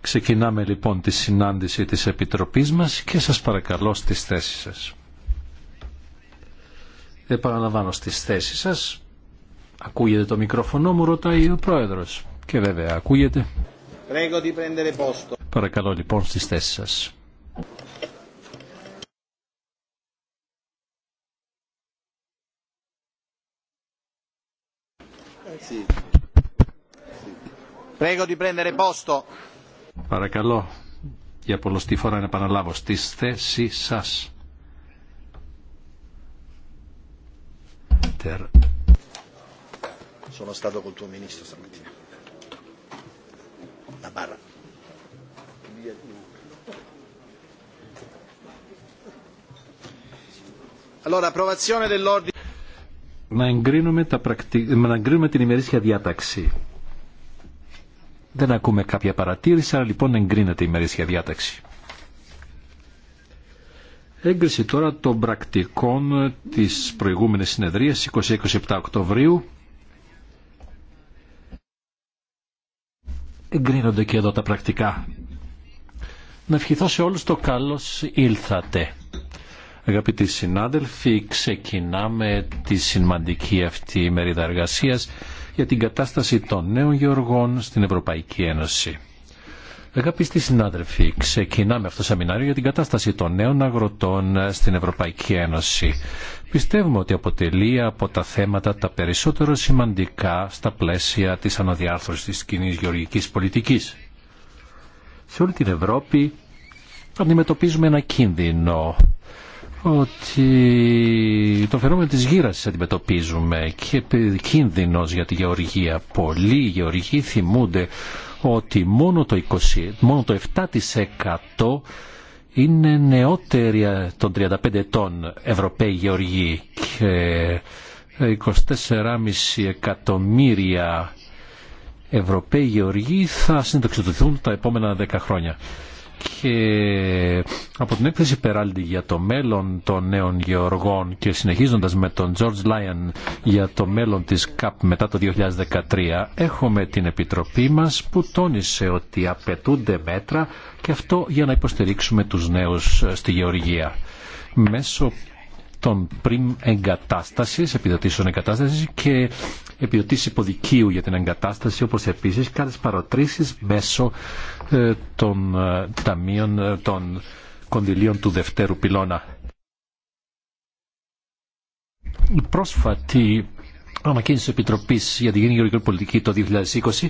Ξεκινάμε λοιπόν τη συνάντηση της Επιτροπής μας και σας παρακαλώ στις θέσεις σας. Επαναλαμβάνω στις θέσεις σας. Ακούγεται το μικρόφωνο μου, ρωτάει ο Πρόεδρος. Και βέβαια ακούγεται. Παρακαλώ λοιπόν στις θέσεις σας. Prego di prendere posto. Παρακαλώ για πολλωστή φορά να επαναλάβω στις θέσεις σας. Sono stato col tuo ministro stamattina. La barra. Allora, approvazione dell'ordine να εγκρίνουμε, τα πρακτι... να την ημερήσια διάταξη. Δεν ακούμε κάποια παρατήρηση, αλλά λοιπόν εγκρίνεται η ημερήσια διάταξη. Έγκριση τώρα των πρακτικών της προηγούμενης συνεδρίας 20-27 Οκτωβρίου. Εγκρίνονται και εδώ τα πρακτικά. Να ευχηθώ σε όλους το καλώς ήλθατε. Αγαπητοί συνάδελφοι, ξεκινάμε τη σημαντική αυτή μερίδα εργασίας για την κατάσταση των νέων γεωργών στην Ευρωπαϊκή Ένωση. Αγαπητοί συνάδελφοι, ξεκινάμε αυτό το σεμινάριο για την κατάσταση των νέων αγροτών στην Ευρωπαϊκή Ένωση. Πιστεύουμε ότι αποτελεί από τα θέματα τα περισσότερο σημαντικά στα πλαίσια της αναδιάρθρωσης της κοινή γεωργικής πολιτικής. Σε όλη την Ευρώπη αντιμετωπίζουμε ένα κίνδυνο ότι το φαινόμενο της γύρασης αντιμετωπίζουμε και κίνδυνος για τη γεωργία. Πολλοί γεωργοί θυμούνται ότι μόνο το, 20, μόνο το 7% είναι νεότεροι των 35 ετών Ευρωπαίοι γεωργοί και 24,5 ε, εκατομμύρια Ευρωπαίοι γεωργοί θα συντοξιδοτηθούν τα επόμενα 10 χρόνια και από την έκθεση Περάλντι για το μέλλον των νέων γεωργών και συνεχίζοντας με τον George Lyon για το μέλλον της ΚΑΠ μετά το 2013 έχουμε την Επιτροπή μας που τόνισε ότι απαιτούνται μέτρα και αυτό για να υποστηρίξουμε τους νέους στη γεωργία μέσω των πριν εγκατάσταση επιδοτήσεων εγκατάσταση και επιδοτήσει υποδικίου για την εγκατάσταση, όπως επίση κάποιες παροτρήσει μέσω ε, των ε, ταμείων ε, των κονδυλίων του δευτέρου πυλώνα. Η πρόσφατη ανακοίνωση τη Επιτροπή για την Γενική Γεωργική Πολιτική το 2020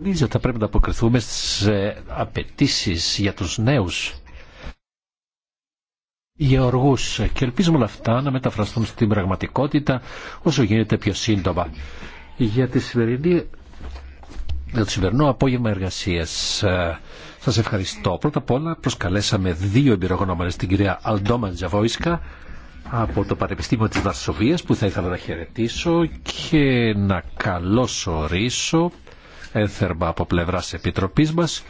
ότι θα πρέπει να αποκριθούμε στι απαιτήσει για τους νέους γεωργούς και ελπίζουμε όλα αυτά να μεταφραστούν στην πραγματικότητα όσο γίνεται πιο σύντομα. Για, τη σημερινή... για το σημερινό απόγευμα εργασία. Ε, σας ευχαριστώ. Πρώτα απ' όλα προσκαλέσαμε δύο εμπειρογνώμενες, την κυρία Αλντόμαν Τζαβόισκα από το Πανεπιστήμιο της Βαρσοβίας που θα ήθελα να χαιρετήσω και να ορίσω ένθερμα από πλευράς Επιτροπής μας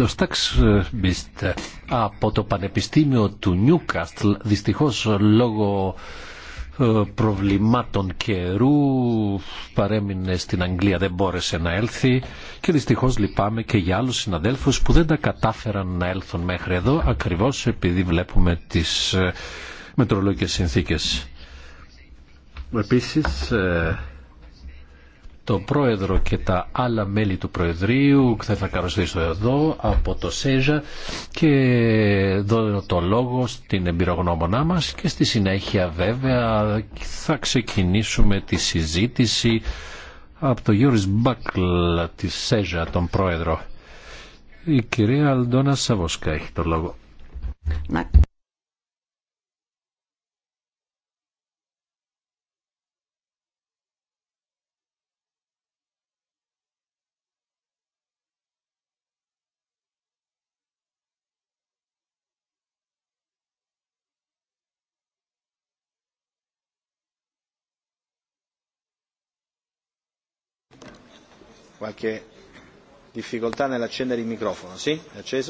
το Σταξμπιστ από το Πανεπιστήμιο του Νιούκαστλ δυστυχώς λόγω ε, προβλημάτων καιρού παρέμεινε στην Αγγλία δεν μπόρεσε να έλθει και δυστυχώς λυπάμαι και για άλλους συναδέλφους που δεν τα κατάφεραν να έλθουν μέχρι εδώ ακριβώς επειδή βλέπουμε τις ε, μετρολογικές συνθήκες. Επίσης ε, το πρόεδρο και τα άλλα μέλη του Προεδρείου. Θα ήθελα εδώ από το ΣΕΖΑ και δω το λόγο στην εμπειρογνώμονά μας και στη συνέχεια βέβαια θα ξεκινήσουμε τη συζήτηση από το Γιώρης Μπάκλα τη ΣΕΖΑ, τον πρόεδρο. Η κυρία Αλντόνα Σαβοσκα έχει το λόγο.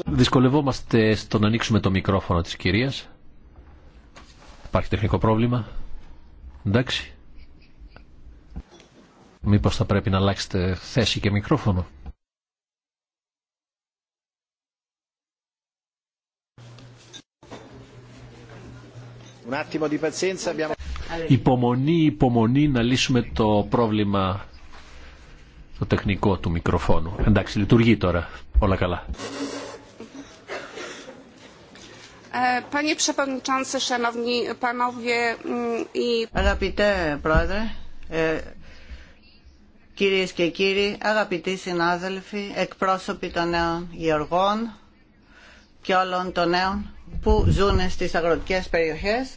Δυσκολευόμαστε στο να ανοίξουμε το μικρόφωνο της κυρίας. Υπάρχει τεχνικό πρόβλημα. Εντάξει. Μήπως θα πρέπει να αλλάξετε θέση και μικρόφωνο. Υπομονή, υπομονή να λύσουμε το πρόβλημα το τεχνικό του μικροφόνου. Εντάξει, λειτουργεί τώρα. Όλα καλά. Ε, mm, Αγαπητέ Πρόεδρε, ε, κυρίες και κύριοι, αγαπητοί συνάδελφοι, εκπρόσωποι των νέων γεωργών και όλων των νέων που ζουν στις αγροτικές περιοχές,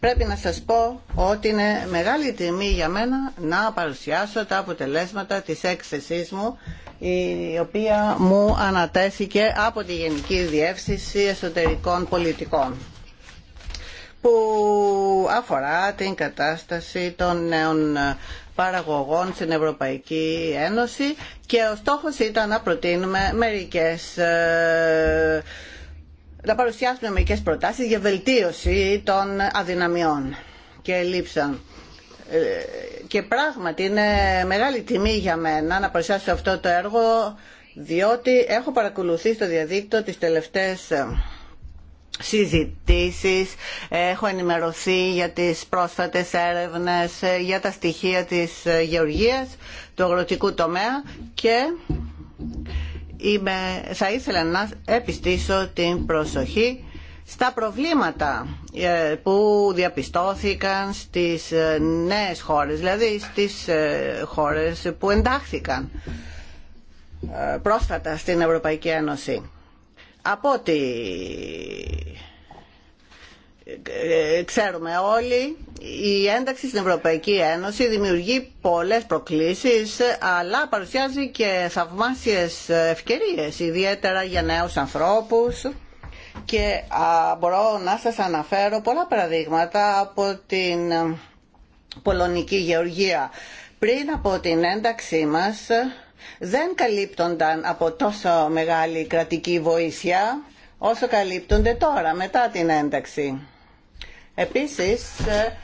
Πρέπει να σας πω ότι είναι μεγάλη τιμή για μένα να παρουσιάσω τα αποτελέσματα της έκθεσής μου η οποία μου ανατέθηκε από τη Γενική Διεύθυνση Εσωτερικών Πολιτικών που αφορά την κατάσταση των νέων παραγωγών στην Ευρωπαϊκή Ένωση και ο στόχος ήταν να προτείνουμε μερικές ε, να παρουσιάσουμε μερικέ προτάσεις για βελτίωση των αδυναμιών και λήψεων. Ε, και πράγματι είναι μεγάλη τιμή για μένα να παρουσιάσω αυτό το έργο διότι έχω παρακολουθεί στο διαδίκτυο τις τελευταίες ε, συζητήσεις, έχω ενημερωθεί για τις πρόσφατες έρευνες, ε, για τα στοιχεία της γεωργίας, του αγροτικού τομέα και είμαι, θα ήθελα να επιστήσω την προσοχή στα προβλήματα ε, που διαπιστώθηκαν στις ε, νέες χώρες, δηλαδή στις ε, χώρες που εντάχθηκαν πρόσφατα στην Ευρωπαϊκή Ένωση. Από ε, ξέρουμε όλοι, η ένταξη στην Ευρωπαϊκή Ένωση δημιουργεί πολλές προκλήσεις, αλλά παρουσιάζει και θαυμάσιες ευκαιρίες, ιδιαίτερα για νέους ανθρώπους. Και μπορώ να σας αναφέρω πολλά παραδείγματα από την Πολωνική Γεωργία. Πριν από την ένταξή μας δεν καλύπτονταν από τόσο μεγάλη κρατική βοήθεια όσο καλύπτονται τώρα μετά την ένταξη. Επίσης, ε,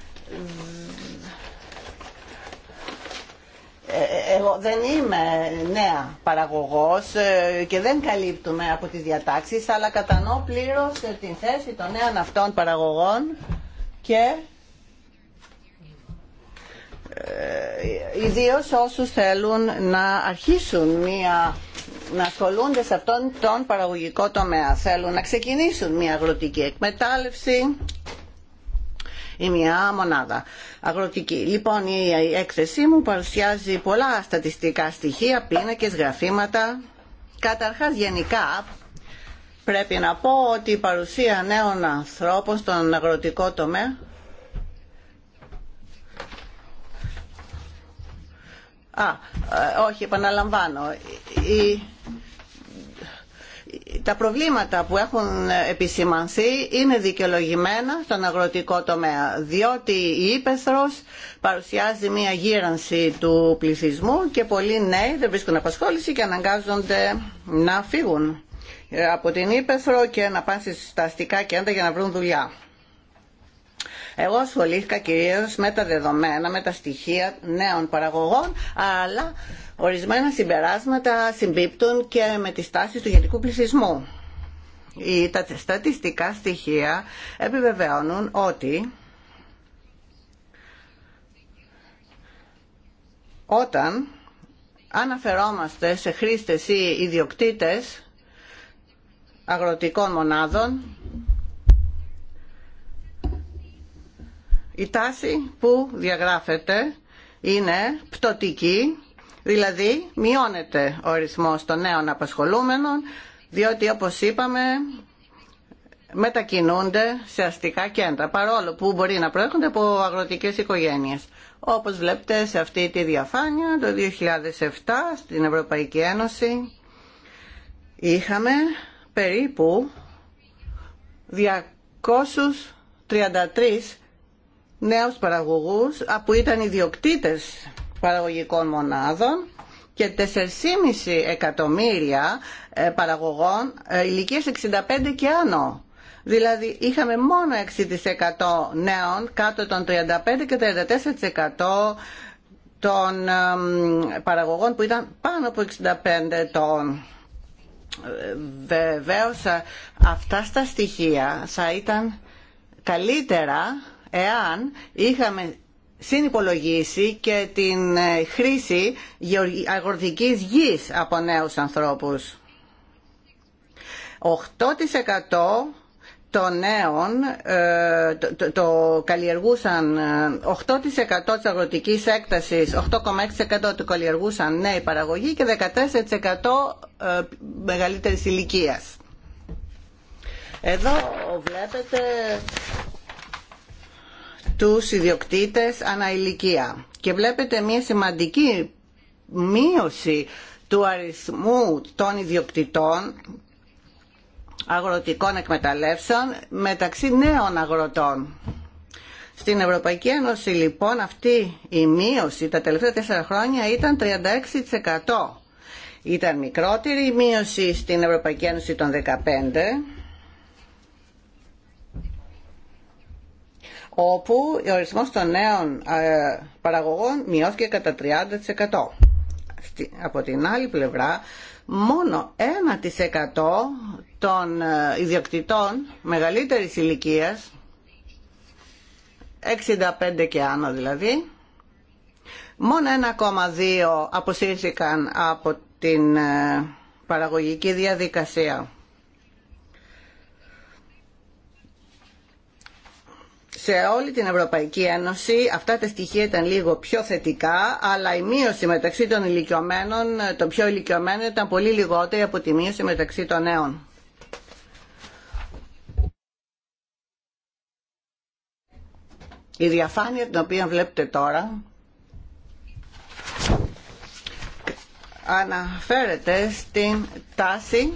ε, ε, εγώ δεν είμαι νέα παραγωγός και δεν καλύπτουμε από τις διατάξεις, αλλά κατανοώ πλήρως την θέση των νέων αυτών παραγωγών και ιδίως όσους θέλουν να αρχίσουν μια να ασχολούνται σε αυτόν τον παραγωγικό τομέα. Θέλουν να ξεκινήσουν μια αγροτική εκμετάλλευση ή μια μονάδα αγροτική. Λοιπόν, η έκθεσή μου παρουσιάζει πολλά στατιστικά στοιχεία, πίνακες, γραφήματα. Καταρχάς, γενικά, πρέπει να πω ότι η παρουσία νέων ανθρώπων στον αγροτικό τομέα Α, ε, όχι, επαναλαμβάνω τα προβλήματα που έχουν επισημανθεί είναι δικαιολογημένα στον αγροτικό τομέα, διότι η Ήπεθρος παρουσιάζει μια γύρανση του πληθυσμού και πολλοί νέοι δεν βρίσκουν απασχόληση και αναγκάζονται να φύγουν από την Ήπεθρο και να πάνε στα αστικά κέντρα για να βρουν δουλειά. Εγώ ασχολήθηκα κυρίως με τα δεδομένα, με τα στοιχεία νέων παραγωγών, αλλά Ορισμένα συμπεράσματα συμπίπτουν και με τις τάσεις του γενικού πληθυσμού. Τα στατιστικά στοιχεία επιβεβαιώνουν ότι όταν αναφερόμαστε σε χρήστες ή ιδιοκτήτες αγροτικών μονάδων η τάση που διαγράφεται είναι πτωτική Δηλαδή μειώνεται ο ρυθμός των νέων απασχολούμενων διότι όπως είπαμε μετακινούνται σε αστικά κέντρα παρόλο που μπορεί να προέρχονται από αγροτικές οικογένειες. Όπως βλέπετε σε αυτή τη διαφάνεια το 2007 στην Ευρωπαϊκή Ένωση είχαμε περίπου 233 νέους παραγωγούς που ήταν ιδιοκτήτες παραγωγικών μονάδων και 4,5 εκατομμύρια ε, παραγωγών ε, ηλικίας 65 και άνω. Δηλαδή είχαμε μόνο 6% νέων κάτω των 35 και 34% των παραγωγών που ήταν πάνω από 65 ετών. Βεβαίω αυτά στα στοιχεία θα ήταν καλύτερα εάν είχαμε συνυπολογίσει και την ε, χρήση αγροτικής γης από νέους ανθρώπους. 8% των νέων ε, το, καλλιεργούσαν 8% ε, της αγροτικής έκτασης, 8,6% του καλλιεργούσαν νέοι παραγωγοί και 14% μεγαλύτερης ηλικίας. Εδώ βλέπετε τους ιδιοκτήτες αναηλικία. Και βλέπετε μια σημαντική μείωση του αριθμού των ιδιοκτητών αγροτικών εκμεταλλεύσεων μεταξύ νέων αγροτών. Στην Ευρωπαϊκή Ένωση λοιπόν αυτή η μείωση τα τελευταία τέσσερα χρόνια ήταν 36%. Ήταν μικρότερη η μείωση στην Ευρωπαϊκή Ένωση των 15% όπου ο ορισμός των νέων ε, παραγωγών μειώθηκε κατά 30%. Από την άλλη πλευρά, μόνο 1% των ε, ιδιοκτητών μεγαλύτερης ηλικίας, 65 και άνω δηλαδή, μόνο 1,2 αποσύρθηκαν από την ε, παραγωγική διαδικασία. σε όλη την Ευρωπαϊκή Ένωση αυτά τα στοιχεία ήταν λίγο πιο θετικά, αλλά η μείωση μεταξύ των ηλικιωμένων, των πιο ηλικιωμένων ήταν πολύ λιγότερη από τη μείωση μεταξύ των νέων. Η διαφάνεια την οποία βλέπετε τώρα αναφέρεται στην τάση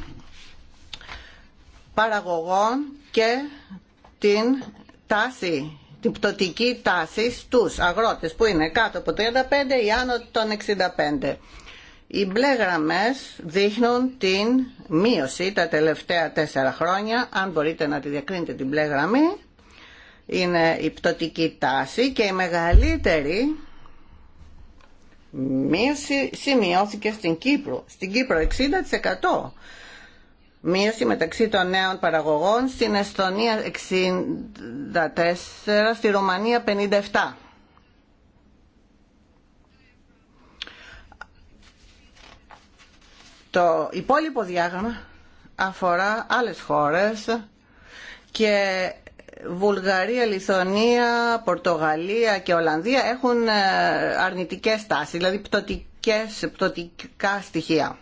παραγωγών και την τάση, την πτωτική τάση στους αγρότες που είναι κάτω από 35 ή άνω των 65. Οι μπλε δείχνουν την μείωση τα τελευταία τέσσερα χρόνια. Αν μπορείτε να τη διακρίνετε την μπλε γραμμή, είναι η πτωτική τάση και η μεγαλύτερη μείωση σημειώθηκε στην Κύπρο. Στην Κύπρο 60% μείωση μεταξύ των νέων παραγωγών, στην Εστονία 64, στη Ρουμανία 57. Το υπόλοιπο διάγραμμα αφορά άλλες χώρες και Βουλγαρία, Λιθωνία, Πορτογαλία και Ολλανδία έχουν ε, αρνητικές τάσεις, δηλαδή πτωτικές, πτωτικά στοιχεία.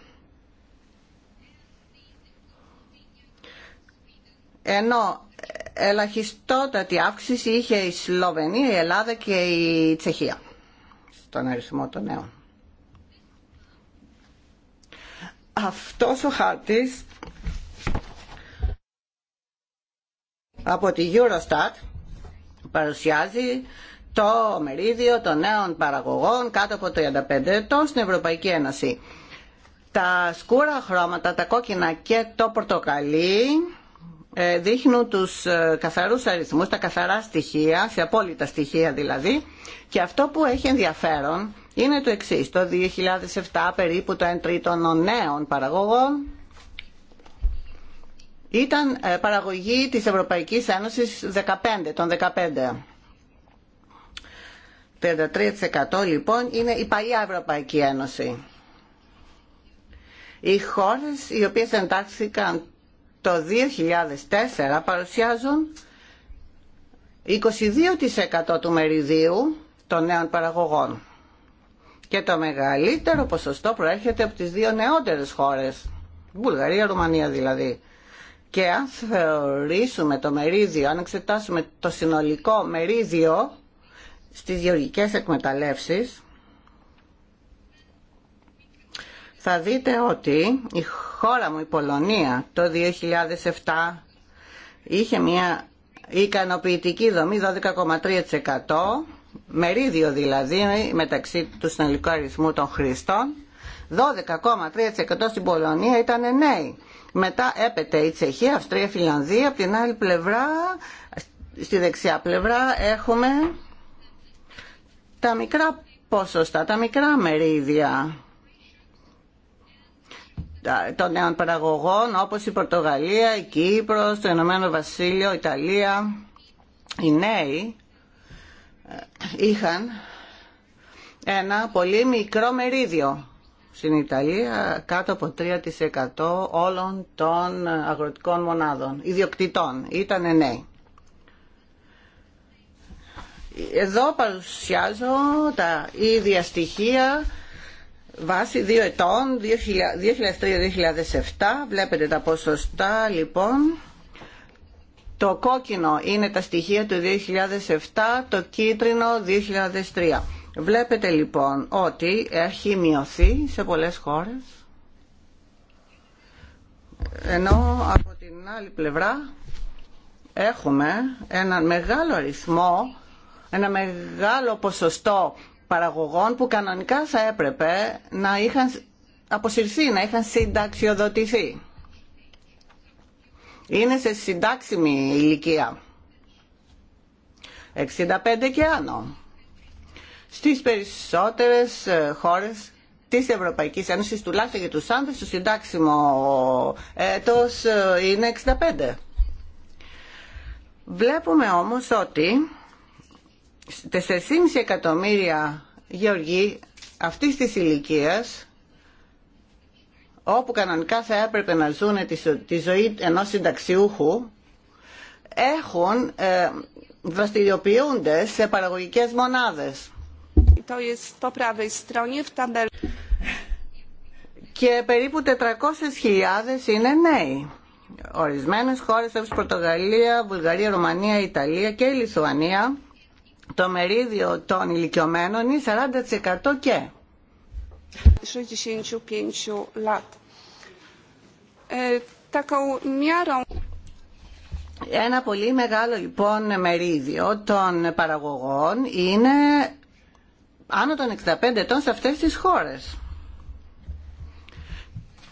ενώ ελαχιστότατη αύξηση είχε η Σλοβενία, η Ελλάδα και η Τσεχία στον αριθμό των νέων. Αυτός ο χάρτης από τη Eurostat παρουσιάζει το μερίδιο των νέων παραγωγών κάτω από 35 ετών στην Ευρωπαϊκή Ένωση. Τα σκούρα χρώματα, τα κόκκινα και το πορτοκαλί ε, δείχνουν τους ε, καθαρούς αριθμούς, τα καθαρά στοιχεία, σε απόλυτα στοιχεία δηλαδή. Και αυτό που έχει ενδιαφέρον είναι το εξής. Το 2007 περίπου το 1 τρίτο των νέων παραγωγών ήταν ε, παραγωγή της Ευρωπαϊκής Ένωσης 15, των 15. 33% λοιπόν είναι η παλιά Ευρωπαϊκή Ένωση. Οι χώρες οι οποίες εντάξθηκαν το 2004 παρουσιάζουν 22% του μεριδίου των νέων παραγωγών και το μεγαλύτερο ποσοστό προέρχεται από τις δύο νεότερες χώρες, Βουλγαρία, Ρουμανία δηλαδή. Και αν θεωρήσουμε το μερίδιο, αν εξετάσουμε το συνολικό μερίδιο στις γεωργικές εκμεταλλεύσεις, θα δείτε ότι η χώρα μου, η Πολωνία, το 2007 είχε μια ικανοποιητική δομή 12,3% μερίδιο δηλαδή μεταξύ του συνολικού αριθμού των χρηστών 12,3% στην Πολωνία ήταν νέοι. Μετά έπεται η Τσεχία, Αυστρία, Φιλανδία. Από την άλλη πλευρά, στη δεξιά πλευρά έχουμε τα μικρά ποσοστά, τα μικρά μερίδια των νέων παραγωγών όπως η Πορτογαλία, η Κύπρος, το Ηνωμένο Βασίλειο, η Ιταλία. Οι νέοι ε, είχαν ένα πολύ μικρό μερίδιο στην Ιταλία κάτω από 3% όλων των αγροτικών μονάδων, ιδιοκτητών, ήταν νέοι. Εδώ παρουσιάζω τα ίδια στοιχεία βάση 2 ετών 2003-2007 βλέπετε τα ποσοστά λοιπόν το κόκκινο είναι τα στοιχεία του 2007 το κίτρινο 2003 βλέπετε λοιπόν ότι έχει μειωθεί σε πολλές χώρες ενώ από την άλλη πλευρά έχουμε ένα μεγάλο αριθμό ένα μεγάλο ποσοστό παραγωγών που κανονικά θα έπρεπε να είχαν αποσυρθεί, να είχαν συνταξιοδοτηθεί. Είναι σε συντάξιμη ηλικία. 65 και άνω. Στις περισσότερες ε, χώρες της Ευρωπαϊκής Ένωσης, τουλάχιστον για τους άνδρες, το συντάξιμο έτος ε, είναι 65. Βλέπουμε όμως ότι 4,5 εκατομμύρια γεωργοί αυτής της ηλικία όπου κανονικά θα έπρεπε να ζουν τη ζωή ενός συνταξιούχου έχουν ε, δραστηριοποιούνται σε παραγωγικές μονάδες. Και περίπου 400.000 είναι νέοι. Ορισμένες χώρες όπως Πορτογαλία, Βουλγαρία, Ρωμανία, Ιταλία και η Λιθουανία το μερίδιο των ηλικιωμένων είναι 40% και. 65 Ένα πολύ μεγάλο λοιπόν μερίδιο των παραγωγών είναι άνω των 65 ετών σε αυτές τις χώρες.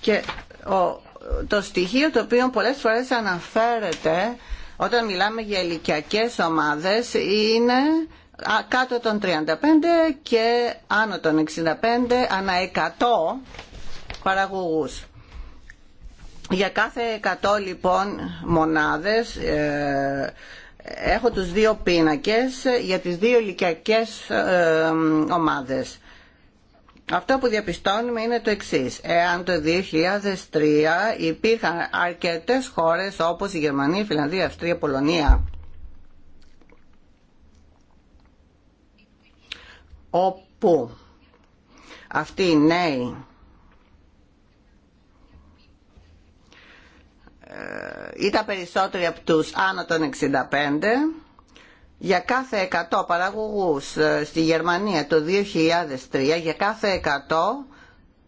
Και ο, το στοιχείο το οποίο πολλές φορές αναφέρεται όταν μιλάμε για ηλικιακέ ομάδες είναι κάτω των 35 και άνω των 65 ανά 100 παραγωγούς. Για κάθε 100 λοιπόν μονάδες ε, έχω τους δύο πίνακες για τις δύο ηλικιακέ ε, ομάδες. Αυτό που διαπιστώνουμε είναι το εξής. Εάν το 2003 υπήρχαν αρκετές χώρες όπως η Γερμανία, η Φιλανδία, η Αυστρία, η Πολωνία όπου αυτοί οι νέοι ε, ήταν περισσότεροι από τους άνω των 65 για κάθε 100 παραγωγούς ε, στη Γερμανία το 2003, για κάθε 100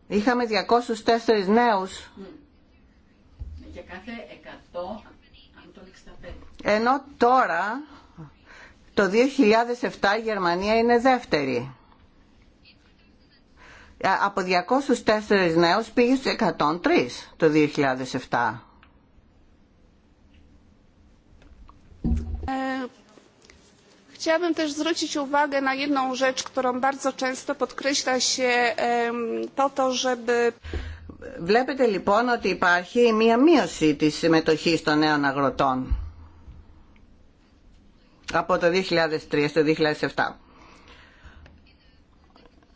είχαμε 204 νέους. Ναι, για κάθε 100, Ενώ τώρα, το 2007 η Γερμανία είναι δεύτερη. Ε, από 204 νέους πήγε στους 103 το 2007. Chciałabym też zwrócić uwagę na jedną rzecz, którą bardzo często podkreśla się po to, żeby... Βλέπετε λοιπόν ότι υπάρχει μία μείωση της συμμετοχής των νέων αγροτών από το 2003 στο 2007.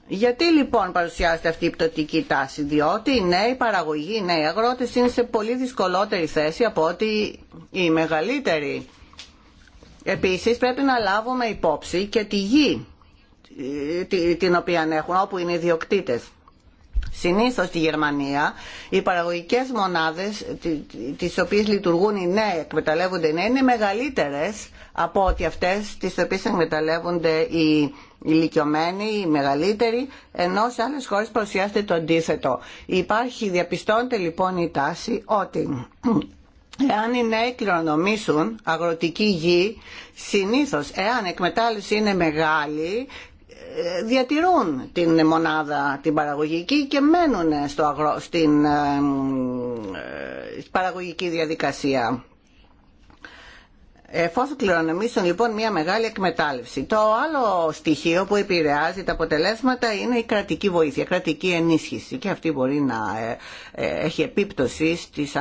Γιατί λοιπόν παρουσιάζεται αυτή η πτωτική τάση, διότι οι νέοι παραγωγοί, οι νέοι αγρότες είναι σε πολύ δυσκολότερη θέση από ότι οι μεγαλύτεροι Επίσης πρέπει να λάβουμε υπόψη και τη γη την οποία έχουν, όπου είναι οι διοκτήτες. Συνήθως στη Γερμανία οι παραγωγικές μονάδες τις οποίες λειτουργούν οι νέοι, εκμεταλλεύονται οι νέοι, είναι μεγαλύτερες από ότι αυτές τις οποίες εκμεταλλεύονται οι ηλικιωμένοι, οι μεγαλύτεροι, ενώ σε άλλες χώρες παρουσιάζεται το αντίθετο. Υπάρχει, διαπιστώνεται λοιπόν η τάση ότι Εάν οι νέοι κληρονομήσουν αγροτική γη, συνήθως εάν εκμετάλλευση είναι μεγάλη, ε, διατηρούν την μονάδα την παραγωγική και μένουν στο αγρο... στην ε, ε, παραγωγική διαδικασία. Εφόσον κληρονομήσουν λοιπόν μια μεγάλη εκμετάλλευση. Το άλλο στοιχείο που επηρεάζει τα αποτελέσματα είναι η κρατική βοήθεια, η κρατική ενίσχυση και αυτή μπορεί να ε, ε, έχει επίπτωση στις,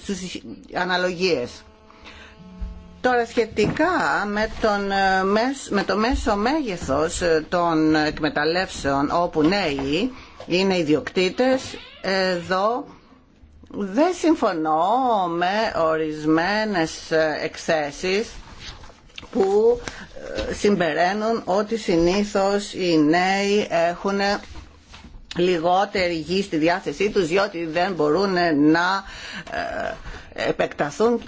στις αναλογίες. Τώρα σχετικά με, τον, ε, με το μέσο μέγεθος των εκμεταλλεύσεων όπου νέοι είναι ιδιοκτήτες, εδώ δεν συμφωνώ με ορισμένες εξέσεις που ε, συμπεραίνουν ότι συνήθως οι νέοι έχουν λιγότερη γη στη διάθεσή τους διότι δεν μπορούν να ε, επεκταθούν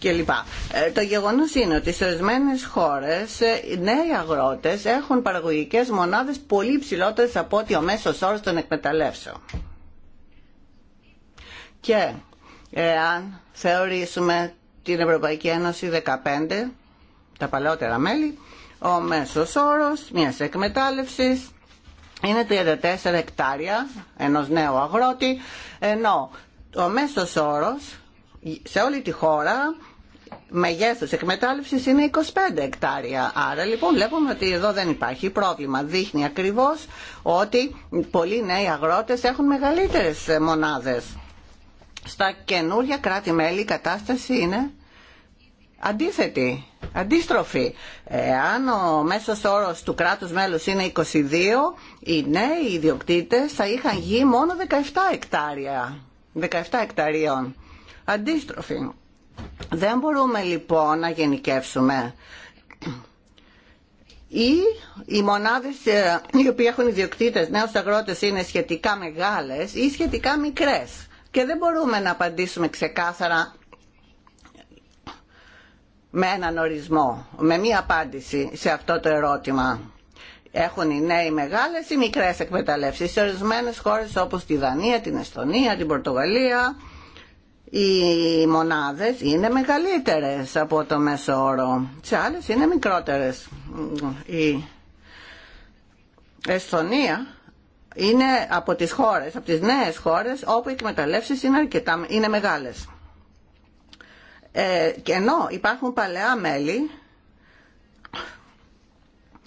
κλπ. Ε, το γεγονός είναι ότι σε ορισμένε χώρες οι νέοι αγρότες έχουν παραγωγικές μονάδες πολύ ψηλότερες από ότι ο μέσος όρος των εκμεταλλεύσεων και εάν θεωρήσουμε την Ευρωπαϊκή Ένωση 15, τα παλαιότερα μέλη, ο μέσος όρος μιας εκμετάλλευσης είναι 34 εκτάρια ενός νέου αγρότη, ενώ ο μέσος όρος σε όλη τη χώρα μεγέθους εκμετάλλευσης είναι 25 εκτάρια. Άρα λοιπόν βλέπουμε ότι εδώ δεν υπάρχει πρόβλημα. Δείχνει ακριβώς ότι πολλοί νέοι αγρότες έχουν μεγαλύτερες μονάδες. Στα καινούργια κράτη-μέλη η κατάσταση είναι αντίθετη, αντίστροφη. Αν ο μέσος όρος του κράτους μέλους είναι 22, οι νέοι ιδιοκτήτες θα είχαν γη μόνο 17 εκτάρια, 17 εκταρίων. Αντίστροφη. Δεν μπορούμε λοιπόν να γενικεύσουμε. Ή οι μονάδες ε, οι οποίοι έχουν ιδιοκτήτες νέους αγρότες είναι σχετικά μεγάλες ή σχετικά μικρές και δεν μπορούμε να απαντήσουμε ξεκάθαρα με έναν ορισμό, με μία απάντηση σε αυτό το ερώτημα. Έχουν οι νέοι μεγάλες ή μικρές εκμεταλλεύσεις σε ορισμένες χώρες όπως τη Δανία, την Εστονία, την Πορτογαλία. Οι μονάδες είναι μεγαλύτερες από το μέσο όρο, σε άλλες είναι μικρότερες. Η Εστονία είναι από τις χώρες, από τις νέες χώρες όπου οι εκμεταλλεύσεις είναι, αρκετά, είναι μεγάλες. Ε, και ενώ υπάρχουν παλαιά μέλη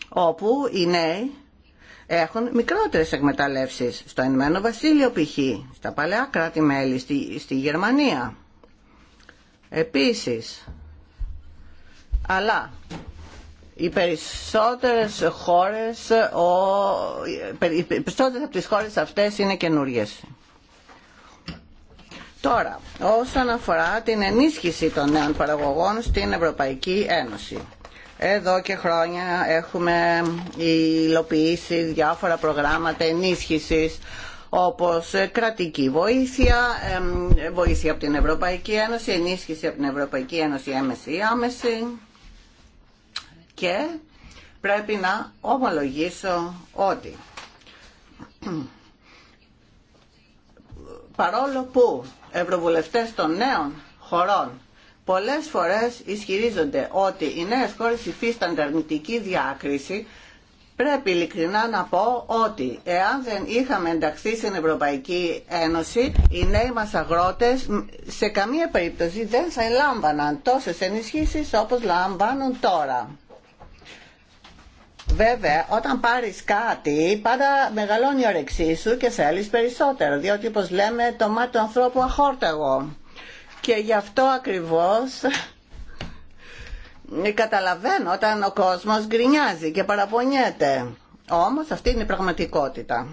όπου οι νέοι έχουν μικρότερες εκμεταλλεύσεις στο Ενμένο Βασίλειο π.χ., στα παλαιά κράτη-μέλη, στη, στη Γερμανία. Επίσης, αλλά οι περισσότερες χώρες, οι περισσότερες από τις χώρες αυτές είναι καινούριε. Τώρα, όσον αφορά την ενίσχυση των νέων παραγωγών στην Ευρωπαϊκή Ένωση. Εδώ και χρόνια έχουμε υλοποιήσει διάφορα προγράμματα ενίσχυσης όπως κρατική βοήθεια, βοήθεια από την Ευρωπαϊκή Ένωση, ενίσχυση από την Ευρωπαϊκή Ένωση, έμεση ή άμεση και πρέπει να ομολογήσω ότι παρόλο που ευρωβουλευτές των νέων χωρών πολλές φορές ισχυρίζονται ότι οι νέες χώρες υφίστανται αρνητική διάκριση Πρέπει ειλικρινά να πω ότι εάν δεν είχαμε ενταχθεί στην Ευρωπαϊκή Ένωση, οι νέοι μας αγρότες σε καμία περίπτωση δεν θα ελάμβαναν τόσες ενισχύσεις όπως λαμβάνουν τώρα. Βέβαια, όταν πάρεις κάτι, πάντα μεγαλώνει η όρεξή σου και θέλεις περισσότερο, διότι όπως λέμε το μάτι του ανθρώπου αχόρταγο. Και γι' αυτό ακριβώς καταλαβαίνω όταν ο κόσμος γκρινιάζει και παραπονιέται. Όμως αυτή είναι η πραγματικότητα.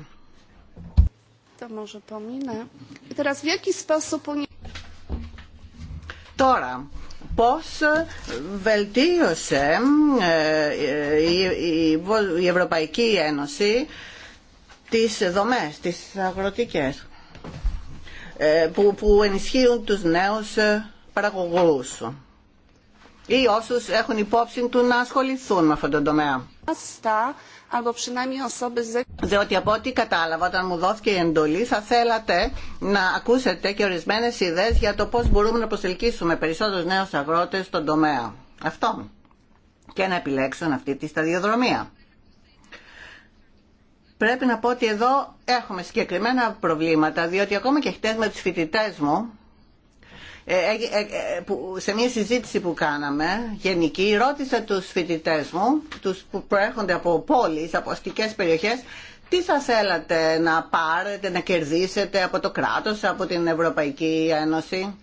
Τώρα, πώς βελτίωσε ε, η Ευρωπαϊκή Ένωση τις δομές, τις αγροτικές ε, που, ενισχύουν τους νέους ε, παραγωγούς ή όσους έχουν υπόψη του να ασχοληθούν με αυτόν τον τομέα. Διότι από ό,τι κατάλαβα όταν μου δόθηκε η εντολή θα θέλατε να ακούσετε και ορισμένες ιδέες για το πώς μπορούμε να προσελκύσουμε περισσότερους νέους αγρότες στον τομέα. Αυτό. Και να επιλέξουν αυτή τη σταδιοδρομία. Πρέπει να πω ότι εδώ έχουμε συγκεκριμένα προβλήματα, διότι ακόμα και χτες με τους φοιτητέ μου ε, ε, ε, σε μια συζήτηση που κάναμε γενική ρώτησα τους φοιτητέ μου τους που προέρχονται από πόλεις, από αστικές περιοχές τι θα θέλατε να πάρετε, να κερδίσετε από το κράτος, από την Ευρωπαϊκή Ένωση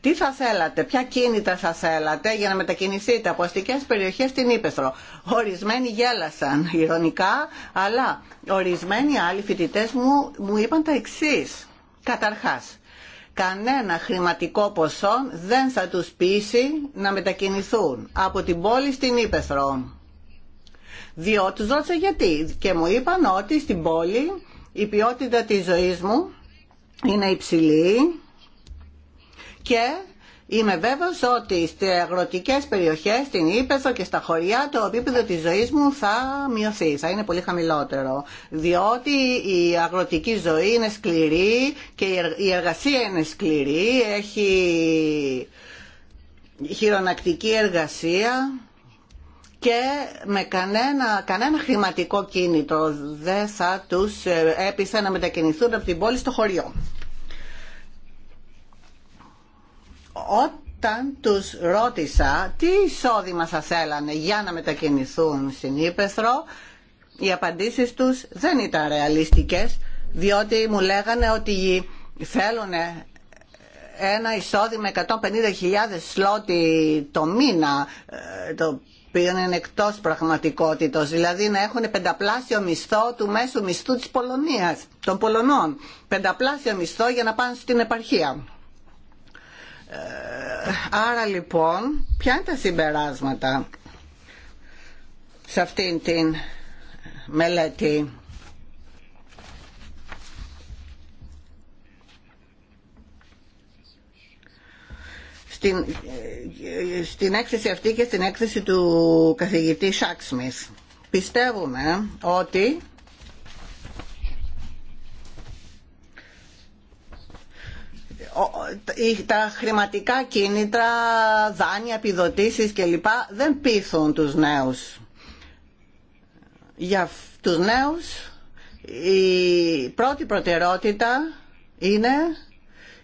τι θα θέλατε, ποια κίνητα θα θέλατε για να μετακινηθείτε από αστικές περιοχές στην Ήπεθρο. Ορισμένοι γέλασαν ηρωνικά, αλλά ορισμένοι άλλοι φοιτητέ μου, μου είπαν τα εξή. Καταρχάς, κανένα χρηματικό ποσό δεν θα τους πείσει να μετακινηθούν από την πόλη στην Ήπεθρο. Διότι τους γιατί και μου είπαν ότι στην πόλη η ποιότητα της ζωής μου είναι υψηλή και Είμαι βέβαιος ότι στις αγροτικές περιοχές, στην Ήπεθο και στα χωριά το επίπεδο τη ζωή μου θα μειωθεί, θα είναι πολύ χαμηλότερο. Διότι η αγροτική ζωή είναι σκληρή και η εργασία είναι σκληρή, έχει χειρονακτική εργασία και με κανένα, κανένα χρηματικό κίνητο δεν θα τους ε, έπεισε να μετακινηθούν από την πόλη στο χωριό. όταν τους ρώτησα τι εισόδημα θα θέλανε για να μετακινηθούν στην Ήπεθρο, οι απαντήσεις τους δεν ήταν ρεαλιστικές, διότι μου λέγανε ότι θέλουν ένα εισόδημα 150.000 σλότι το μήνα, ε, το οποίο είναι εκτός πραγματικότητος, δηλαδή να έχουν πενταπλάσιο μισθό του μέσου μισθού της Πολωνίας, των Πολωνών. Πενταπλάσιο μισθό για να πάνε στην επαρχία. Ε, άρα λοιπόν, ποια είναι τα συμπεράσματα σε αυτήν την μελέτη. Στην, ε, στην έκθεση αυτή και στην έκθεση του καθηγητή Σάξμις. Πιστεύουμε ότι τα χρηματικά κίνητρα, δάνεια, επιδοτήσεις κλπ. δεν πείθουν τους νέους. Για τους νέους η πρώτη προτεραιότητα είναι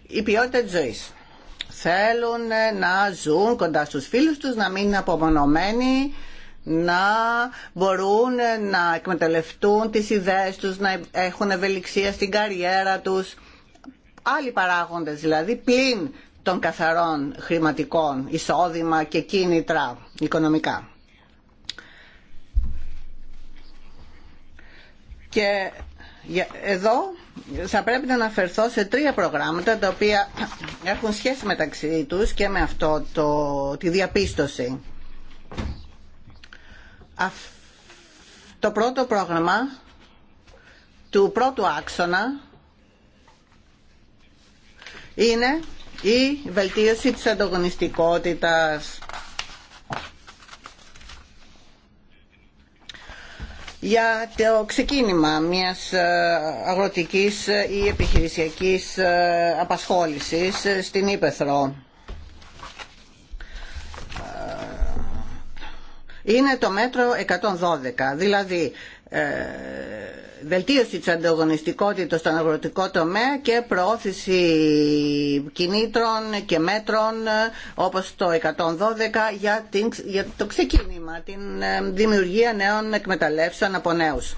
η ποιότητα της ζωής. Θέλουν να ζουν κοντά στους φίλους τους, να μην είναι απομονωμένοι, να μπορούν να εκμεταλλευτούν τις ιδέες τους, να έχουν ευελιξία στην καριέρα τους άλλοι παράγοντες δηλαδή πλην των καθαρών χρηματικών εισόδημα και κίνητρα οικονομικά. Και εδώ θα πρέπει να αναφερθώ σε τρία προγράμματα τα οποία έχουν σχέση μεταξύ τους και με αυτό το, τη διαπίστωση. Το πρώτο πρόγραμμα του πρώτου άξονα είναι η βελτίωση της ανταγωνιστικότητας. για το ξεκίνημα μιας ε, αγροτικής ε, ή επιχειρησιακής ε, απασχόλησης στην Ήπεθρο. Είναι το μέτρο 112, δηλαδή βελτίωση της ανταγωνιστικότητας στον αγροτικό τομέα και προώθηση κινήτρων και μέτρων όπως το 112 για, για το ξεκίνημα, την ε, δημιουργία νέων εκμεταλλεύσεων από νέους.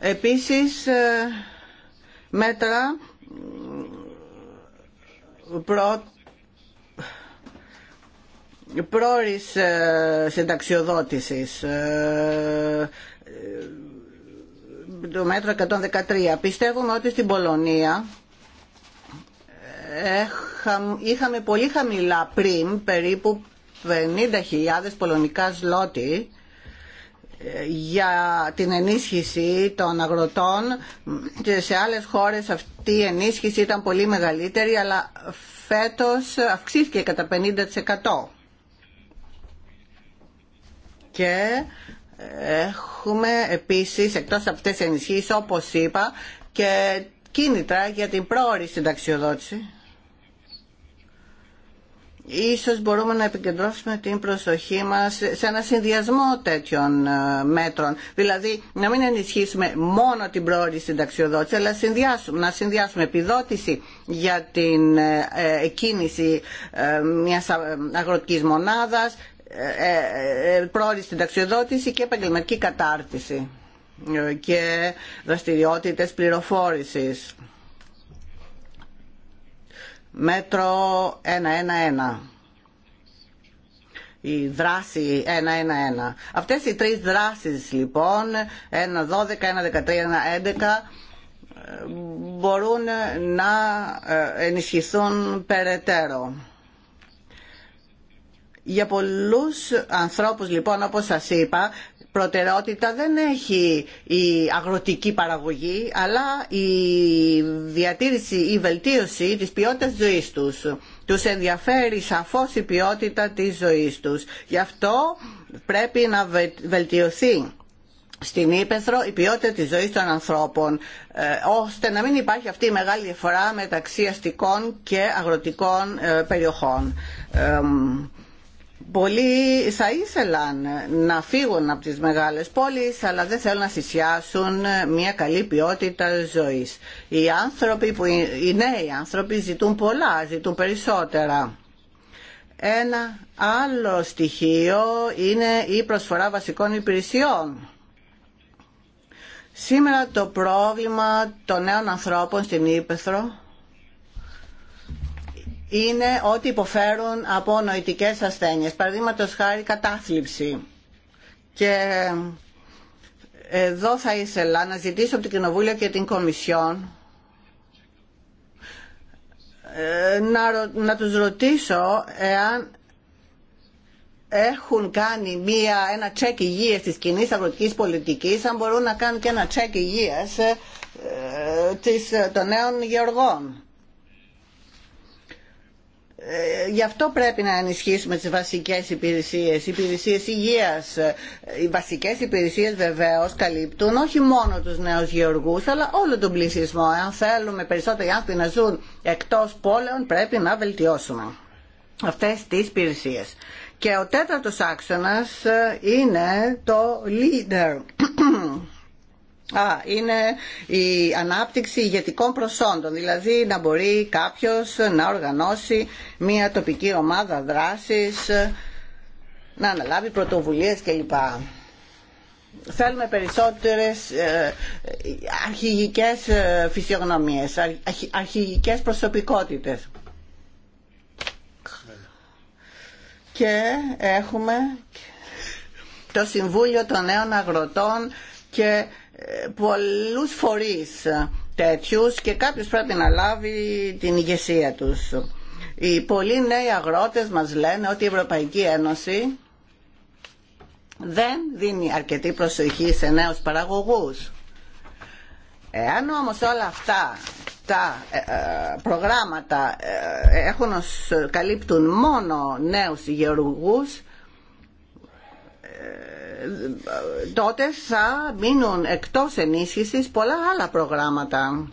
Επίσης, ε, μέτρα προ πρόορης ε, συνταξιοδότησης το μέτρο 113. Πιστεύουμε ότι στην Πολωνία ε, είχαμε πολύ χαμηλά πριν, περίπου 50.000 πολωνικά σλότη ε, για την ενίσχυση των αγροτών και σε άλλες χώρες αυτή η ενίσχυση ήταν πολύ μεγαλύτερη αλλά φέτος αυξήθηκε κατά 50% και Έχουμε επίσης, εκτός από αυτές τις ενισχύσεις, όπως είπα, και κίνητρα για την πρόορη συνταξιοδότηση. Ίσως μπορούμε να επικεντρώσουμε την προσοχή μας σε ένα συνδυασμό τέτοιων ε, μέτρων. Δηλαδή να μην ενισχύσουμε μόνο την πρόορη συνταξιοδότηση, αλλά να συνδυάσουμε επιδότηση για την ε, ε, κίνηση μιας αγροτικής μονάδας, ε, ε, ε, πρόορη συνταξιοδότηση και επαγγελματική κατάρτιση και δραστηριότητες πληροφόρησης. Μέτρο 111. Η δράση 111. Αυτές οι τρεις δράσεις 112, 113, 111, 1-13, μπορούν να ενισχυθούν περαιτέρω. Για πολλούς ανθρώπους λοιπόν όπως σας είπα προτεραιότητα δεν έχει η αγροτική παραγωγή αλλά η διατήρηση, η βελτίωση της ποιότητας ζωής τους. Τους ενδιαφέρει σαφώς η ποιότητα της ζωής τους. Γι' αυτό πρέπει να βελτιωθεί στην Ήπεθρο η ποιότητα της ζωής των ανθρώπων ε, ώστε να μην υπάρχει αυτή η μεγάλη διαφορά μεταξύ αστικών και αγροτικών ε, περιοχών. Ε, Πολλοί θα ήθελαν να φύγουν από τις μεγάλες πόλεις, αλλά δεν θέλουν να θυσιάσουν μια καλή ποιότητα ζωής. Οι, άνθρωποι που, οι νέοι άνθρωποι ζητούν πολλά, ζητούν περισσότερα. Ένα άλλο στοιχείο είναι η προσφορά βασικών υπηρεσιών. Σήμερα το πρόβλημα των νέων ανθρώπων στην Ήπεθρο είναι ότι υποφέρουν από νοητικές ασθένειες, παραδείγματο χάρη κατάθλιψη. Και εδώ θα ήθελα να ζητήσω από την Κοινοβούλιο και την Κομισιόν ε, να, να τους ρωτήσω εάν έχουν κάνει μία, ένα τσεκ υγείας της κοινή αγροτικής πολιτικής, αν μπορούν να κάνουν και ένα τσεκ υγείας ε, ε, της, των νέων γεωργών. Ε, γι' αυτό πρέπει να ενισχύσουμε τις βασικές υπηρεσίες, υπηρεσίες υγείας. Ε, οι βασικές υπηρεσίες βεβαίως καλύπτουν όχι μόνο τους νέους γεωργούς αλλά όλο τον πληθυσμό. Αν θέλουμε περισσότεροι άνθρωποι να ζουν εκτός πόλεων πρέπει να βελτιώσουμε αυτές τις υπηρεσίες. Και ο τέταρτος άξονας ε, είναι το leader Α, είναι η ανάπτυξη ηγετικών προσόντων, δηλαδή να μπορεί κάποιος να οργανώσει μια τοπική ομάδα δράσης, να αναλάβει πρωτοβουλίες κλπ. Θέλουμε περισσότερες ε, αρχηγικές ε, φυσιογνωμίες, αρχηγικές προσωπικότητες. Και έχουμε το Συμβούλιο των Νέων Αγροτών και πολλούς φορείς τέτοιους και κάποιος πρέπει να λάβει την ηγεσία τους. Οι πολλοί νέοι αγρότες μας λένε ότι η Ευρωπαϊκή Ένωση δεν δίνει αρκετή προσοχή σε νέους παραγωγούς. Εάν όμως όλα αυτά τα ε, ε, προγράμματα ε, έχουν καλύπτουν μόνο νέους γεωργούς τότε θα μείνουν εκτός ενίσχυσης πολλά άλλα προγράμματα.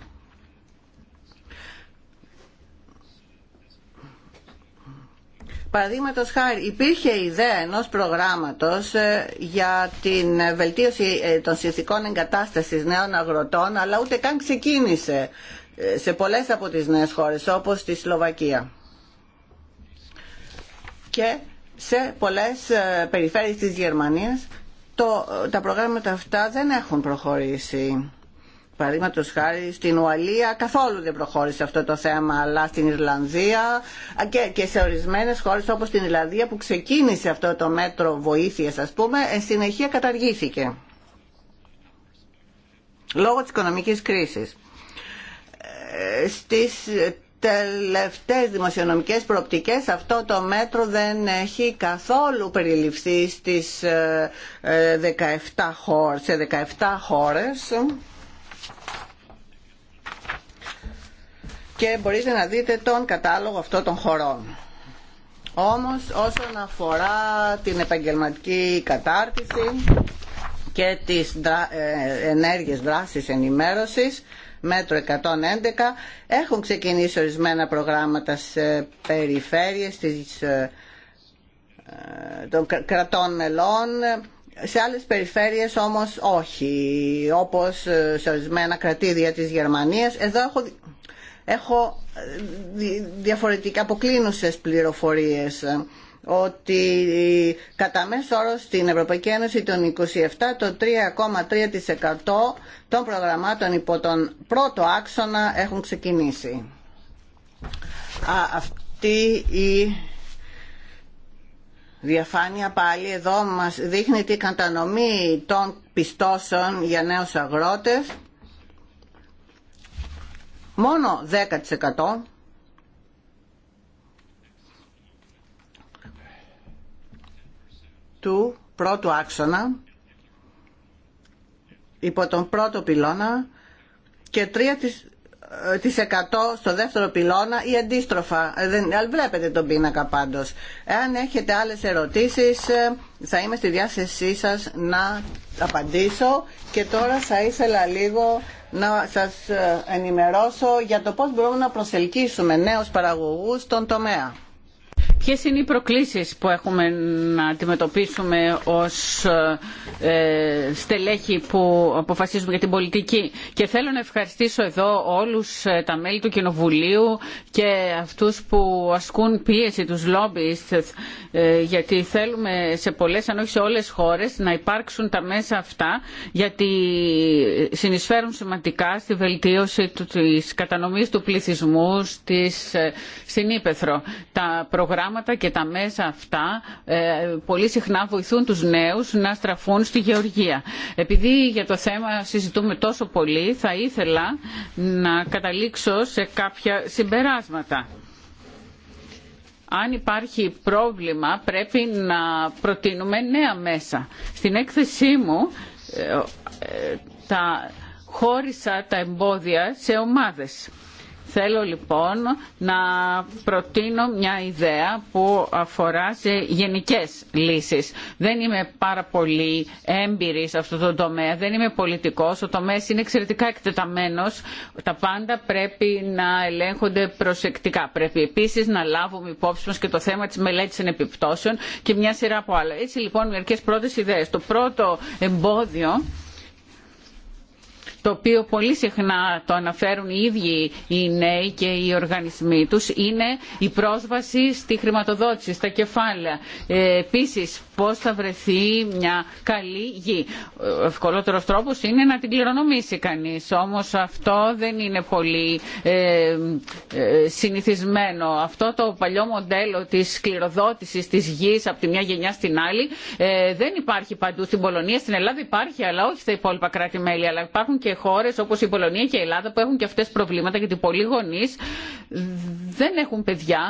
Παραδείγματο χάρη, υπήρχε ιδέα ενό προγράμματο ε, για την βελτίωση ε, των συνθηκών εγκατάσταση νέων αγροτών, αλλά ούτε καν ξεκίνησε ε, σε πολλέ από τι νέε χώρε, όπω τη Σλοβακία. Και σε πολλές ε, περιφέρειες της Γερμανίας το, τα προγράμματα αυτά δεν έχουν προχωρήσει. Παραδείγματο χάρη στην Ουαλία καθόλου δεν προχώρησε αυτό το θέμα, αλλά στην Ιρλανδία και, σε ορισμένε χώρε όπω την Ιρλανδία που ξεκίνησε αυτό το μέτρο βοήθεια, α πούμε, εν συνεχεία καταργήθηκε. Λόγω της οικονομικής ε, Στις τελευταίες δημοσιονομικές προοπτικές αυτό το μέτρο δεν έχει καθόλου περιληφθεί στις 17 ε, ε, χώρες, σε 17 χώρες και μπορείτε να δείτε τον κατάλογο αυτών των χωρών. Όμως όσον αφορά την επαγγελματική κατάρτιση και τις ε, ενέργειες δράσης ενημέρωσης μέτρο 111 έχουν ξεκινήσει ορισμένα προγράμματα σε περιφέρειες ε, ε, των κρατών μελών σε άλλες περιφέρειες όμως όχι όπως ε, σε ορισμένα κρατήδια της Γερμανίας εδώ έχω, έχω διαφορετικά αποκλίνουσες πληροφορίες ότι κατά μέσο όρο στην Ευρωπαϊκή Ένωση των 27 το 3,3% των προγραμμάτων υπό τον πρώτο άξονα έχουν ξεκινήσει. αυτή η διαφάνεια πάλι εδώ μας δείχνει την κατανομή των πιστώσεων για νέους αγρότες. Μόνο 10% του πρώτου άξονα υπό τον πρώτο πυλώνα και 3% ε, στο δεύτερο πυλώνα ή αντίστροφα. Ε, δεν, ε, βλέπετε τον πίνακα πάντως. Εάν έχετε άλλες ερωτήσεις θα είμαι στη διάθεσή σας να απαντήσω και τώρα θα ήθελα λίγο να σας ενημερώσω για το πώς μπορούμε να προσελκύσουμε νέους παραγωγούς στον τομέα. Ποιες είναι οι προκλήσεις που έχουμε να αντιμετωπίσουμε ως ε, στελέχη που αποφασίζουμε για την πολιτική. Και θέλω να ευχαριστήσω εδώ όλους ε, τα μέλη του Κοινοβουλίου και αυτούς που ασκούν πίεση, τους λόμπιστ, ε, γιατί θέλουμε σε πολλές, αν όχι σε όλες χώρες, να υπάρξουν τα μέσα αυτά, γιατί συνεισφέρουν σημαντικά στη βελτίωση του, της κατανομής του πληθυσμού, στην Ήπεθρο. Τα προγράμματα προγράμματα και τα μέσα αυτά ε, πολύ συχνά βοηθούν τους νέους να στραφούν στη γεωργία. Επειδή για το θέμα συζητούμε τόσο πολύ, θα ήθελα να καταλήξω σε κάποια συμπεράσματα. Αν υπάρχει πρόβλημα πρέπει να προτείνουμε νέα μέσα. Στην έκθεσή μου ε, ε, τα χώρισα τα εμπόδια σε ομάδες Θέλω λοιπόν να προτείνω μια ιδέα που αφορά σε γενικές λύσεις. Δεν είμαι πάρα πολύ έμπειρη σε αυτό το τομέα, δεν είμαι πολιτικός, ο τομέας είναι εξαιρετικά εκτεταμένος, τα πάντα πρέπει να ελέγχονται προσεκτικά. Πρέπει επίσης να λάβουμε υπόψη μας και το θέμα της μελέτης επιπτώσεων και μια σειρά από άλλα. Έτσι λοιπόν μερικές πρώτες ιδέες. Το πρώτο εμπόδιο το οποίο πολύ συχνά το αναφέρουν οι ίδιοι οι νέοι και οι οργανισμοί τους είναι η πρόσβαση στη χρηματοδότηση, στα κεφάλαια. Ε, επίσης πώς θα βρεθεί μια καλή γη. Ο ευκολότερος τρόπος είναι να την κληρονομήσει κανείς. Όμως αυτό δεν είναι πολύ ε, ε, συνηθισμένο. Αυτό το παλιό μοντέλο της κληροδότησης της γης από τη μια γενιά στην άλλη ε, δεν υπάρχει παντού στην Πολωνία. Στην Ελλάδα υπάρχει αλλά όχι στα υπόλοιπα κράτη-μέλη. Αλλά υπάρχουν και χώρες όπως η Πολωνία και η Ελλάδα που έχουν και αυτές προβλήματα γιατί πολλοί γονείς δεν έχουν παιδιά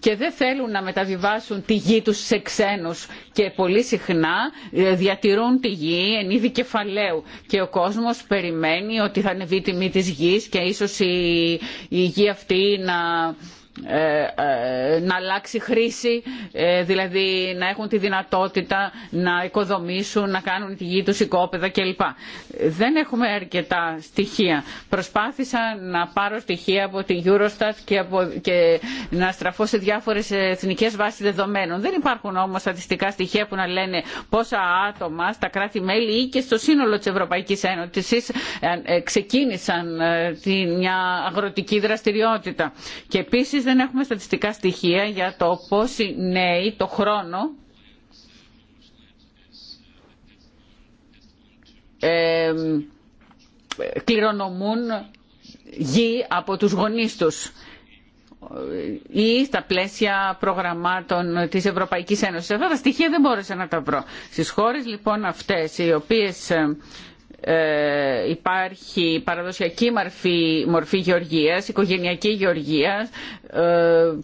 και δεν θέλουν να μεταβιβάσουν τη γη τους σε ξένους και πολύ συχνά ε, διατηρούν τη γη εν είδη κεφαλαίου και ο κόσμος περιμένει ότι θα ανεβεί η τιμή της γης και ίσως η, η γη αυτή να ε, ε, να αλλάξει χρήση, ε, δηλαδή να έχουν τη δυνατότητα να οικοδομήσουν, να κάνουν τη γη τους οικόπεδα κλπ. Δεν έχουμε αρκετά στοιχεία. Προσπάθησα να πάρω στοιχεία από την Eurostat και, από, και να στραφώ σε διάφορες εθνικές βάσεις δεδομένων. Δεν υπάρχουν όμως στατιστικά στοιχεία που να λένε πόσα άτομα στα κράτη-μέλη ή και στο σύνολο της Ευρωπαϊκής Ένωσης ξεκίνησαν μια αγροτική δραστηριότητα. Και επίσης δεν έχουμε στατιστικά στοιχεία για το πόσοι νέοι το χρόνο κληρονομούν γη από τους γονείς τους ή στα πλαίσια προγραμμάτων της Ευρωπαϊκής Ένωσης. Αυτά τα στοιχεία δεν μπόρεσα να τα βρω. Στις χώρες λοιπόν αυτές οι οποίες ε, υπάρχει παραδοσιακή μορφή, μορφή γεωργίας, οικογενειακή γεωργία. Ε,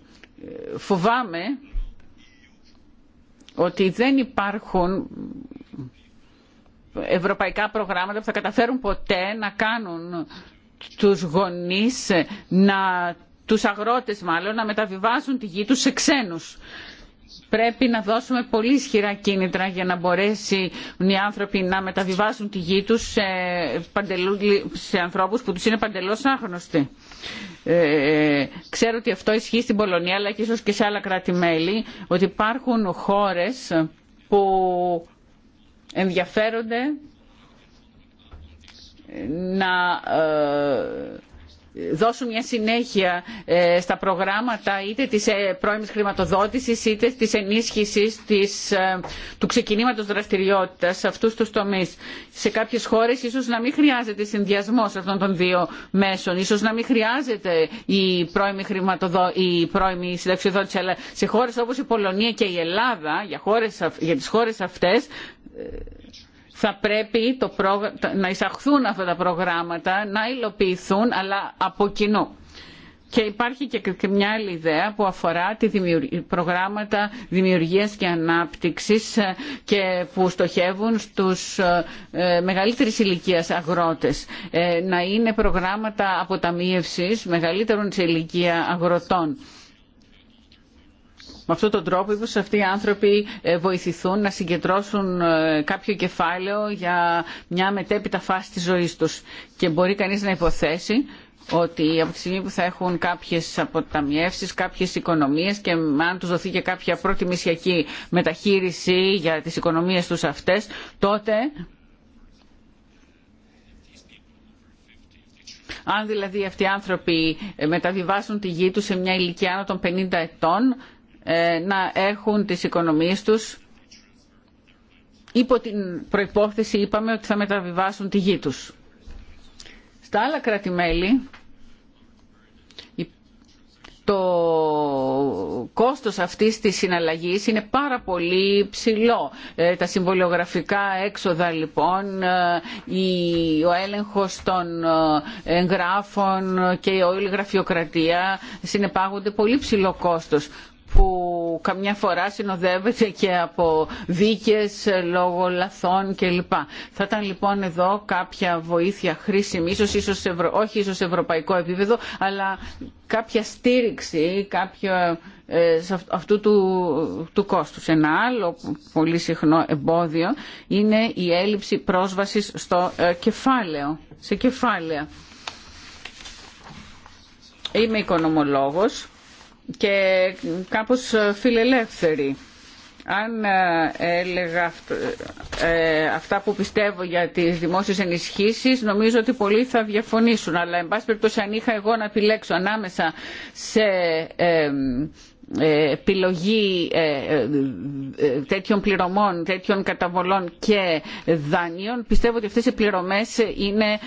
φοβάμαι ότι δεν υπάρχουν ευρωπαϊκά προγράμματα που θα καταφέρουν ποτέ να κάνουν τους γονείς να τους αγρότες μάλλον να μεταβιβάζουν τη γη τους σε ξένους πρέπει να δώσουμε πολύ ισχυρά κίνητρα για να μπορέσουν οι άνθρωποι να μεταβιβάσουν τη γη τους σε, ανθρώπους που τους είναι παντελώς άγνωστοι. Ε, ξέρω ότι αυτό ισχύει στην Πολωνία αλλά και ίσως και σε άλλα κράτη-μέλη ότι υπάρχουν χώρες που ενδιαφέρονται να ε, δώσουν μια συνέχεια ε, στα προγράμματα είτε της ε, πρώιμης χρηματοδότησης είτε της ενίσχυσης ε, του ξεκινήματος δραστηριότητας σε αυτούς τους τομείς. Σε κάποιες χώρες ίσως να μην χρειάζεται συνδυασμό αυτών των δύο μέσων, ίσως να μην χρειάζεται η πρώιμη, χρηματοδο... συνταξιοδότηση, αλλά σε χώρες όπως η Πολωνία και η Ελλάδα, για, τι για τις αυτές θα πρέπει το να εισαχθούν αυτά τα προγράμματα, να υλοποιηθούν, αλλά από κοινού. Και υπάρχει και μια άλλη ιδέα που αφορά τη προγράμματα δημιουργίας και ανάπτυξης ε, και που στοχεύουν στους ε, ε, μεγαλύτερης ηλικία αγρότες. Να είναι προγράμματα αποταμίευσης μεγαλύτερων σε ηλικία αγροτών με αυτόν τον τρόπο ίσως αυτοί οι άνθρωποι ε, βοηθηθούν να συγκεντρώσουν ε, κάποιο κεφάλαιο για μια μετέπειτα φάση της ζωής τους. Και μπορεί κανείς να υποθέσει ότι από τη στιγμή που θα έχουν κάποιες αποταμιεύσεις, κάποιες οικονομίες και αν τους δοθεί και κάποια πρώτη μισιακή μεταχείριση για τις οικονομίες τους αυτές, τότε αν δηλαδή αυτοί οι άνθρωποι ε, μεταβιβάσουν τη γη τους σε μια ηλικία άνω των 50 ετών, ε, να έχουν τις οικονομίες τους υπό την προϋπόθεση είπαμε ότι θα μεταβιβάσουν τη γη τους. Στα άλλα κράτη-μέλη το κόστος αυτής της συναλλαγής είναι πάρα πολύ ψηλό. Ε, τα συμβολιογραφικά έξοδα λοιπόν, ε, ο έλεγχος των εγγράφων και η όλη γραφειοκρατία συνεπάγονται πολύ ψηλό κόστος που καμιά φορά συνοδεύεται και από δίκες λόγω λαθών κλπ. Θα ήταν λοιπόν εδώ κάποια βοήθεια χρήσιμη, ίσως, ίσως ευρω... όχι ίσως ευρωπαϊκό επίπεδο, αλλά κάποια στήριξη κάποιο, ε, αυτού του, του κόστους. Ένα άλλο πολύ συχνό εμπόδιο είναι η έλλειψη πρόσβασης στο ε, κεφάλαιο, σε κεφάλαια. Είμαι οικονομολόγος και κάπως φιλελεύθερη. Αν ε, έλεγα ε, αυτά που πιστεύω για τις δημόσιες ενισχύσεις, νομίζω ότι πολλοί θα διαφωνήσουν. Αλλά, εν πάση περιπτώσει, αν είχα εγώ να επιλέξω ανάμεσα σε ε, επιλογή τέτοιων πληρωμών, τέτοιων καταβολών και δάνειων, πιστεύω ότι αυτές οι πληρωμές είναι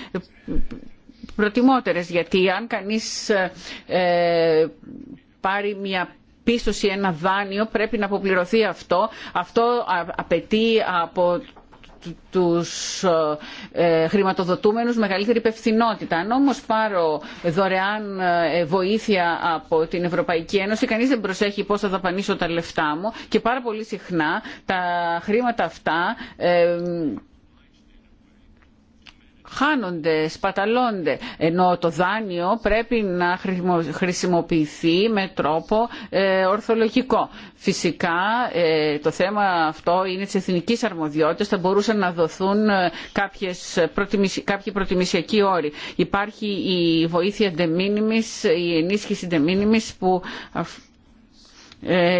προτιμότερες. Γιατί αν κανείς πάρει μια πίστοση, ένα δάνειο, πρέπει να αποπληρωθεί αυτό. Αυτό απαιτεί από τους ε, ε, χρηματοδοτούμενους μεγαλύτερη υπευθυνότητα. Αν όμως πάρω δωρεάν ε, βοήθεια από την Ευρωπαϊκή Ένωση, κανείς δεν προσέχει πώς θα δαπανίσω τα λεφτά μου και πάρα πολύ συχνά τα χρήματα αυτά χάνονται, σπαταλώνται, ενώ το δάνειο πρέπει να χρησιμοποιηθεί με τρόπο ε, ορθολογικό. Φυσικά ε, το θέμα αυτό είναι της εθνικής αρμοδιότητας, θα μπορούσαν να δοθούν ε, κάποιες, κάποιοι προτιμησιακοί όροι. Υπάρχει η βοήθεια ντεμίνιμης, η ενίσχυση ντεμίνιμης που ε,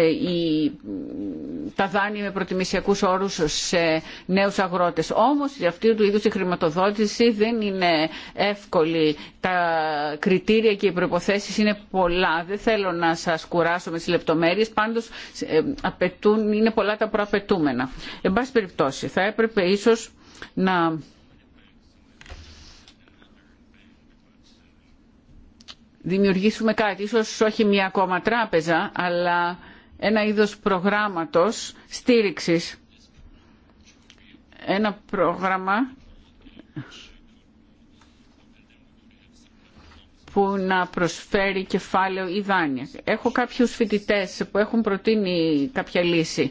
τα δάνεια με προτιμήσιακού όρους σε νέους αγρότες. Όμως αυτή του είδου η χρηματοδότηση δεν είναι εύκολη. Τα κριτήρια και οι προποθέσει είναι πολλά. Δεν θέλω να σας κουράσω με τι λεπτομέρειες. Πάντως ε, είναι πολλά τα προαπαιτούμενα. Εν πάση περιπτώσει θα έπρεπε ίσως να δημιουργήσουμε κάτι, ίσως όχι μια ακόμα τράπεζα, αλλά ένα είδος προγράμματος στήριξης. Ένα πρόγραμμα που να προσφέρει κεφάλαιο ή δάνεια. Έχω κάποιους φοιτητές που έχουν προτείνει κάποια λύση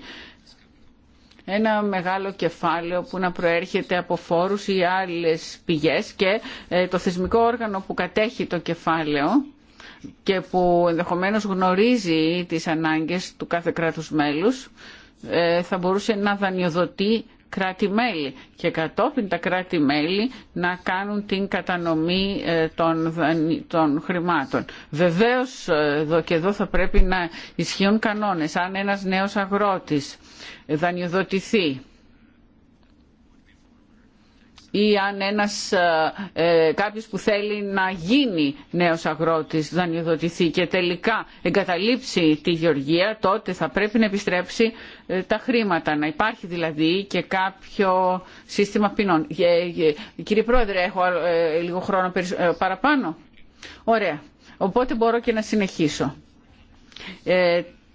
ένα μεγάλο κεφάλαιο που να προέρχεται από φόρους ή άλλες πηγές και ε, το θεσμικό όργανο που κατέχει το κεφάλαιο και που ενδεχομένως γνωρίζει τις ανάγκες του κάθε κράτους μέλους ε, θα μπορούσε να δανειοδοτεί κράτη-μέλη και κατόπιν τα κράτη-μέλη να κάνουν την κατανομή ε, των χρημάτων. Βεβαίως ε, εδώ και εδώ θα πρέπει να ισχύουν κανόνες. Αν ένας νέος αγρότης δανειοδοτηθεί ή αν ένας ε, ε, κάποιος που θέλει να γίνει νέος αγρότης δανειοδοτηθεί και τελικά εγκαταλείψει τη γεωργία τότε θα πρέπει να επιστρέψει ε, τα χρήματα. Να υπάρχει δηλαδή και κάποιο σύστημα ποινών. Ε, κύριε Πρόεδρε έχω λίγο χρόνο παραπάνω. Ωραία. Οπότε μπορώ και να συνεχίσω.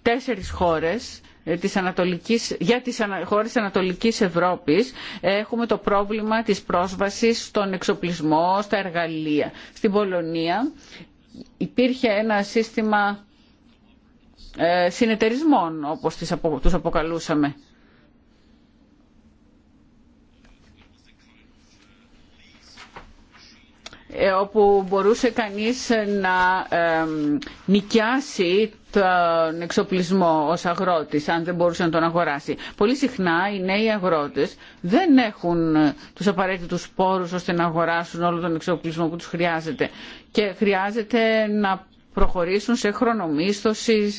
Τέσσερις χώρες ε, Ανατολικής, για τις χώρες Ανατολικής Ευρώπης έχουμε το πρόβλημα της πρόσβασης στον εξοπλισμό, στα εργαλεία. Στην Πολωνία υπήρχε ένα σύστημα ε, συνεταιρισμών όπως τους αποκαλούσαμε. Ε, όπου μπορούσε κανείς να νοικιάσει τον εξοπλισμό ως αγρότης αν δεν μπορούσε να τον αγοράσει. Πολύ συχνά οι νέοι αγρότες δεν έχουν τους απαραίτητους πόρους ώστε να αγοράσουν όλο τον εξοπλισμό που τους χρειάζεται και χρειάζεται να προχωρήσουν σε χρονομίσθωση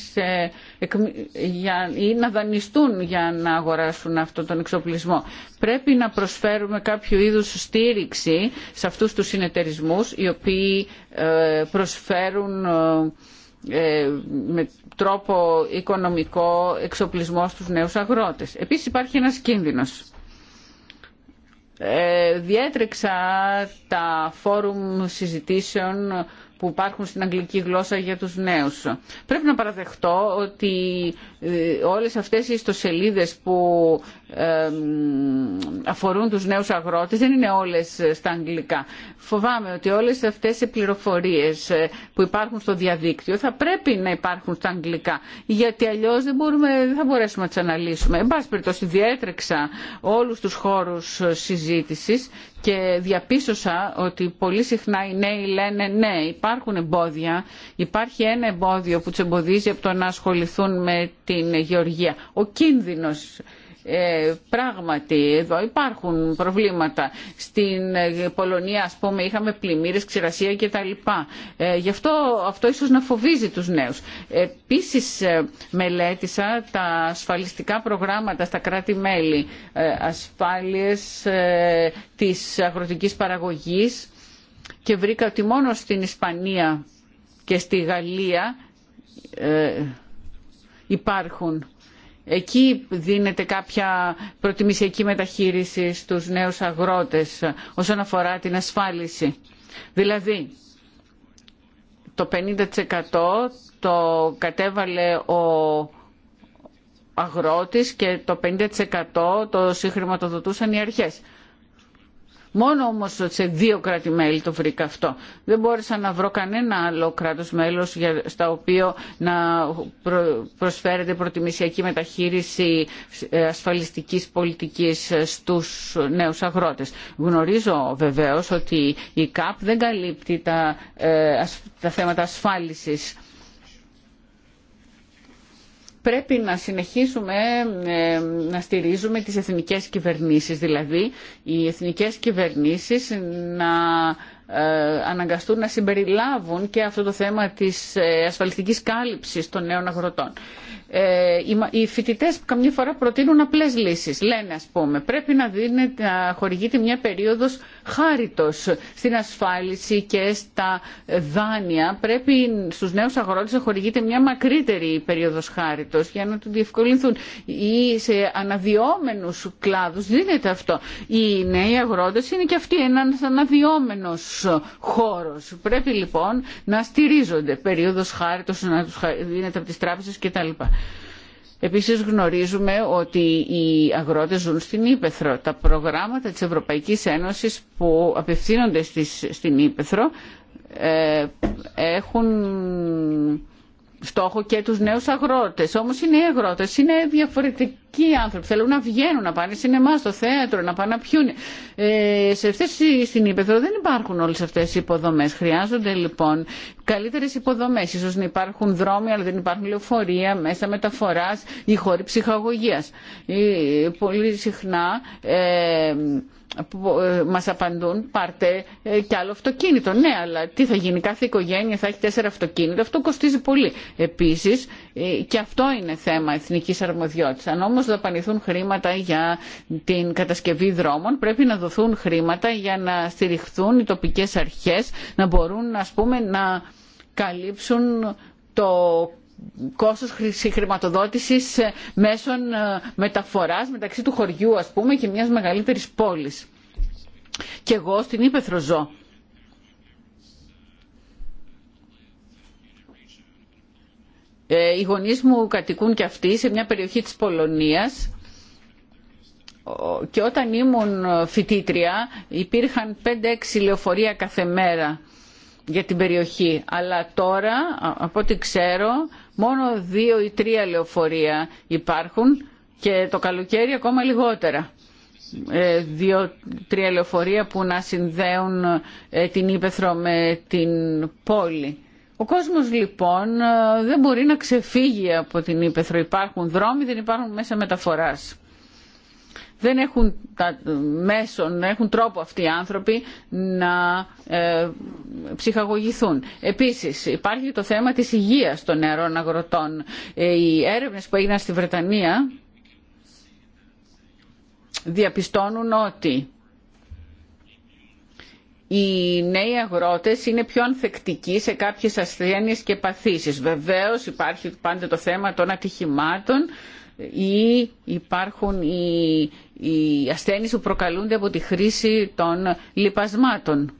για, ή να δανειστούν για να αγοράσουν αυτόν τον εξοπλισμό. Πρέπει να προσφέρουμε κάποιο είδους στήριξη σε αυτούς τους συνεταιρισμούς οι οποίοι ε, προσφέρουν ε, ε, με τρόπο οικονομικό εξοπλισμό στους νέους αγρότες. Επίσης υπάρχει ένας κίνδυνος. Ε, διέτρεξα τα φόρουμ συζητήσεων που υπάρχουν στην αγγλική γλώσσα για τους νέους. Πρέπει να παραδεχτώ ότι ε, όλες αυτές οι ιστοσελίδες που αφορούν τους νέους αγρότες δεν είναι όλες στα αγγλικά. Φοβάμαι ότι όλες αυτές οι πληροφορίες ε, που υπάρχουν στο διαδίκτυο θα πρέπει να υπάρχουν στα αγγλικά γιατί αλλιώς δεν, μπορούμε, δεν θα μπορέσουμε να τις αναλύσουμε. Εν πάση περιπτώσει διέτρεξα όλους τους χώρους ε, συζήτησης και διαπίστωσα ότι πολύ συχνά οι νέοι λένε ναι υπάρχουν εμπόδια, υπάρχει ένα εμπόδιο που τους εμποδίζει από το να ασχοληθούν με την γεωργία. Ο κίνδυνος ε, πράγματι, εδώ υπάρχουν προβλήματα. Στην ε, Πολωνία, ας πούμε, είχαμε πλημμύρες, ξηρασία τα Ε, γι' αυτό αυτό ίσως να φοβίζει τους νέους. Επίσης, ε, μελέτησα τα ασφαλιστικά προγράμματα στα κράτη-μέλη ε, ασφάλειες της αγροτικής παραγωγής και βρήκα ότι μόνο στην Ισπανία και στη Γαλλία υπάρχουν Εκεί δίνεται κάποια προτιμησιακή μεταχείριση στους νέους αγρότες όσον αφορά την ασφάλιση. Δηλαδή, το 50% το κατέβαλε ο αγρότης και το 50% το συγχρηματοδοτούσαν οι αρχές. Μόνο όμως σε δύο κράτη-μέλη το βρήκα αυτό. Δεν μπόρεσα να βρω κανένα άλλο κράτος μέλος στα οποίο να προσφέρεται προτιμησιακή μεταχείριση ε, ασφαλιστικής πολιτικής ε, στους νέους αγρότες. Γνωρίζω βεβαίως ότι η ΚΑΠ δεν καλύπτει τα, ε, τα θέματα ασφάλισης πρέπει να συνεχίσουμε ε, να στηρίζουμε τις εθνικές κυβερνήσεις, δηλαδή οι εθνικές κυβερνήσεις να ε, αναγκαστούν να συμπεριλάβουν και αυτό το θέμα της ε, ασφαλιστικής κάλυψης των νέων αγροτών. Ε, οι φοιτητέ καμιά φορά προτείνουν απλέ λύσει. Λένε α πούμε πρέπει να, δίνεται, να χορηγείται μια περίοδο χάριτος στην ασφάλιση και στα δάνεια. Πρέπει στου νέου αγρότε να χορηγείται μια μακρύτερη περίοδο χάριτος για να του διευκολυνθούν. Ή σε αναδυόμενου κλάδου δίνεται αυτό. Οι νέοι αγρότε είναι και αυτοί ένα αναδυόμενο χώρο. Πρέπει λοιπόν να στηρίζονται περίοδο χάριτος, να του δίνεται από τι τράπεζε κτλ. Επίσης γνωρίζουμε ότι οι αγρότες ζουν στην Ήπεθρο. Τα προγράμματα της Ευρωπαϊκής Ένωσης που απευθύνονται στην Ήπεθρο ε, έχουν στόχο και τους νέους αγρότες. Όμως οι νέοι αγρότες είναι διαφορετικοί οι άνθρωποι. Θέλουν να βγαίνουν, να πάνε σινεμά, στο θέατρο, να πάνε να πιούν. Ε, σε αυτές, στην Ήπεθρο δεν υπάρχουν όλες αυτές οι υποδομές. Χρειάζονται λοιπόν καλύτερες υποδομές. Ίσως να υπάρχουν δρόμοι, αλλά δεν υπάρχουν λεωφορεία, μέσα μεταφοράς ή χώροι ψυχαγωγίας. Ε, πολύ συχνά... Ε, ε μας απαντούν πάρτε ε, κι άλλο αυτοκίνητο. Ναι, αλλά τι θα γίνει, κάθε οικογένεια θα έχει τέσσερα αυτοκίνητα, αυτό κοστίζει πολύ. Επίσης, ε, και αυτό είναι θέμα εθνικής αρμοδιότητας. Αν όμως να δαπανηθούν χρήματα για την κατασκευή δρόμων, πρέπει να δοθούν χρήματα για να στηριχθούν οι τοπικές αρχές, να μπορούν ας πούμε, να καλύψουν το κόστος χρηματοδότησης μέσων ε, μεταφοράς μεταξύ του χωριού ας πούμε και μιας μεγαλύτερης πόλης. Και εγώ στην Ήπεθρο ζω Ε, οι γονεί μου κατοικούν και αυτοί σε μια περιοχή της Πολωνίας και όταν ήμουν φοιτήτρια υπήρχαν 5-6 λεωφορεία κάθε μέρα για την περιοχή. Αλλά τώρα, από ό,τι ξέρω, μόνο μόνο ή 3 λεωφορεία υπάρχουν και το καλοκαίρι ακόμα λιγότερα. λιγότερα. Ε, 2-3 λεωφορεία που να συνδέουν ε, την Ήπεθρο με την πόλη. Ο κόσμος λοιπόν ε, δεν μπορεί να ξεφύγει από την Ήπεθρο. Υπάρχουν δρόμοι, δεν υπάρχουν μέσα μεταφοράς. Δεν έχουν τα μέσον, έχουν τρόπο αυτοί οι άνθρωποι να ε, ψυχαγωγηθούν. Επίσης υπάρχει το θέμα της υγείας των νεαρών αγροτών. Ε, οι έρευνες που έγιναν στη Βρετανία διαπιστώνουν ότι οι νέοι αγρότες είναι πιο ανθεκτικοί σε κάποιες ασθένειες και παθήσεις. Βεβαίως υπάρχει πάντα το θέμα των ατυχημάτων ή υπάρχουν οι, οι ασθένειες που προκαλούνται από τη χρήση των λιπασμάτων.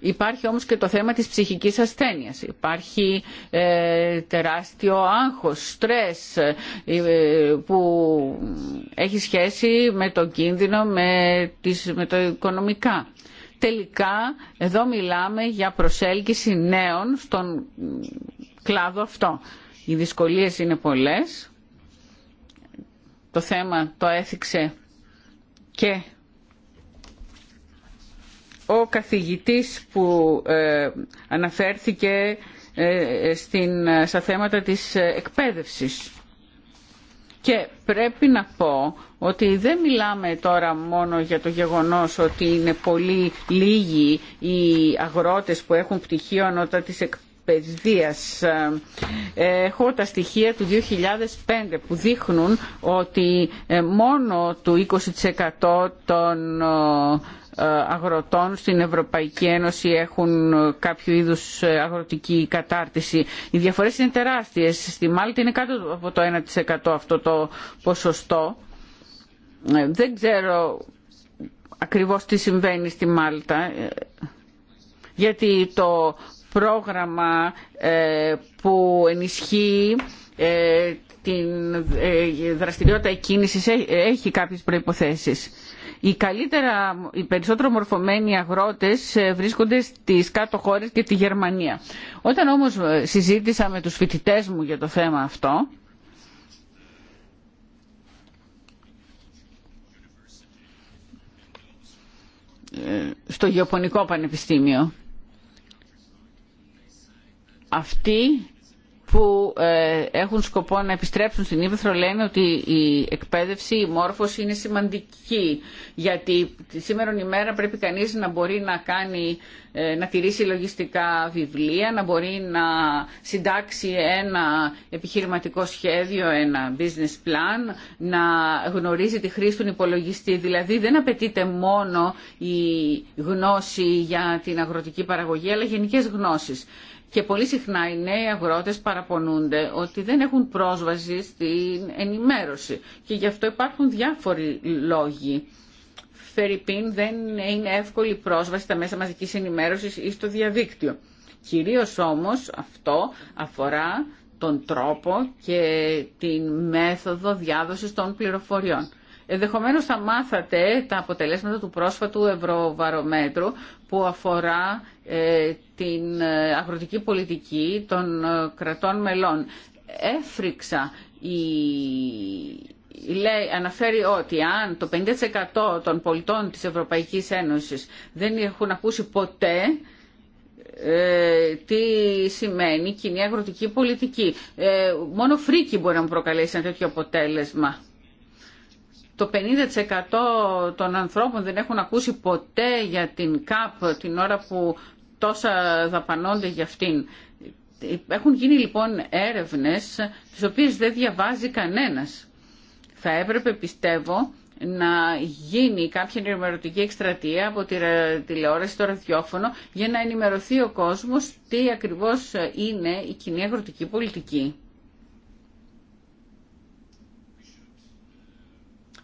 Υπάρχει όμως και το θέμα της ψυχικής ασθένειας. Υπάρχει ε, τεράστιο άγχος, στρες ε, που έχει σχέση με το κίνδυνο, με, τις, με το οικονομικά. Τελικά εδώ μιλάμε για προσέλκυση νέων στον κλάδο αυτό. Οι δυσκολίες είναι πολλές. Το θέμα το έθιξε και ο καθηγητής που ε, αναφέρθηκε ε, στην, στα θέματα της εκπαίδευσης. Και πρέπει να πω ότι δεν μιλάμε τώρα μόνο για το γεγονός ότι είναι πολύ λίγοι οι αγρότες που έχουν πτυχίο της εκπαιδείας. Ε, έχω τα στοιχεία του 2005 που δείχνουν ότι ε, μόνο το 20% των ε, αγροτών στην Ευρωπαϊκή Ένωση έχουν κάποιο είδους αγροτική κατάρτιση. Οι διαφορές είναι τεράστιες. Στη Μάλτη είναι κάτω από το 1% αυτό το ποσοστό ε, δεν ξέρω ακριβώς τι συμβαίνει στη Μάλτα ε, γιατί το πρόγραμμα ε, που ενισχύει την δραστηριότητα εκκίνησης έχει κάποιες προϋποθέσεις. Οι καλύτερα, οι περισσότερο μορφωμένοι αγρότες βρίσκονται στις κάτω χώρες και τη Γερμανία. Όταν όμως συζήτησα με τους φοιτητές μου για το θέμα αυτό, στο Γεωπονικό Πανεπιστήμιο. Αυτοί που ε, έχουν σκοπό να επιστρέψουν στην Ήπεθρο λένε ότι η εκπαίδευση, η μόρφωση είναι σημαντική γιατί τη σήμερα μέρα πρέπει κανείς να μπορεί να κάνει ε, να τηρήσει λογιστικά βιβλία, να μπορεί να συντάξει ένα επιχειρηματικό σχέδιο, ένα business plan, να γνωρίζει τη χρήση του υπολογιστή. Δηλαδή δεν απαιτείται μόνο η γνώση για την αγροτική παραγωγή, αλλά γενικές γνώσεις. Και πολύ συχνά οι νέοι αγρότες παραπονούνται ότι δεν έχουν πρόσβαση στην ενημέρωση και γι' αυτό υπάρχουν διάφοροι λόγοι. Φερρυπίν δεν είναι εύκολη πρόσβαση στα μέσα μαζικής ενημέρωσης ή στο διαδίκτυο. Κυρίως όμως αυτό αφορά τον τρόπο και την μέθοδο διάδοσης των πληροφοριών. Ενδεχομένως θα μάθατε τα αποτελέσματα του πρόσφατου ευρωβαρομέτρου που αφορά ε, την ε, αγροτική πολιτική των ε, κρατών μελών. Έφρυξα η λέει, αναφέρει ότι αν το 50% των πολιτών της Ευρωπαϊκής Ένωσης δεν έχουν ακούσει ποτέ τι σημαίνει κοινή αγροτική πολιτική. μόνο φρίκι μπορεί να μου προκαλέσει ένα τέτοιο αποτέλεσμα το 50% των ανθρώπων δεν έχουν ακούσει ποτέ για την ΚΑΠ την ώρα που τόσα δαπανώνται για αυτήν. Έχουν γίνει λοιπόν έρευνες τις οποίες δεν διαβάζει κανένας. Θα έπρεπε πιστεύω να γίνει κάποια ενημερωτική εκστρατεία από τη τηλεόραση, το ραδιόφωνο για να ενημερωθεί ο κόσμος τι ακριβώς είναι η κοινή αγροτική πολιτική.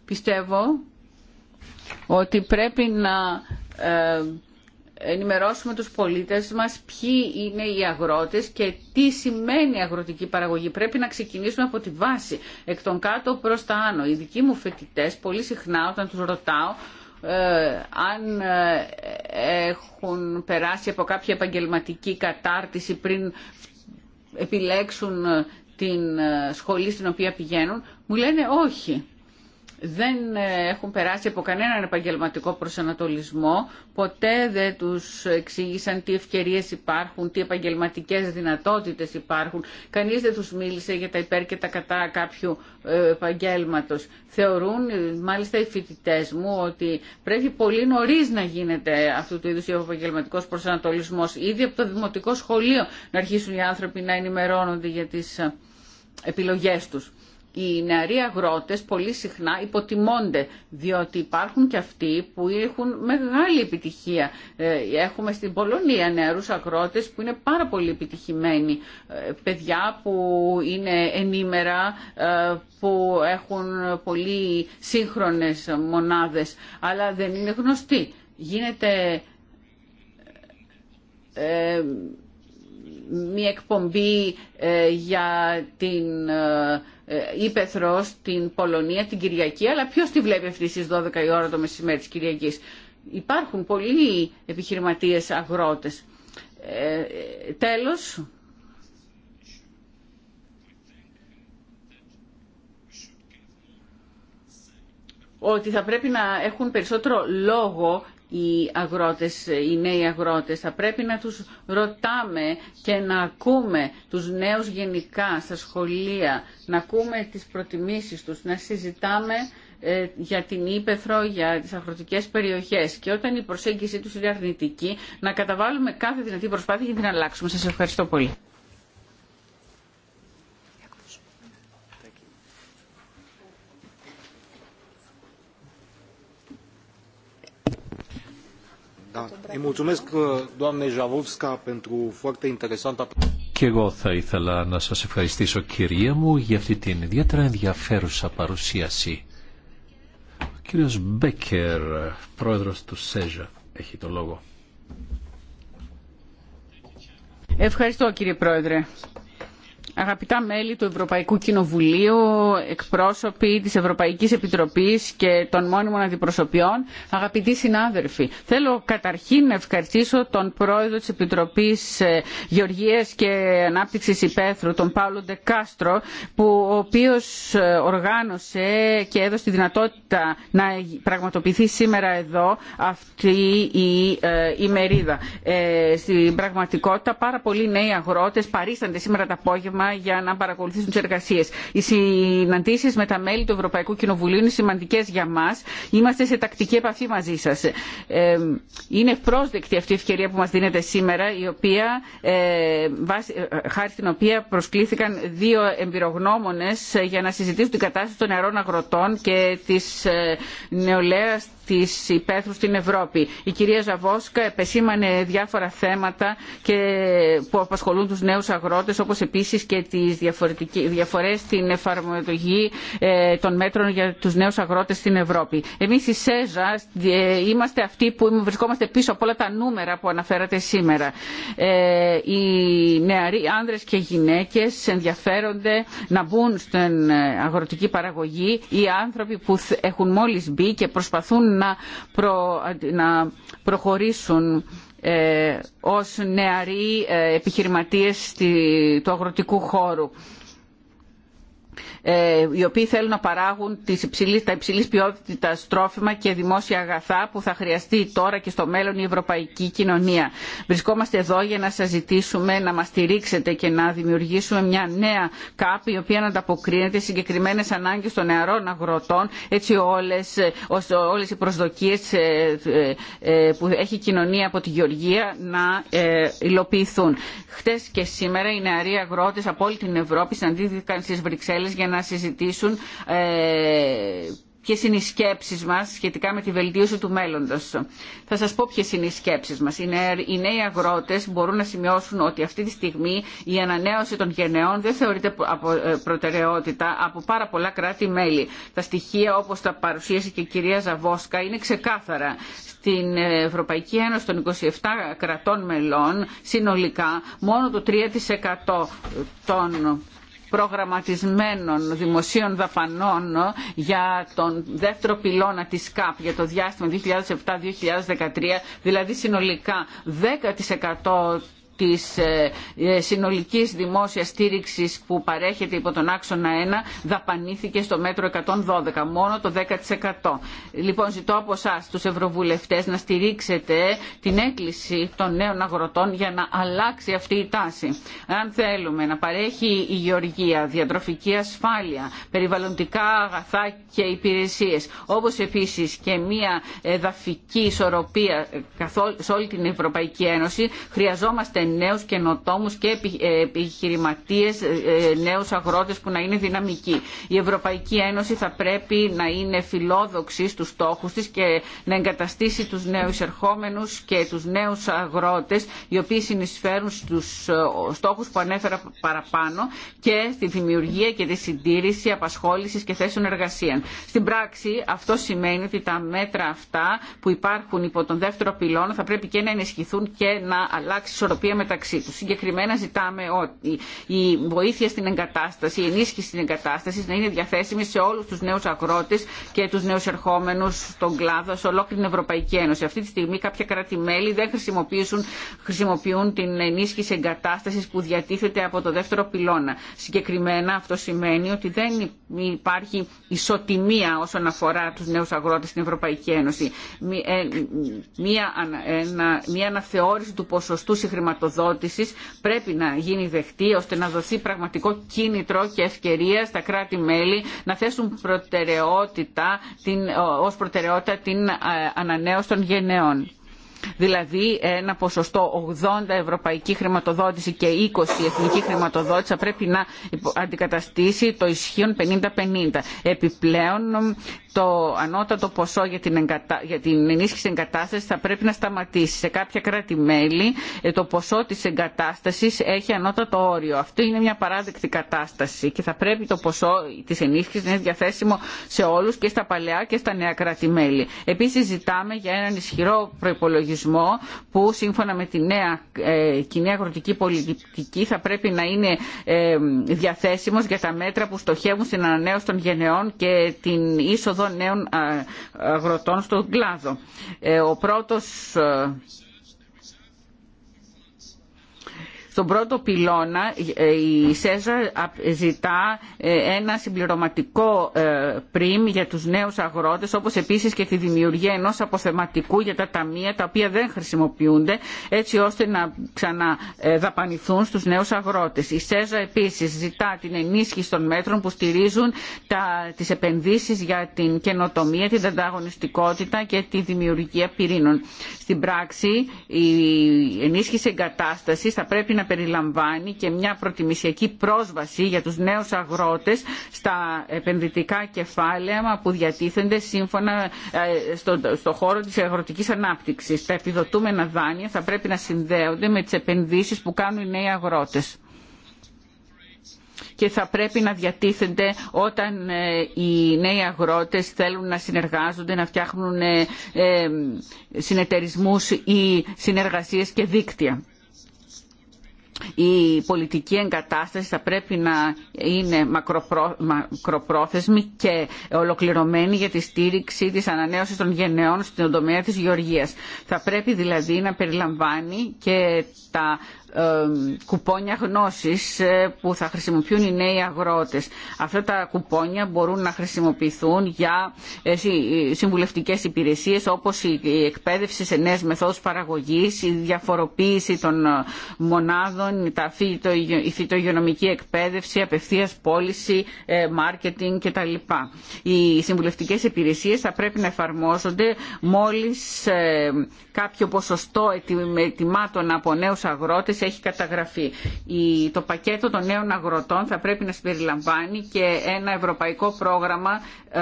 πιστεύω ότι πρέπει να ε, ενημερώσουμε τους πολίτες μας ποιοι είναι οι αγρότες και τι σημαίνει αγροτική παραγωγή. Πρέπει να ξεκινήσουμε από τη βάση, εκ των κάτω προς τα άνω. Οι δικοί μου φοιτητές πολύ συχνά όταν τους ρωτάω ε, αν ε, έχουν περάσει από κάποια επαγγελματική κατάρτιση πριν επιλέξουν την σχολή στην οποία πηγαίνουν, μου λένε όχι δεν ε, έχουν περάσει από κανέναν επαγγελματικό προσανατολισμό, ποτέ δεν τους εξήγησαν τι ευκαιρίες υπάρχουν, τι επαγγελματικές δυνατότητες υπάρχουν, κανείς δεν τους μίλησε για τα υπέρ και τα κατά κάποιου ε, επαγγέλματο. Θεωρούν ε, μάλιστα οι φοιτητέ μου ότι πρέπει πολύ νωρί να γίνεται αυτού του είδου ο επαγγελματικό προσανατολισμό, ήδη από το δημοτικό σχολείο να αρχίσουν οι άνθρωποι να ενημερώνονται για τι επιλογέ του οι νεαροί αγρότες πολύ συχνά υποτιμώνται, διότι υπάρχουν και αυτοί που έχουν μεγάλη επιτυχία. Ε, έχουμε στην Πολωνία νεαρούς αγρότες που είναι πάρα πολύ επιτυχημένοι, ε, παιδιά που είναι ενήμερα, ε, που έχουν πολύ σύγχρονες μονάδες, αλλά δεν είναι γνωστοί. Γίνεται μια εκπομπή για την Ήπεθρο ε, στην Πολωνία την Κυριακή, αλλά ποιος τη βλέπει αυτή στις 12 η ώρα το μεσημέρι της Κυριακής. Υπάρχουν πολλοί επιχειρηματίες αγρότες. Ε, τέλος, ότι θα πρέπει να έχουν περισσότερο λόγο οι αγρότες, οι νέοι αγρότες. Θα πρέπει να τους ρωτάμε και να ακούμε τους νέους γενικά στα σχολεία, να ακούμε τις προτιμήσεις τους, να συζητάμε ε, για την ύπεθρο, για τις αγροτικές περιοχές και όταν η προσέγγιση τους είναι αρνητική να καταβάλουμε κάθε δυνατή προσπάθεια για να την αλλάξουμε. Σας ευχαριστώ πολύ. Îi Και εγώ θα ήθελα να σας ευχαριστήσω κυρία μου για αυτή την ιδιαίτερα ενδιαφέρουσα παρουσίαση. Ο κύριος Μπέκερ, πρόεδρος του ΣΕΖΑ, έχει το λόγο. Ευχαριστώ κύριε πρόεδρε. Αγαπητά μέλη του Ευρωπαϊκού Κοινοβουλίου, εκπρόσωποι της Ευρωπαϊκής Επιτροπής και των μόνιμων αντιπροσωπιών, αγαπητοί συνάδελφοι, θέλω καταρχήν να ευχαριστήσω τον πρόεδρο της Επιτροπής ε, Γεωργίας και Ανάπτυξης Υπέθρου, τον Παύλο Ντεκάστρο, που ο οποίος ε, οργάνωσε και έδωσε τη δυνατότητα να ε, πραγματοποιηθεί σήμερα εδώ αυτή η ημερίδα. Στην πραγματικότητα πάρα πολλοί νέοι αγρότες παρίστανται σήμερα το απόγευμα για να παρακολουθήσουν τις εργασίες. Οι συναντήσεις με τα μέλη του Ευρωπαϊκού Κοινοβουλίου είναι σημαντικές για μας. Είμαστε σε τακτική επαφή μαζί σας. Ε, είναι πρόσδεκτη αυτή η ευκαιρία που μας δίνεται σήμερα, η οποία, ε, χάρη στην οποία προσκλήθηκαν δύο εμπειρογνώμονες ε, για να συζητήσουν την κατάσταση των νεαρών αγροτών και της νεολαίας Τη υπαίθρου στην Ευρώπη. Η κυρία Ζαβόσκα επεσήμανε διάφορα θέματα και που απασχολούν τους νέους αγρότες όπως επίσης και τις διαφορές στην εφαρμογή ε, των μέτρων για τους νέους αγρότες στην Ευρώπη. Εμείς η ΣΕΖΑ ε, είμαστε αυτοί που βρισκόμαστε πίσω από όλα τα νούμερα που αναφέρατε σήμερα. Ε, οι νεαροί άνδρες και γυναίκες ενδιαφέρονται να μπουν στην αγροτική παραγωγή. Οι άνθρωποι που έχουν μόλις μπει και προσπαθούν να, να προχωρήσουν ε, ως νεαροί ε, επιχειρηματίες του αγροτικού χώρου. Ε, οι οποίοι θέλουν να παράγουν τις τα υψηλής ποιότητας τρόφιμα και δημόσια αγαθά που θα χρειαστεί τώρα και στο μέλλον η ευρωπαϊκή κοινωνία. Βρισκόμαστε εδώ για να σας ζητήσουμε να μας στηρίξετε και να δημιουργήσουμε μια νέα κάπη η οποία να ανταποκρίνεται στις συγκεκριμένες ανάγκες των νεαρών αγροτών έτσι όλες, όλες οι προσδοκίες ε, ε, που έχει η κοινωνία από τη Γεωργία να υλοποιηθούν. Χτες και σήμερα οι νεαροί αγρότες από όλη την Ευρώπη συναντήθηκαν στις Βρυξέλλες για να συζητήσουν ε, ποιε είναι οι σκέψει μα σχετικά με τη βελτίωση του μέλλοντο. Θα σα πω ποιε είναι οι σκέψει μα. Οι νέοι αγρότε μπορούν να σημειώσουν ότι αυτή τη στιγμή η ανανέωση των γενεών δεν θεωρείται ε, προτεραιότητα από πάρα πολλά κράτη-μέλη. Τα στοιχεία όπω τα παρουσίασε και η κυρία Ζαβόσκα είναι ξεκάθαρα. Στην Ευρωπαϊκή Ένωση των 27 κρατών μελών συνολικά μόνο το 3% των προγραμματισμένων δημοσίων δαπανών για τον δεύτερο πυλώνα της ΚΑΠ για το διάστημα 2007-2013, δηλαδή συνολικά 10% της ε, ε, συνολικής δημόσιας στήριξης που παρέχεται υπό τον άξονα 1 δαπανήθηκε στο μέτρο 112, μόνο το 10%. Λοιπόν, ζητώ από εσά τους ευρωβουλευτές να στηρίξετε την έκκληση των νέων αγροτών για να αλλάξει αυτή η τάση. Αν θέλουμε να παρέχει η γεωργία, διατροφική ασφάλεια, περιβαλλοντικά αγαθά και υπηρεσίες, όπως επίσης και μια εδαφική ισορροπία σε όλη την Ευρωπαϊκή Ένωση, χρειαζόμαστε νέους καινοτόμους και ε, επιχειρηματίες, ε, ε, νέους αγρότες που να είναι δυναμικοί. Η Ευρωπαϊκή Ένωση θα πρέπει να είναι φιλόδοξη στους στόχους της και να εγκαταστήσει τους νέους ερχόμενους και τους νέους αγρότες οι οποίοι συνεισφέρουν στους στόχους που ανέφερα παραπάνω και στη δημιουργία και τη συντήρηση απασχόλησης και θέσεων εργασίας. Στην πράξη αυτό σημαίνει ότι τα μέτρα αυτά που υπάρχουν υπό τον δεύτερο πυλώνα θα πρέπει και να ενισχυθούν και να αλλάξει μεταξύ τους. Συγκεκριμένα ζητάμε ότι η βοήθεια στην εγκατάσταση, η ενίσχυση στην εγκατάσταση να είναι διαθέσιμη σε όλους τους νέους αγρότες και τους νέους ερχόμενους στον κλάδο, σε ολόκληρη την Ευρωπαϊκή Ένωση. Αυτή τη στιγμή κάποια κράτη-μέλη δεν χρησιμοποιούν, χρησιμοποιούν την ενίσχυση εγκατάστασης που διατίθεται από το δεύτερο πυλώνα. Συγκεκριμένα αυτό σημαίνει ότι δεν υπάρχει ισοτιμία όσον αφορά τους νέους αγρότες στην Ευρωπαϊκή Ένωση. Ε, μία, ένα, μία αναθεώρηση του ποσοστού συγχρηματοδότησης χρηματοδότησης πρέπει να γίνει δεχτή ώστε να δοθεί πραγματικό κίνητρο και ευκαιρία στα κράτη-μέλη να θέσουν προτεραιότητα, την, ως προτεραιότητα την ε, ανανέωση των γενναιών. δηλαδή ένα ποσοστό 80 ευρωπαϊκή χρηματοδότηση και 20 εθνική χρηματοδότηση θα πρέπει να αντικαταστήσει το ισχύον 50-50. Επιπλέον το ανώτατο ποσό για την, ενίσχυση εγκατάσταση θα πρέπει να σταματήσει. Σε κάποια κράτη-μέλη ε, το ποσό της εγκατάστασης έχει ανώτατο όριο. Αυτό είναι μια παράδεκτη κατάσταση και θα πρέπει το ποσό της ενίσχυσης να είναι διαθέσιμο σε όλους και στα παλαιά και στα νέα κράτη-μέλη. Επίσης ζητάμε για έναν ισχυρό προπολογισμό που σύμφωνα με τη νέα ε, κοινή αγροτική πολιτική θα πρέπει να είναι ε, διαθέσιμος για τα μέτρα που στοχεύουν στην ανανέωση των γενεών και την είσοδο ομάδων νέων ε, αγροτών στον κλάδο. Ε, ο πρώτος ε, στον πρώτο πυλώνα ε, η ΣΕΖΑ ζητά ε, ένα συμπληρωματικό ε, πριμ για τους νέους αγρότες όπως επίσης και τη δημιουργία ενός αποθεματικού για τα ταμεία τα οποία δεν χρησιμοποιούνται έτσι ώστε να ξαναδαπανηθούν στους νέους αγρότες. Η ΣΕΖΑ επίσης ζητά την ενίσχυση των μέτρων που στηρίζουν τα, τις επενδύσεις για την καινοτομία, την ανταγωνιστικότητα και τη δημιουργία πυρήνων. Στην πράξη η ενίσχυση εγκατάστασης θα πρέπει να να περιλαμβάνει και μια προτιμησιακή πρόσβαση για τους νέους αγρότες στα επενδυτικά κεφάλαια που διατίθενται σύμφωνα ε, στο, χώρο της αγροτικής ανάπτυξης. Τα επιδοτούμενα δάνεια θα πρέπει να συνδέονται με τις επενδύσεις που κάνουν οι νέοι αγρότες και θα πρέπει να διατίθενται όταν ε, οι νέοι αγρότες θέλουν να συνεργάζονται, να φτιάχνουν ε, συνεταιρισμούς ή συνεργασίες και δίκτυα η πολιτική εγκατάσταση θα πρέπει να είναι μακροπρόθεσμη και ολοκληρωμένη για τη στήριξη της ανανέωσης των γενναιών στην οντομία της γεωργίας. Θα πρέπει δηλαδή να περιλαμβάνει και τα κουπόνια γνώσης ε, που θα χρησιμοποιούν οι νέοι αγρότες. Αυτά τα κουπόνια μπορούν να χρησιμοποιηθούν για ε, ε, συμβουλευτικές υπηρεσίες όπως η εκπαίδευση σε νέες μεθόδους παραγωγής, η διαφοροποίηση των μονάδων, η φυτογειονομική εκπαίδευση, απευθείας πώληση, μάρκετινγκ κτλ. Οι συμβουλευτικές υπηρεσίες θα πρέπει να εφαρμόζονται μόλις κάποιο ποσοστό ετοιμάτων από νέους αγρότες έχει καταγραφεί. Το πακέτο των νέων αγροτών θα πρέπει να συμπεριλαμβάνει και ένα ευρωπαϊκό πρόγραμμα ε,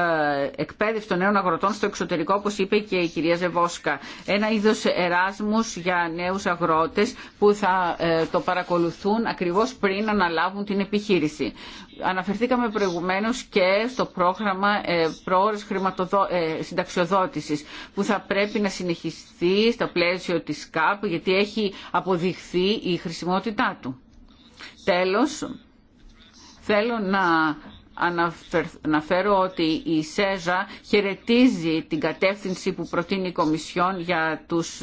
εκπαίδευση των νέων αγροτών στο εξωτερικό, όπως είπε και η κυρία Ζεβόσκα. Ένα είδος εράσμους για νέους αγρότες που θα ε, το παρακολουθούν ακριβώς πριν αναλάβουν την επιχείρηση αναφερθήκαμε προηγουμένως και στο πρόγραμμα ε, χρηματοδότησης ε, που θα πρέπει να συνεχιστεί στο πλαίσιο της ΚΑΠ γιατί έχει αποδειχθεί η χρησιμότητά του. Τέλος, θέλω να αναφέρω ότι η ΣΕΖΑ χαιρετίζει την κατεύθυνση που προτείνει η Κομισιόν για τους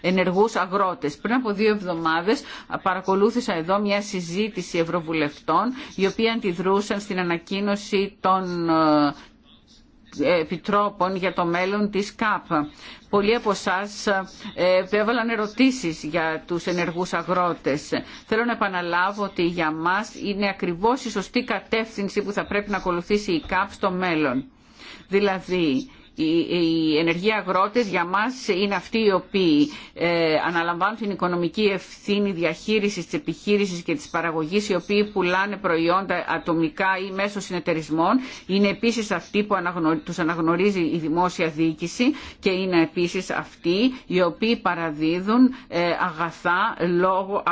ενεργούς αγρότες. Πριν από δύο εβδομάδες παρακολούθησα εδώ μια συζήτηση ευρωβουλευτών οι οποίοι αντιδρούσαν στην ανακοίνωση των ε, επιτρόπων για το μέλλον της ΚΑΠ. Πολλοί από εσά ε, έβαλαν ερωτήσεις για τους ενεργούς αγρότες. Θέλω να επαναλάβω ότι για μας είναι ακριβώς η σωστή κατεύθυνση που θα πρέπει να ακολουθήσει η ΚΑΠ στο μέλλον. Δηλαδή, οι ενεργοί αγρότες για μας είναι αυτοί οι οποίοι ε, αναλαμβάνουν την οικονομική ευθύνη διαχείρισης της επιχείρησης και της παραγωγής, οι οποίοι πουλάνε προϊόντα ατομικά ή μέσω συνεταιρισμών. Είναι επίσης αυτοί που τους αναγνωρίζει η δημόσια διοίκηση και είναι επίσης αυτοί οι οποίοι παραδίδουν ε, αγαθά λόγω,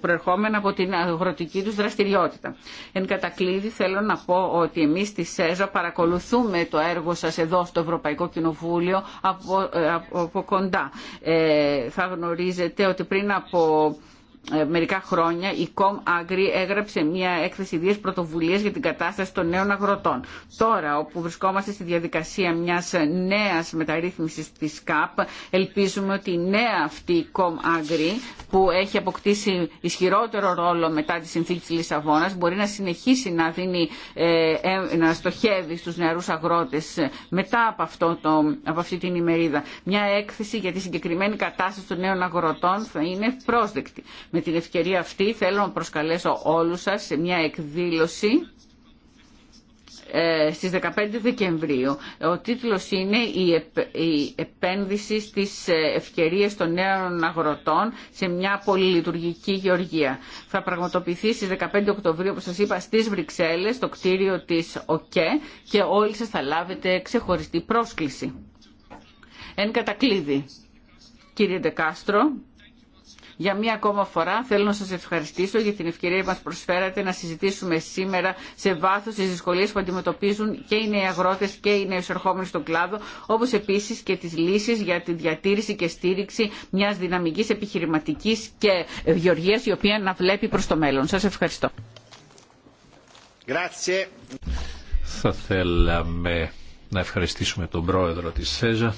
προερχόμενα από την αγροτική τους δραστηριότητα. Εν κατακλείδη θέλω να πω ότι εμείς στη ΣΕΖΑ παρακολουθούμε το έργο σας εδώ στο Ευρωπαϊκό Ευρωπαϊκό Κοινοβούλιο από, ε, από κοντά. Ε, θα γνωρίζετε ότι πριν από ε, μερικά χρόνια η Κομ Άγκρη έγραψε μια έκθεση ιδίας πρωτοβουλία για την κατάσταση των νέων αγροτών. Τώρα όπου βρισκόμαστε στη διαδικασία μιας νέας μεταρρύθμισης της ΚΑΠ ελπίζουμε ότι η νέα αυτή η Κομ Άγκρη που έχει αποκτήσει ισχυρότερο ρόλο μετά τη συνθήκη της Λισαβόνας μπορεί να συνεχίσει να, δίνει, ε, ε, να στοχεύει στους νεαρούς αγρότες μετά από, αυτό το, από αυτή την ημερίδα. Μια έκθεση για τη συγκεκριμένη κατάσταση των νέων αγροτών θα είναι πρόσδεκτη. Με την ευκαιρία αυτή θέλω να προσκαλέσω όλους σας σε μια εκδήλωση ε, στις 15 Δεκεμβρίου. Ο τίτλος είναι «Η επένδυση στις ε, ευκαιρίες των νέων αγροτών σε μια πολυλειτουργική γεωργία». Θα πραγματοποιηθεί στις 15 Οκτωβρίου, όπως σας είπα, στις Βρυξέλλες, στο κτίριο της ΟΚΕ και όλοι σας θα λάβετε ξεχωριστή πρόσκληση. Εν κατακλείδη, κύριε Ντεκάστρο, για μία ακόμα φορά θέλω να σας ευχαριστήσω για την ευκαιρία που μας προσφέρατε να συζητήσουμε σήμερα σε βάθος τις δυσκολίες που αντιμετωπίζουν και οι νέοι αγρότες και οι νέοι εισερχόμενοι στον κλάδο, όπως επίσης και τις λύσεις για τη διατήρηση και στήριξη μιας δυναμικής επιχειρηματικής και γεωργίας η οποία να βλέπει προς το μέλλον. Σας ευχαριστώ. Θα θέλαμε να ευχαριστήσουμε τον πρόεδρο της ΣΕΖΑ.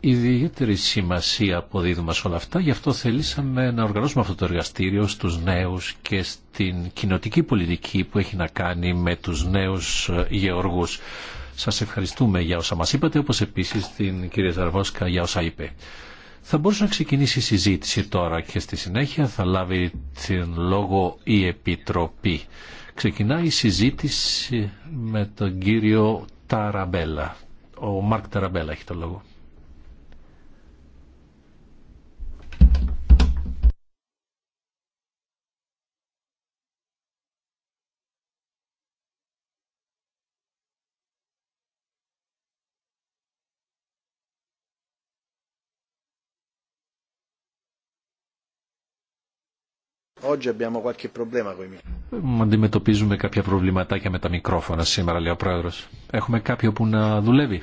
ιδιαίτερη σημασία αποδίδουμε σε όλα αυτά, γι' αυτό θελήσαμε να οργανώσουμε αυτό το εργαστήριο στους νέους και στην κοινοτική πολιτική που έχει να κάνει με τους νέους γεωργούς. Σας ευχαριστούμε για όσα μας είπατε, όπως επίσης την κυρία Ζαρβόσκα για όσα είπε. Θα μπορούσε να ξεκινήσει η συζήτηση τώρα και στη συνέχεια θα λάβει την λόγο η Επιτροπή. Ξεκινάει η συζήτηση με τον κύριο Ταραμπέλα. Ο Μάρκ Ταραμπέλα έχει το λόγο. Αντιμετωπίζουμε κάποια προβληματάκια με τα μικρόφωνα σήμερα, λέει ο Πρόεδρος. Έχουμε κάποιο που να δουλεύει.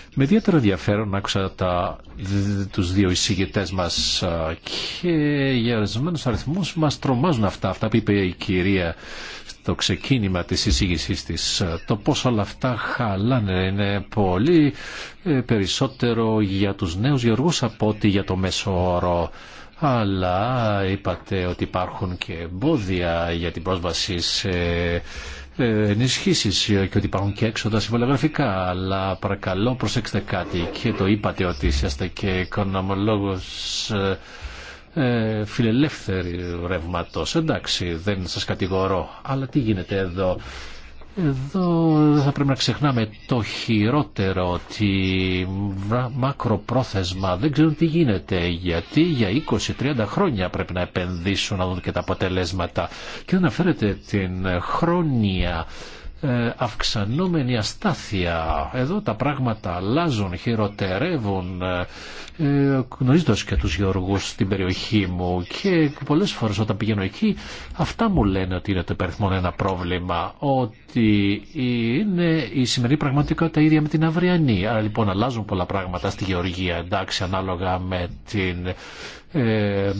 Με ιδιαίτερο ενδιαφέρον άκουσα τα, τους δύο εισηγητές μας και για ορισμένου αριθμούς μας τρομάζουν αυτά, αυτά που είπε η κυρία στο ξεκίνημα της εισήγησής της. Το πόσο όλα αυτά χαλάνε είναι πολύ ε, περισσότερο για τους νέους γεωργούς από ότι για το μέσο όρο. Αλλά είπατε ότι υπάρχουν και εμπόδια για την πρόσβαση σε ε, ενισχύσεις και ότι υπάρχουν και έξοδα συμβολογραφικά, Αλλά παρακαλώ προσέξτε κάτι και το είπατε ότι είσαστε και οικονομολόγος ε, ε φιλελεύθερη ρεύματο. Εντάξει, δεν σα κατηγορώ. Αλλά τι γίνεται εδώ. Εδώ δεν θα πρέπει να ξεχνάμε το χειρότερο ότι μακροπρόθεσμα δεν ξέρουν τι γίνεται γιατί για 20-30 χρόνια πρέπει να επενδύσουν να δουν και τα αποτελέσματα και δεν αναφέρεται την χρόνια ε, αυξανόμενη αστάθεια. Εδώ τα πράγματα αλλάζουν, χειροτερεύουν, ε, ε γνωρίζοντα και τους γεωργούς στην περιοχή μου και πολλές φορές όταν πηγαίνω εκεί αυτά μου λένε ότι είναι το υπεριθμό ένα πρόβλημα, ότι είναι η σημερινή πραγματικότητα ίδια με την αυριανή. Άρα λοιπόν αλλάζουν πολλά πράγματα στη γεωργία, εντάξει, ανάλογα με την ε,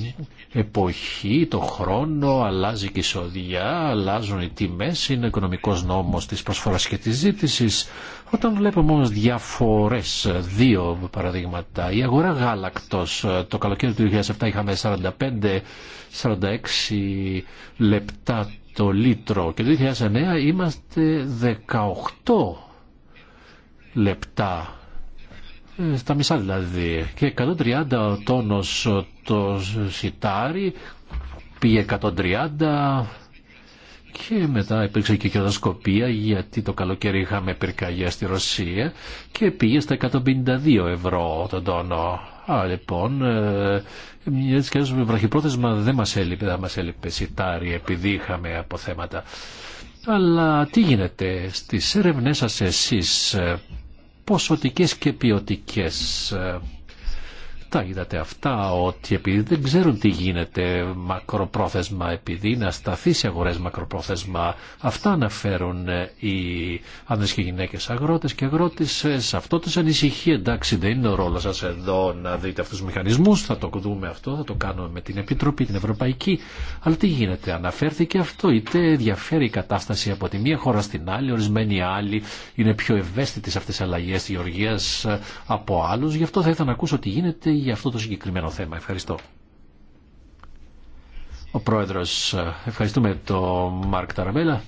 εποχή, το χρόνο, αλλάζει και η σοδιά, αλλάζουν οι τιμές, είναι ο οικονομικός νόμος της προσφοράς και της ζήτησης. Όταν βλέπουμε όμως διαφορές, δύο παραδείγματα, η αγορά γάλακτος, ε, το καλοκαίρι του 2007 είχαμε 45-46 λεπτά το λίτρο και το 2009 είμαστε 18 λεπτά στα μισά δηλαδή. Και 130 ο τόνος το σιτάρι, πήγε 130 και μετά υπήρξε και κερδοσκοπία γιατί το καλοκαίρι είχαμε πυρκαγιά στη Ρωσία και πήγε στα 152 ευρώ τον τόνο. Α, λοιπόν, ε, έτσι και έτσι βραχυπρόθεσμα δεν μας έλειπε, δεν μας έλειπε σιτάρι επειδή είχαμε αποθέματα. Αλλά τι γίνεται στις έρευνές σας εσείς ε, ποσοτικές και ποιοτικές ε, αυτά. Είδατε αυτά ότι επειδή δεν ξέρουν τι γίνεται μακροπρόθεσμα, επειδή είναι ασταθείς οι αγορές μακροπρόθεσμα, αυτά αναφέρουν ε, οι άνδρες και γυναίκες αγρότες και αγρότες. Ε, σε αυτό τους ανησυχεί, εντάξει δεν είναι ο ρόλος σας εδώ να δείτε αυτούς τους μηχανισμούς, θα το δούμε αυτό, θα το κάνουμε με την Επιτροπή, την Ευρωπαϊκή. Αλλά τι γίνεται, αναφέρθηκε αυτό, είτε διαφέρει η κατάσταση από τη μία χώρα στην άλλη, ορισμένοι άλλοι είναι πιο ευαίσθητοι σε αυτές τις αλλαγές της Γεωργίας ε, από άλλους. Γι' αυτό θα ήθελα να ακούσω τι γίνεται για αυτό το συγκεκριμένο θέμα. Ευχαριστώ. Ο Πρόεδρος, ε, ευχαριστούμε τον Μάρκ Ταραμέλα.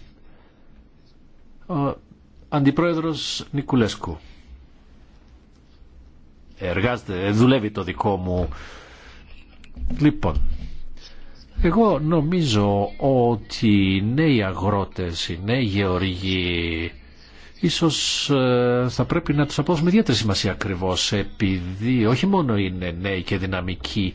Ο Αντιπρόεδρος Νικουλέσκου. Εργάζεται, δουλεύει το δικό μου. Λοιπόν, εγώ νομίζω ότι οι νέοι αγρότες, οι νέοι γεωργοί ίσως ε, θα πρέπει να τους αποδώσουμε ιδιαίτερη σημασία ακριβώς επειδή όχι μόνο είναι νέοι και δυναμικοί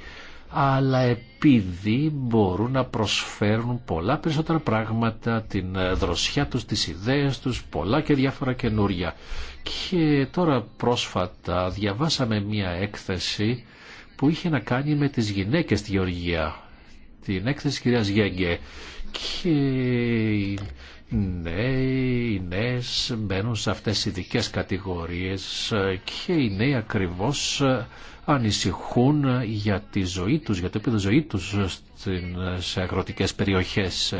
αλλά επειδή μπορούν να προσφέρουν πολλά περισσότερα πράγματα, την ε, δροσιά τους, τις ιδέες τους, πολλά και διάφορα καινούρια. Και τώρα πρόσφατα διαβάσαμε μία έκθεση που είχε να κάνει με τις γυναίκες στη Γεωργία, την έκθεση της κυρίας Γέγκε νέοι, οι νέες μπαίνουν σε αυτές τις ειδικέ κατηγορίες και οι νέοι ακριβώς ανησυχούν για τη ζωή τους, για το επίπεδο ζωή τους σε αγροτικές περιοχές.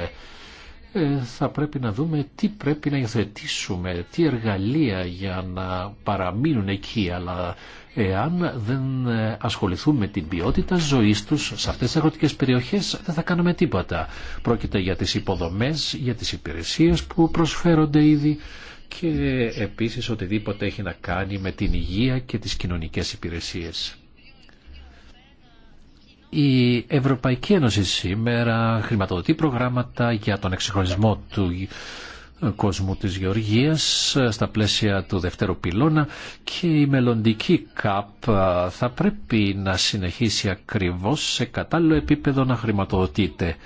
Ε, θα πρέπει να δούμε τι πρέπει να υιοθετήσουμε, τι εργαλεία για να παραμείνουν εκεί, αλλά εάν δεν ε, ασχοληθούμε με την ποιότητα ζωής τους σε αυτές τις αγροτικές περιοχές δεν θα κάνουμε τίποτα. Πρόκειται για τις υποδομές, για τις υπηρεσίες που προσφέρονται ήδη και επίσης οτιδήποτε έχει να κάνει με την υγεία και τις κοινωνικές υπηρεσίες η Ευρωπαϊκή Ένωση σήμερα χρηματοδοτεί προγράμματα για τον εξυγχρονισμό του κόσμου της Γεωργίας στα πλαίσια του δεύτερου πυλώνα και η μελλοντική ΚΑΠ θα πρέπει να συνεχίσει ακριβώς σε κατάλληλο επίπεδο να χρηματοδοτείται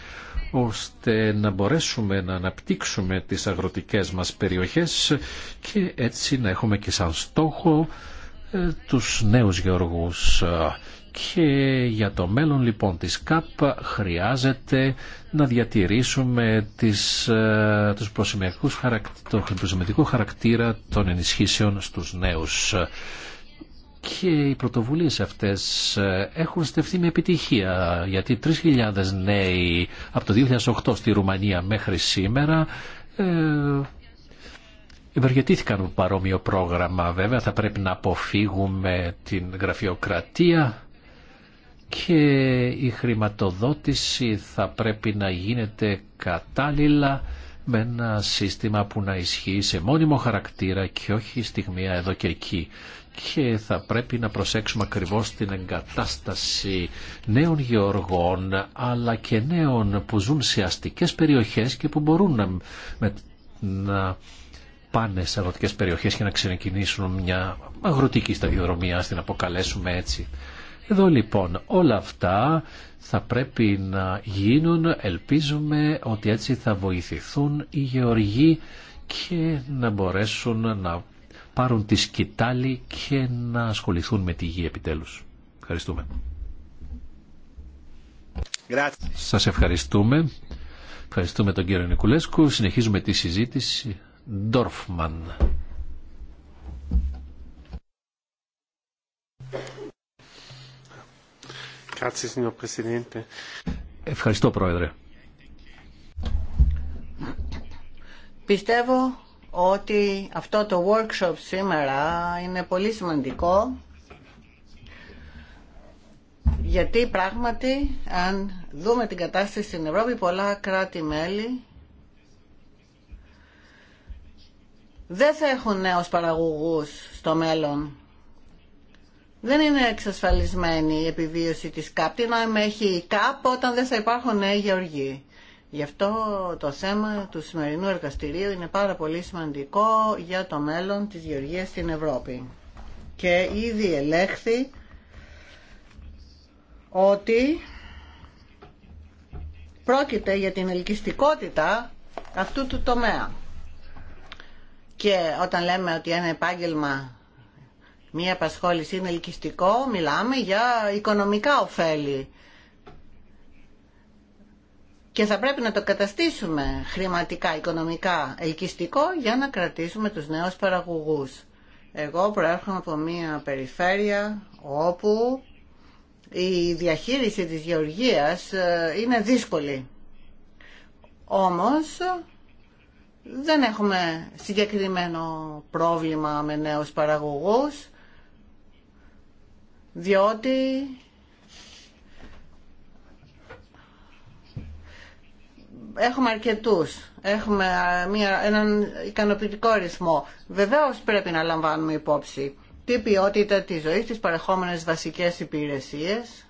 ώστε να μπορέσουμε να αναπτύξουμε τις αγροτικές μας περιοχές και έτσι να έχουμε και σαν στόχο ε, τους νέους γεωργούς και για το μέλλον λοιπόν της ΚΑΠ χρειάζεται να διατηρήσουμε τις, ε, τους το χαρακτήρα των ενισχύσεων στους νέους. Και οι πρωτοβουλίες αυτές ε, έχουν στεφθεί με επιτυχία γιατί 3.000 νέοι από το 2008 στη Ρουμανία μέχρι σήμερα ε, ευεργετήθηκαν παρόμοιο πρόγραμμα βέβαια θα πρέπει να αποφύγουμε την γραφειοκρατία και η χρηματοδότηση θα πρέπει να γίνεται κατάλληλα με ένα σύστημα που να ισχύει σε μόνιμο χαρακτήρα και όχι στιγμία εδώ και εκεί. Και θα πρέπει να προσέξουμε ακριβώς την εγκατάσταση νέων γεωργών αλλά και νέων που ζουν σε αστικές περιοχές και που μπορούν να, με, να πάνε σε αγροτικές περιοχές και να ξεκινήσουν μια αγροτική σταδιοδρομία, την αποκαλέσουμε έτσι. Εδώ λοιπόν όλα αυτά θα πρέπει να γίνουν, ελπίζουμε ότι έτσι θα βοηθηθούν οι γεωργοί και να μπορέσουν να πάρουν τη σκητάλη και να ασχοληθούν με τη γη επιτέλους. Ευχαριστούμε. Σας ευχαριστούμε. Ευχαριστούμε τον κύριο Νικουλέσκου. Συνεχίζουμε τη συζήτηση. Dorfman. Ευχαριστώ, Πρόεδρε. Πιστεύω ότι αυτό το workshop σήμερα είναι πολύ σημαντικό γιατί πράγματι αν δούμε την κατάσταση στην Ευρώπη πολλά κράτη-μέλη δεν θα έχουν νέους παραγωγούς στο μέλλον δεν είναι εξασφαλισμένη η επιβίωση της ΚΑΠ. Τι νόημα έχει η ΚΑΠ όταν δεν θα υπάρχουν νέοι γεωργοί. Γι' αυτό το θέμα του σημερινού εργαστηρίου είναι πάρα πολύ σημαντικό για το μέλλον της γεωργίας στην Ευρώπη. Και ήδη ελέγχθη ότι πρόκειται για την ελκυστικότητα αυτού του τομέα. Και όταν λέμε ότι ένα επάγγελμα μία απασχόληση είναι ελκυστικό, μιλάμε για οικονομικά ωφέλη. Και θα πρέπει να το καταστήσουμε χρηματικά, οικονομικά ελκυστικό για να κρατήσουμε τους νέους παραγωγούς. Εγώ προέρχομαι από μία περιφέρεια όπου η διαχείριση της γεωργίας ε, είναι δύσκολη. Όμως δεν έχουμε συγκεκριμένο πρόβλημα με νέους παραγωγούς διότι έχουμε αρκετούς, έχουμε μια, έναν ικανοποιητικό ρυθμό. Βεβαίως πρέπει να λαμβάνουμε υπόψη τη ποιότητα της ζωής, τις παρεχόμενες βασικές υπηρεσίες,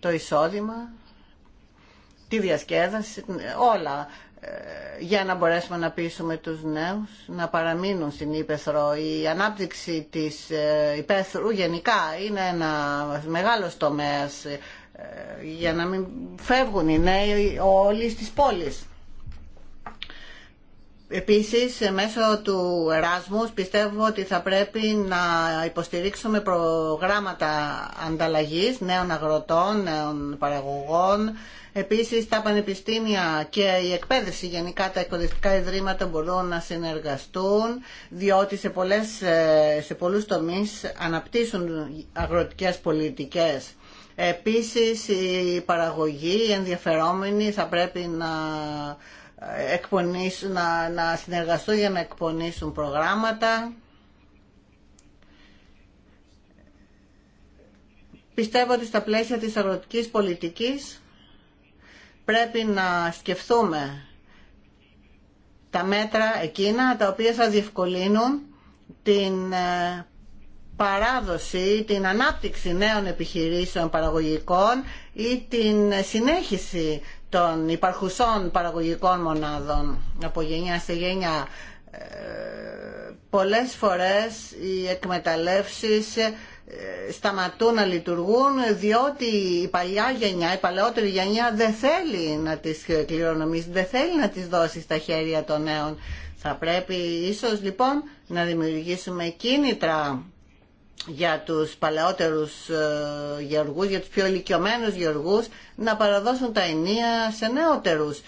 το εισόδημα, τη διασκέδαση, όλα. Ε, για να μπορέσουμε να πείσουμε τους νέους να παραμείνουν στην Ήπεθρο. Η ανάπτυξη της ε, Ήπεθρου γενικά είναι ένα μεγάλο τομέα ε, για να μην φεύγουν οι νέοι όλοι στις πόλεις. Επίσης, μέσω του Εράσμους πιστεύω ότι θα πρέπει να υποστηρίξουμε προγράμματα ανταλλαγής νέων αγροτών, νέων παραγωγών, Επίσης τα πανεπιστήμια και η εκπαίδευση γενικά τα εκπαιδευτικά ιδρύματα μπορούν να συνεργαστούν διότι σε, πολλές, ε, σε πολλούς τομείς αναπτύσσουν αγροτικές πολιτικές. Επίσης η παραγωγή, οι ενδιαφερόμενοι θα πρέπει να, ε, εκπονήσουν, να, να συνεργαστούν για να εκπονήσουν προγράμματα. Πιστεύω ότι στα πλαίσια της αγροτικής πολιτικής πρέπει να σκεφτούμε τα μέτρα εκείνα τα οποία θα διευκολύνουν την ε, παράδοση, την ανάπτυξη νέων επιχειρήσεων παραγωγικών ή την συνέχιση των υπαρχουσών παραγωγικών μονάδων από γενιά σε γενιά. Ε, πολλές φορές οι εκμεταλλεύσεις σταματούν να λειτουργούν διότι η παλιά γενιά, η παλαιότερη γενιά δεν θέλει να τις κληρονομήσει, δεν θέλει να τις δώσει στα χέρια των νέων. Θα πρέπει ίσως λοιπόν να δημιουργήσουμε κίνητρα για τους παλαιότερους ε, γεωργούς, για τους πιο ηλικιωμένους γεωργούς να παραδώσουν τα ενία σε νεότερους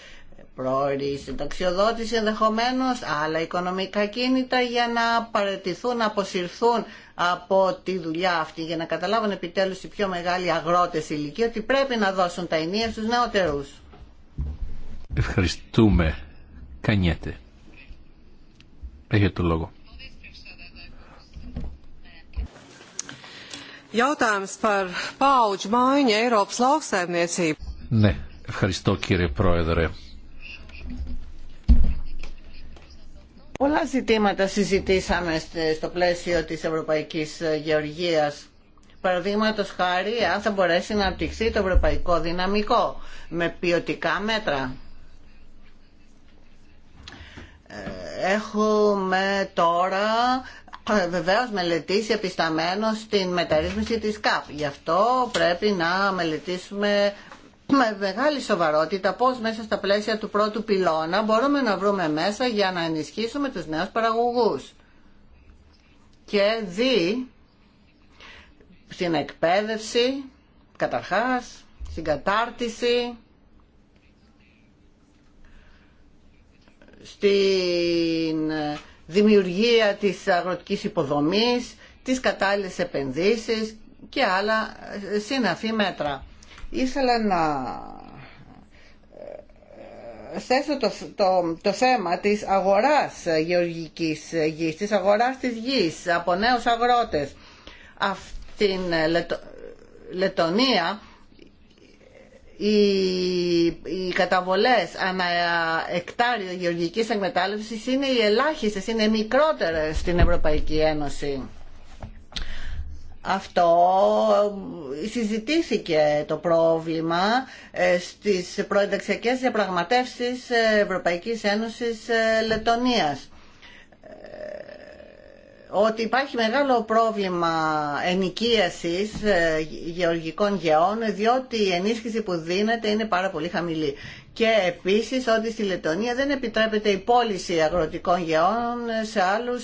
πρόορη συνταξιοδότηση ενδεχομένω, άλλα οικονομικά κίνητα για να παρατηθούν, να αποσυρθούν από τη δουλειά αυτή, για να καταλάβουν επιτέλους οι πιο μεγάλοι αγρότες ηλικία ότι πρέπει να δώσουν τα ενία στους νεότερους. Ευχαριστούμε. Κανιέται. Έχετε το λόγο. Ναι, ευχαριστώ κύριε Πρόεδρε. Πολλά ζητήματα συζητήσαμε στο πλαίσιο της Ευρωπαϊκής Γεωργίας. Παραδείγματο χάρη, αν θα μπορέσει να αναπτυχθεί το ευρωπαϊκό δυναμικό με ποιοτικά μέτρα. Ε, έχουμε τώρα ε, βεβαίως μελετήσει επισταμένο στην μεταρρύθμιση της ΚΑΠ. Γι' αυτό πρέπει να μελετήσουμε με μεγάλη σοβαρότητα πώς μέσα στα πλαίσια του πρώτου πυλώνα μπορούμε να βρούμε μέσα για να ενισχύσουμε τους νέους παραγωγούς. Και δι, στην εκπαίδευση, καταρχάς, στην κατάρτιση, στην ε, δημιουργία της αγροτικής υποδομής, τις κατάλληλες επενδύσεις και άλλα ε, συναφή μέτρα. Ήθελα να ε, θέσω το, το, θέμα της αγοράς γεωργικής γης, της αγοράς της γης από νέους αγρότες. Αυτήν ε, Λετο, Λετωνία οι, οι καταβολές ανά εκτάριο γεωργικής εκμετάλλευσης είναι οι ελάχιστες, είναι μικρότερες στην Ευρωπαϊκή Ένωση αυτό ε, συζητήθηκε το πρόβλημα ε, στις προενταξιακές διαπραγματεύσεις ε, Ευρωπαϊκής Ένωσης Λετωνίας ότι υπάρχει μεγάλο πρόβλημα ενοικίασης γεωργικών γεών διότι η ενίσχυση που δίνεται είναι πάρα πολύ χαμηλή. Και επίσης ότι στη Λετωνία δεν επιτρέπεται η πώληση αγροτικών γεών σε άλλους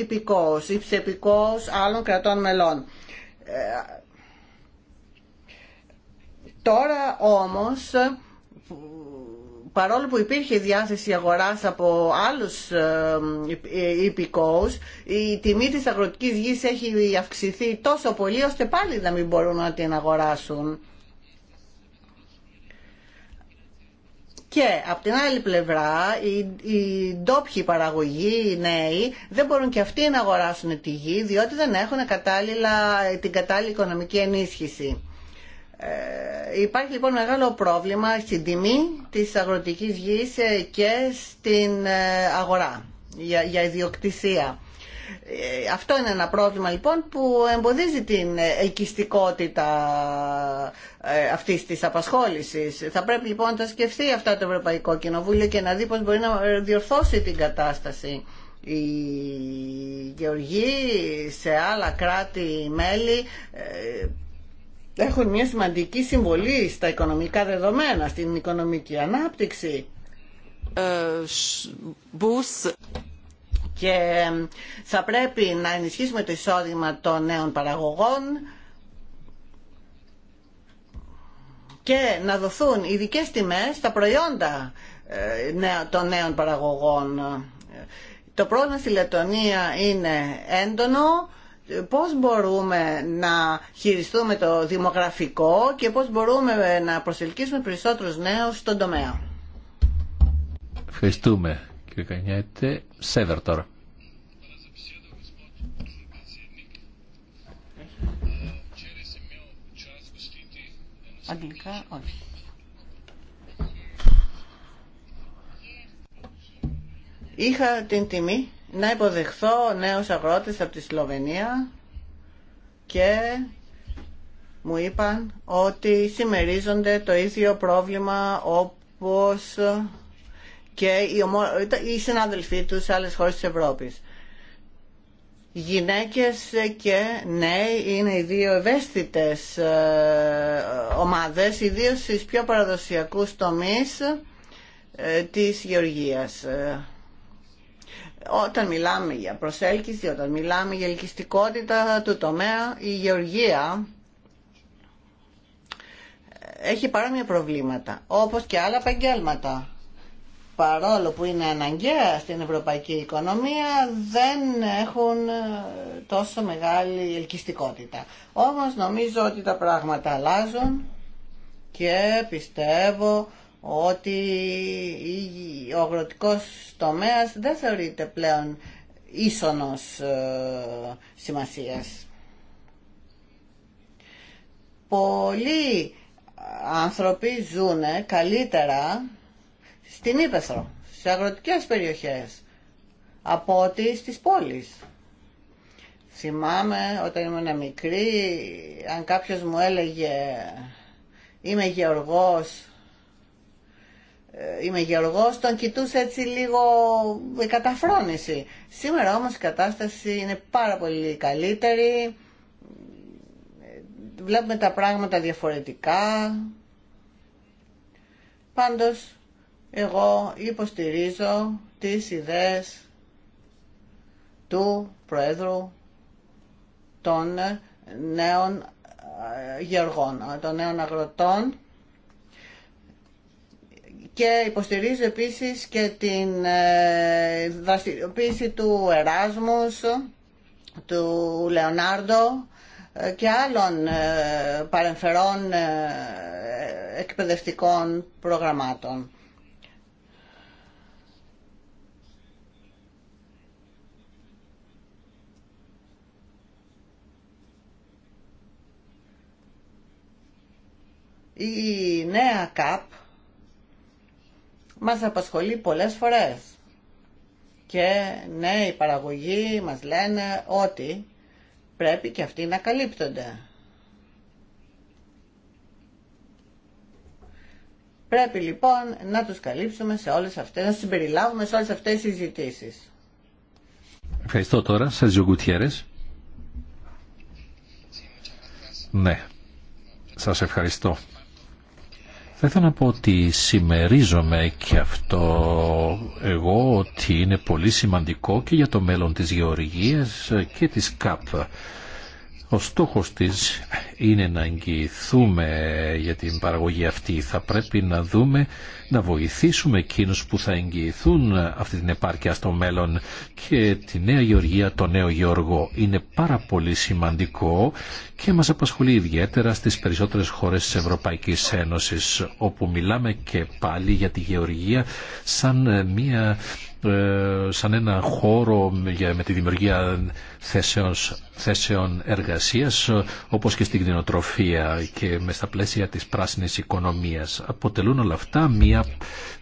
υπηκόους ή σε άλλων κρατών μελών. Τώρα όμως παρόλο που υπήρχε διάθεση αγοράς από άλλους ε, υπηκόους, η τιμή της αγροτικής γης έχει αυξηθεί τόσο πολύ ώστε πάλι να μην μπορούν να την αγοράσουν. Και από την άλλη πλευρά, οι, οι ντόπιοι παραγωγοί, οι νέοι, δεν μπορούν και αυτοί να αγοράσουν τη γη, διότι δεν έχουν κατάλληλα, την κατάλληλη οικονομική ενίσχυση. Ε, υπάρχει λοιπόν μεγάλο πρόβλημα στην τιμή της αγροτικής γης ε, και στην ε, αγορά για, για ιδιοκτησία. Ε, αυτό είναι ένα πρόβλημα λοιπόν που εμποδίζει την ε, ελκυστικότητα ε, αυτής τη απασχόληση. Θα πρέπει λοιπόν να τα σκεφτεί αυτά το Ευρωπαϊκό Κοινοβούλιο και να δει πω μπορεί να διορθώσει την κατάσταση. Οι γεωργοί σε άλλα κράτη-μέλη έχουν μια σημαντική συμβολή στα οικονομικά δεδομένα, στην οικονομική ανάπτυξη και θα πρέπει να ενισχύσουμε το εισόδημα των νέων παραγωγών και να δοθούν ειδικέ τιμές στα προϊόντα ε, των νέων παραγωγών. Το πρόβλημα στη Λετωνία είναι έντονο. Πώς μπορούμε να χειριστούμε το δημογραφικό και πώς μπορούμε ε, να προσελκύσουμε περισσότερους νέους στον τομέα. Ευχαριστούμε κύριε Κανιέτε. Σέβερ τώρα. Είχα την τιμή να υποδεχθώ νέους αγρότες από τη Σλοβενία και μου είπαν ότι συμμερίζονται το ίδιο πρόβλημα όπως και οι συνάδελφοί τους σε άλλες χώρες της Ευρώπης. Γυναίκες και νέοι είναι οι δύο ευαίσθητες ε, ομάδες, ιδίως στις πιο παραδοσιακούς τομείς ε, της γεωργίας. Ε, όταν μιλάμε για προσέλκυση, όταν μιλάμε για ελκυστικότητα του τομέα, η γεωργία έχει παρόμοια προβλήματα, όπως και άλλα επαγγέλματα παρόλο που είναι αναγκαία στην ευρωπαϊκή οικονομία, δεν έχουν ε, τόσο μεγάλη ελκυστικότητα. Όμως νομίζω ότι τα πράγματα αλλάζουν και πιστεύω ότι ο αγροτικός τομέας δεν θεωρείται πλέον ίσονος ε, σημασίας. Πολλοί άνθρωποι ζουν καλύτερα στην Ήπεθρο, σε αγροτικές περιοχές, από ότι στις πόλεις. Θυμάμαι όταν ήμουν μικρή, αν κάποιος μου έλεγε είμαι γεωργός, ε, είμαι γεωργός, τον κοιτούσε έτσι λίγο με καταφρόνηση. Σήμερα όμως η κατάσταση είναι πάρα πολύ καλύτερη, βλέπουμε τα πράγματα διαφορετικά. Πάντως, εγώ υποστηρίζω τις ιδέες του Πρόεδρου των νέων ε, γεωργών, ε, των νέων αγροτών και υποστηρίζω επίσης και την ε, δραστηριοποίηση του Εράσμους, του Λεωνάρντο και άλλων παρεμφερών εκπαιδευτικών προγραμμάτων. Η νέα ΚΑΠ μας απασχολεί πολλές φορές. Και ναι, οι παραγωγοί μας λένε ότι πρέπει και αυτοί να καλύπτονται. Πρέπει λοιπόν να τους καλύψουμε σε όλες αυτές, να συμπεριλάβουμε σε όλες αυτές τις συζητήσεις. Ευχαριστώ τώρα. Σας Γουτιέρες. Ναι. Σας ευχαριστώ. Θα ήθελα να πω ότι συμμερίζομαι και αυτό εγώ ότι είναι πολύ σημαντικό και για το μέλλον της γεωργίας και της ΚΑΠ. Ο στόχος της είναι να εγγυηθούμε για την παραγωγή αυτή. Θα πρέπει να δούμε, να βοηθήσουμε εκείνους που θα εγγυηθούν αυτή την επάρκεια στο μέλλον και τη νέα γεωργία, το νέο γεωργό. Είναι πάρα πολύ σημαντικό και μας απασχολεί ιδιαίτερα στις περισσότερες χώρες της Ευρωπαϊκής Ένωσης όπου μιλάμε και πάλι για τη γεωργία σαν μια ε, σαν ένα χώρο με τη δημιουργία θέσεων, θέσεων εργασίας όπως και στην και με στα πλαίσια της πράσινης οικονομίας. Αποτελούν όλα αυτά μια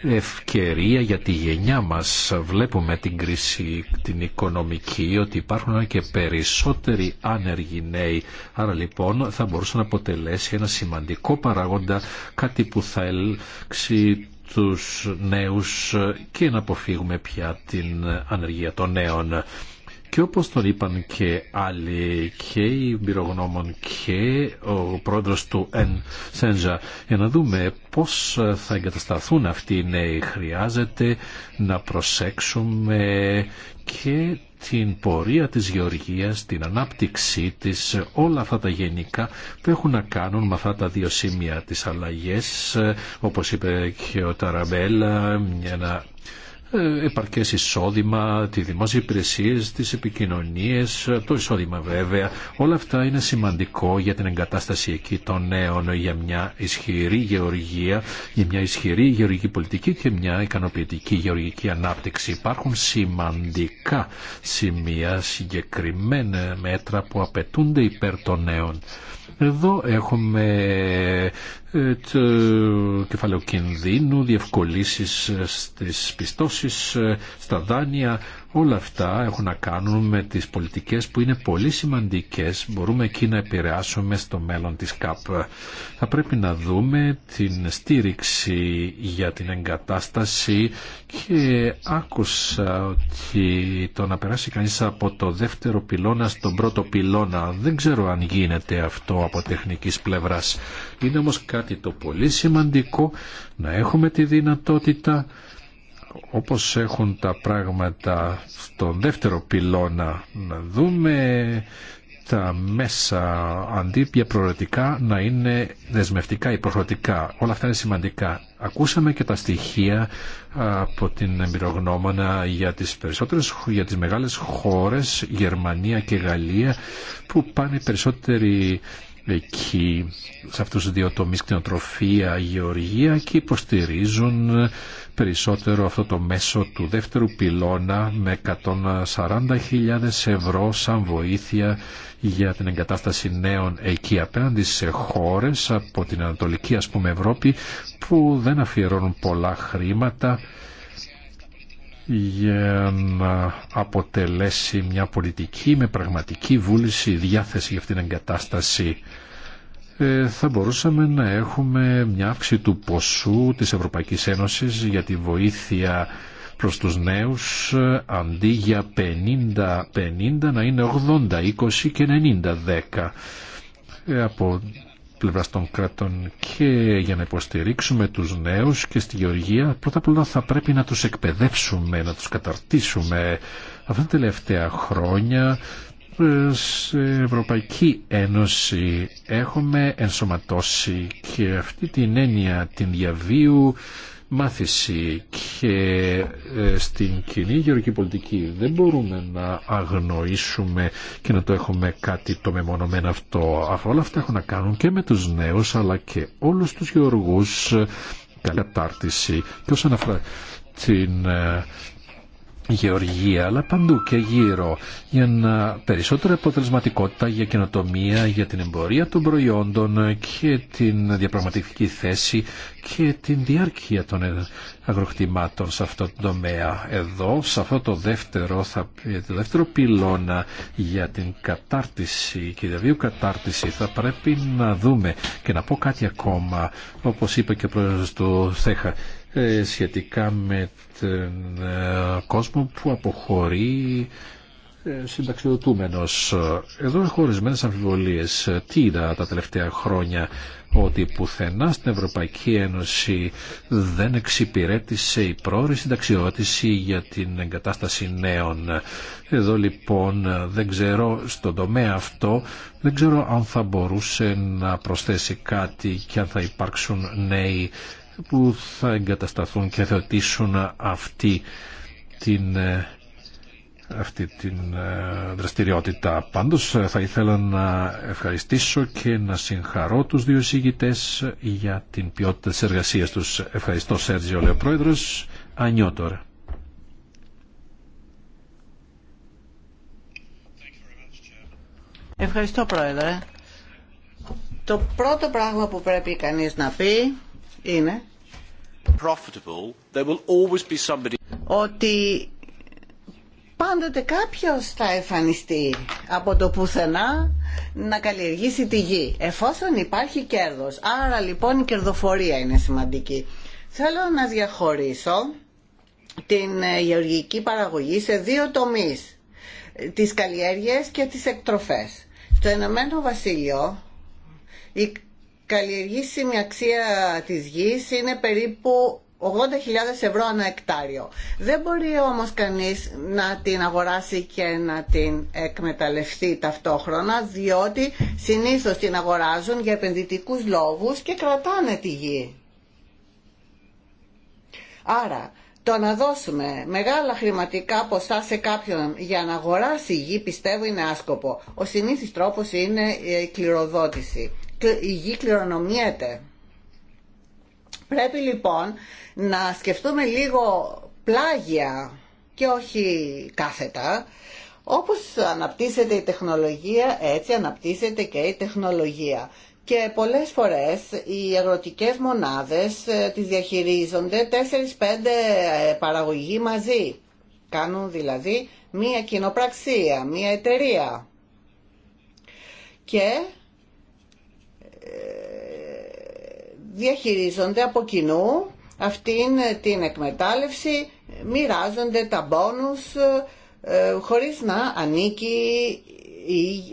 ευκαιρία για τη γενιά μας. Βλέπουμε την κρίση την οικονομική, ότι υπάρχουν και περισσότεροι άνεργοι νέοι. Άρα λοιπόν θα μπορούσε να αποτελέσει ένα σημαντικό παράγοντα, κάτι που θα ελξει τους νέους και να αποφύγουμε πια την ανεργία των νέων και όπως τον είπαν και άλλοι και οι πυρογνώμων και ο πρόεδρος του ΕΝ Σέντζα για να δούμε πώς θα εγκατασταθούν αυτοί οι νέοι χρειάζεται να προσέξουμε και την πορεία της γεωργίας, την ανάπτυξή της, όλα αυτά τα γενικά που έχουν να κάνουν με αυτά τα δύο σημεία της αλλαγές, όπως είπε και ο Ταραμπέλα, ε, Επαρκέ εισόδημα, τη δημόσια υπηρεσία, τι επικοινωνίε, το εισόδημα βέβαια. Όλα αυτά είναι σημαντικό για την εγκατάσταση εκεί των νέων για μια ισχυρή γεωργία, για μια ισχυρή γεωργική πολιτική και μια ικανοποιητική γεωργική ανάπτυξη. Υπάρχουν σημαντικά σημεία, συγκεκριμένα μέτρα που απαιτούνται υπέρ των νέων. Εδώ έχουμε ε, το κεφαλαίο κινδύνου, διευκολύσεις στις πιστώσεις, ε, στα δάνεια, Όλα αυτά έχουν να κάνουν με τις πολιτικές που είναι πολύ σημαντικές, μπορούμε εκεί να επηρεάσουμε στο μέλλον της ΚΑΠ. Θα πρέπει να δούμε την στήριξη για την εγκατάσταση και άκουσα ότι το να περάσει κανείς από το δεύτερο πυλώνα στον πρώτο πυλώνα δεν ξέρω αν γίνεται αυτό από τεχνικής πλευράς. Είναι όμως κάτι το πολύ σημαντικό να έχουμε τη δυνατότητα όπως έχουν τα πράγματα στο δεύτερο πυλώνα να δούμε τα μέσα αντίπια προοριτικά να είναι δεσμευτικά ή Όλα αυτά είναι σημαντικά. Ακούσαμε και τα στοιχεία από την εμπειρογνώμονα για τις περισσότερες, για τις μεγάλες χώρες, Γερμανία και Γαλλία, που πάνε περισσότεροι εκεί σε αυτούς τους δύο τομείς κτηνοτροφία, γεωργία και υποστηρίζουν περισσότερο αυτό το μέσο του δεύτερου πυλώνα με 140.000 ευρώ σαν βοήθεια για την εγκατάσταση νέων εκεί απέναντι σε χώρες από την Ανατολική ας πούμε Ευρώπη που δεν αφιερώνουν πολλά χρήματα για να αποτελέσει μια πολιτική με πραγματική βούληση διάθεση για αυτήν την εγκατάσταση. Ε, θα μπορούσαμε να έχουμε μια αύξηση του ποσού της Ευρωπαϊκής Ένωσης για τη βοήθεια προς τους νέους ε, αντί για 50-50 να είναι 80-20 και 90-10 ε, από πλευρά των κρατών και για να υποστηρίξουμε τους νέους και στη γεωργία πρώτα απ' όλα θα πρέπει να τους εκπαιδεύσουμε, να τους καταρτήσουμε. Αυτά τα τελευταία χρόνια στην Ευρωπαϊκή Ένωση έχουμε ενσωματώσει και αυτή την έννοια την διαβίου μάθηση και ε, στην κοινή γεωργική πολιτική δεν μπορούμε να αγνοήσουμε και να το έχουμε κάτι το μεμονωμένο αυτό. Αφού όλα αυτά έχουν να κάνουν και με τους νέους αλλά και όλους τους γεωργούς κατάρτιση και όσον αφορά την ε, γεωργία, αλλά παντού και γύρω, για να περισσότερη αποτελεσματικότητα για καινοτομία, για την εμπορία των προϊόντων και την διαπραγματευτική θέση και την διάρκεια των αγροκτημάτων σε αυτό το τομέα. Εδώ, σε αυτό το δεύτερο, θα, το δεύτερο πυλώνα για την κατάρτιση και διαβίου κατάρτιση θα πρέπει να δούμε και να πω κάτι ακόμα, όπως είπε και ο πρόεδρος του ΘΕΧΑ, ε, σχετικά με τον ε, κόσμο που αποχωρεί ε, συνταξιδοτούμενος. Εδώ έχω ορισμένε αμφιβολίες. Τι είδα τα τελευταία χρόνια ότι πουθενά στην Ευρωπαϊκή Ένωση δεν εξυπηρέτησε η πρόορη συνταξιότηση για την εγκατάσταση νέων. Εδώ λοιπόν δεν ξέρω στον τομέα αυτό, δεν ξέρω αν θα μπορούσε να προσθέσει κάτι και αν θα υπάρξουν νέοι που θα εγκατασταθούν και θα αυτή την ε, αυτή την ε, δραστηριότητα. Πάντως ε, θα ήθελα να ευχαριστήσω και να συγχαρώ τους δύο για την ποιότητα της εργασίας τους. Ευχαριστώ Σέρτζιο Λεοπρόεδρος. Ανιώ Ευχαριστώ Πρόεδρε. Το πρώτο πράγμα που πρέπει κανείς να πει είναι ότι πάντοτε κάποιος θα εμφανιστεί από το πουθενά να καλλιεργήσει τη γη εφόσον υπάρχει κέρδος. Άρα λοιπόν η κερδοφορία είναι σημαντική. Θέλω να διαχωρίσω την ε, γεωργική παραγωγή σε δύο τομείς. Τις καλλιέργειες και τις εκτροφές. Στο Ενωμένο Βασίλειο καλλιεργήσιμη αξία της γης είναι περίπου 80.000 ευρώ ανά εκτάριο. Δεν μπορεί όμως κανείς να την αγοράσει και να την εκμεταλλευτεί ταυτόχρονα, διότι συνήθως την αγοράζουν για επενδυτικούς λόγους και κρατάνε τη γη. Άρα, το να δώσουμε μεγάλα χρηματικά ποσά σε κάποιον για να αγοράσει γη, πιστεύω είναι άσκοπο. Ο συνήθις τρόπος είναι η κληροδότηση η γη κληρονομιέται. Πρέπει λοιπόν να σκεφτούμε λίγο πλάγια και όχι κάθετα. Όπως αναπτύσσεται η τεχνολογία, έτσι αναπτύσσεται και η τεχνολογία. Και πολλές φορές οι αγροτικές μονάδες ε, τις διαχειρίζονται 4-5 ε, παραγωγοί μαζί. Κάνουν δηλαδή μία κοινοπραξία, μία εταιρεία. Και διαχειρίζονται από κοινού αυτήν την εκμετάλλευση, μοιράζονται τα μπόνους ε, ε, χωρίς να, ανήκει,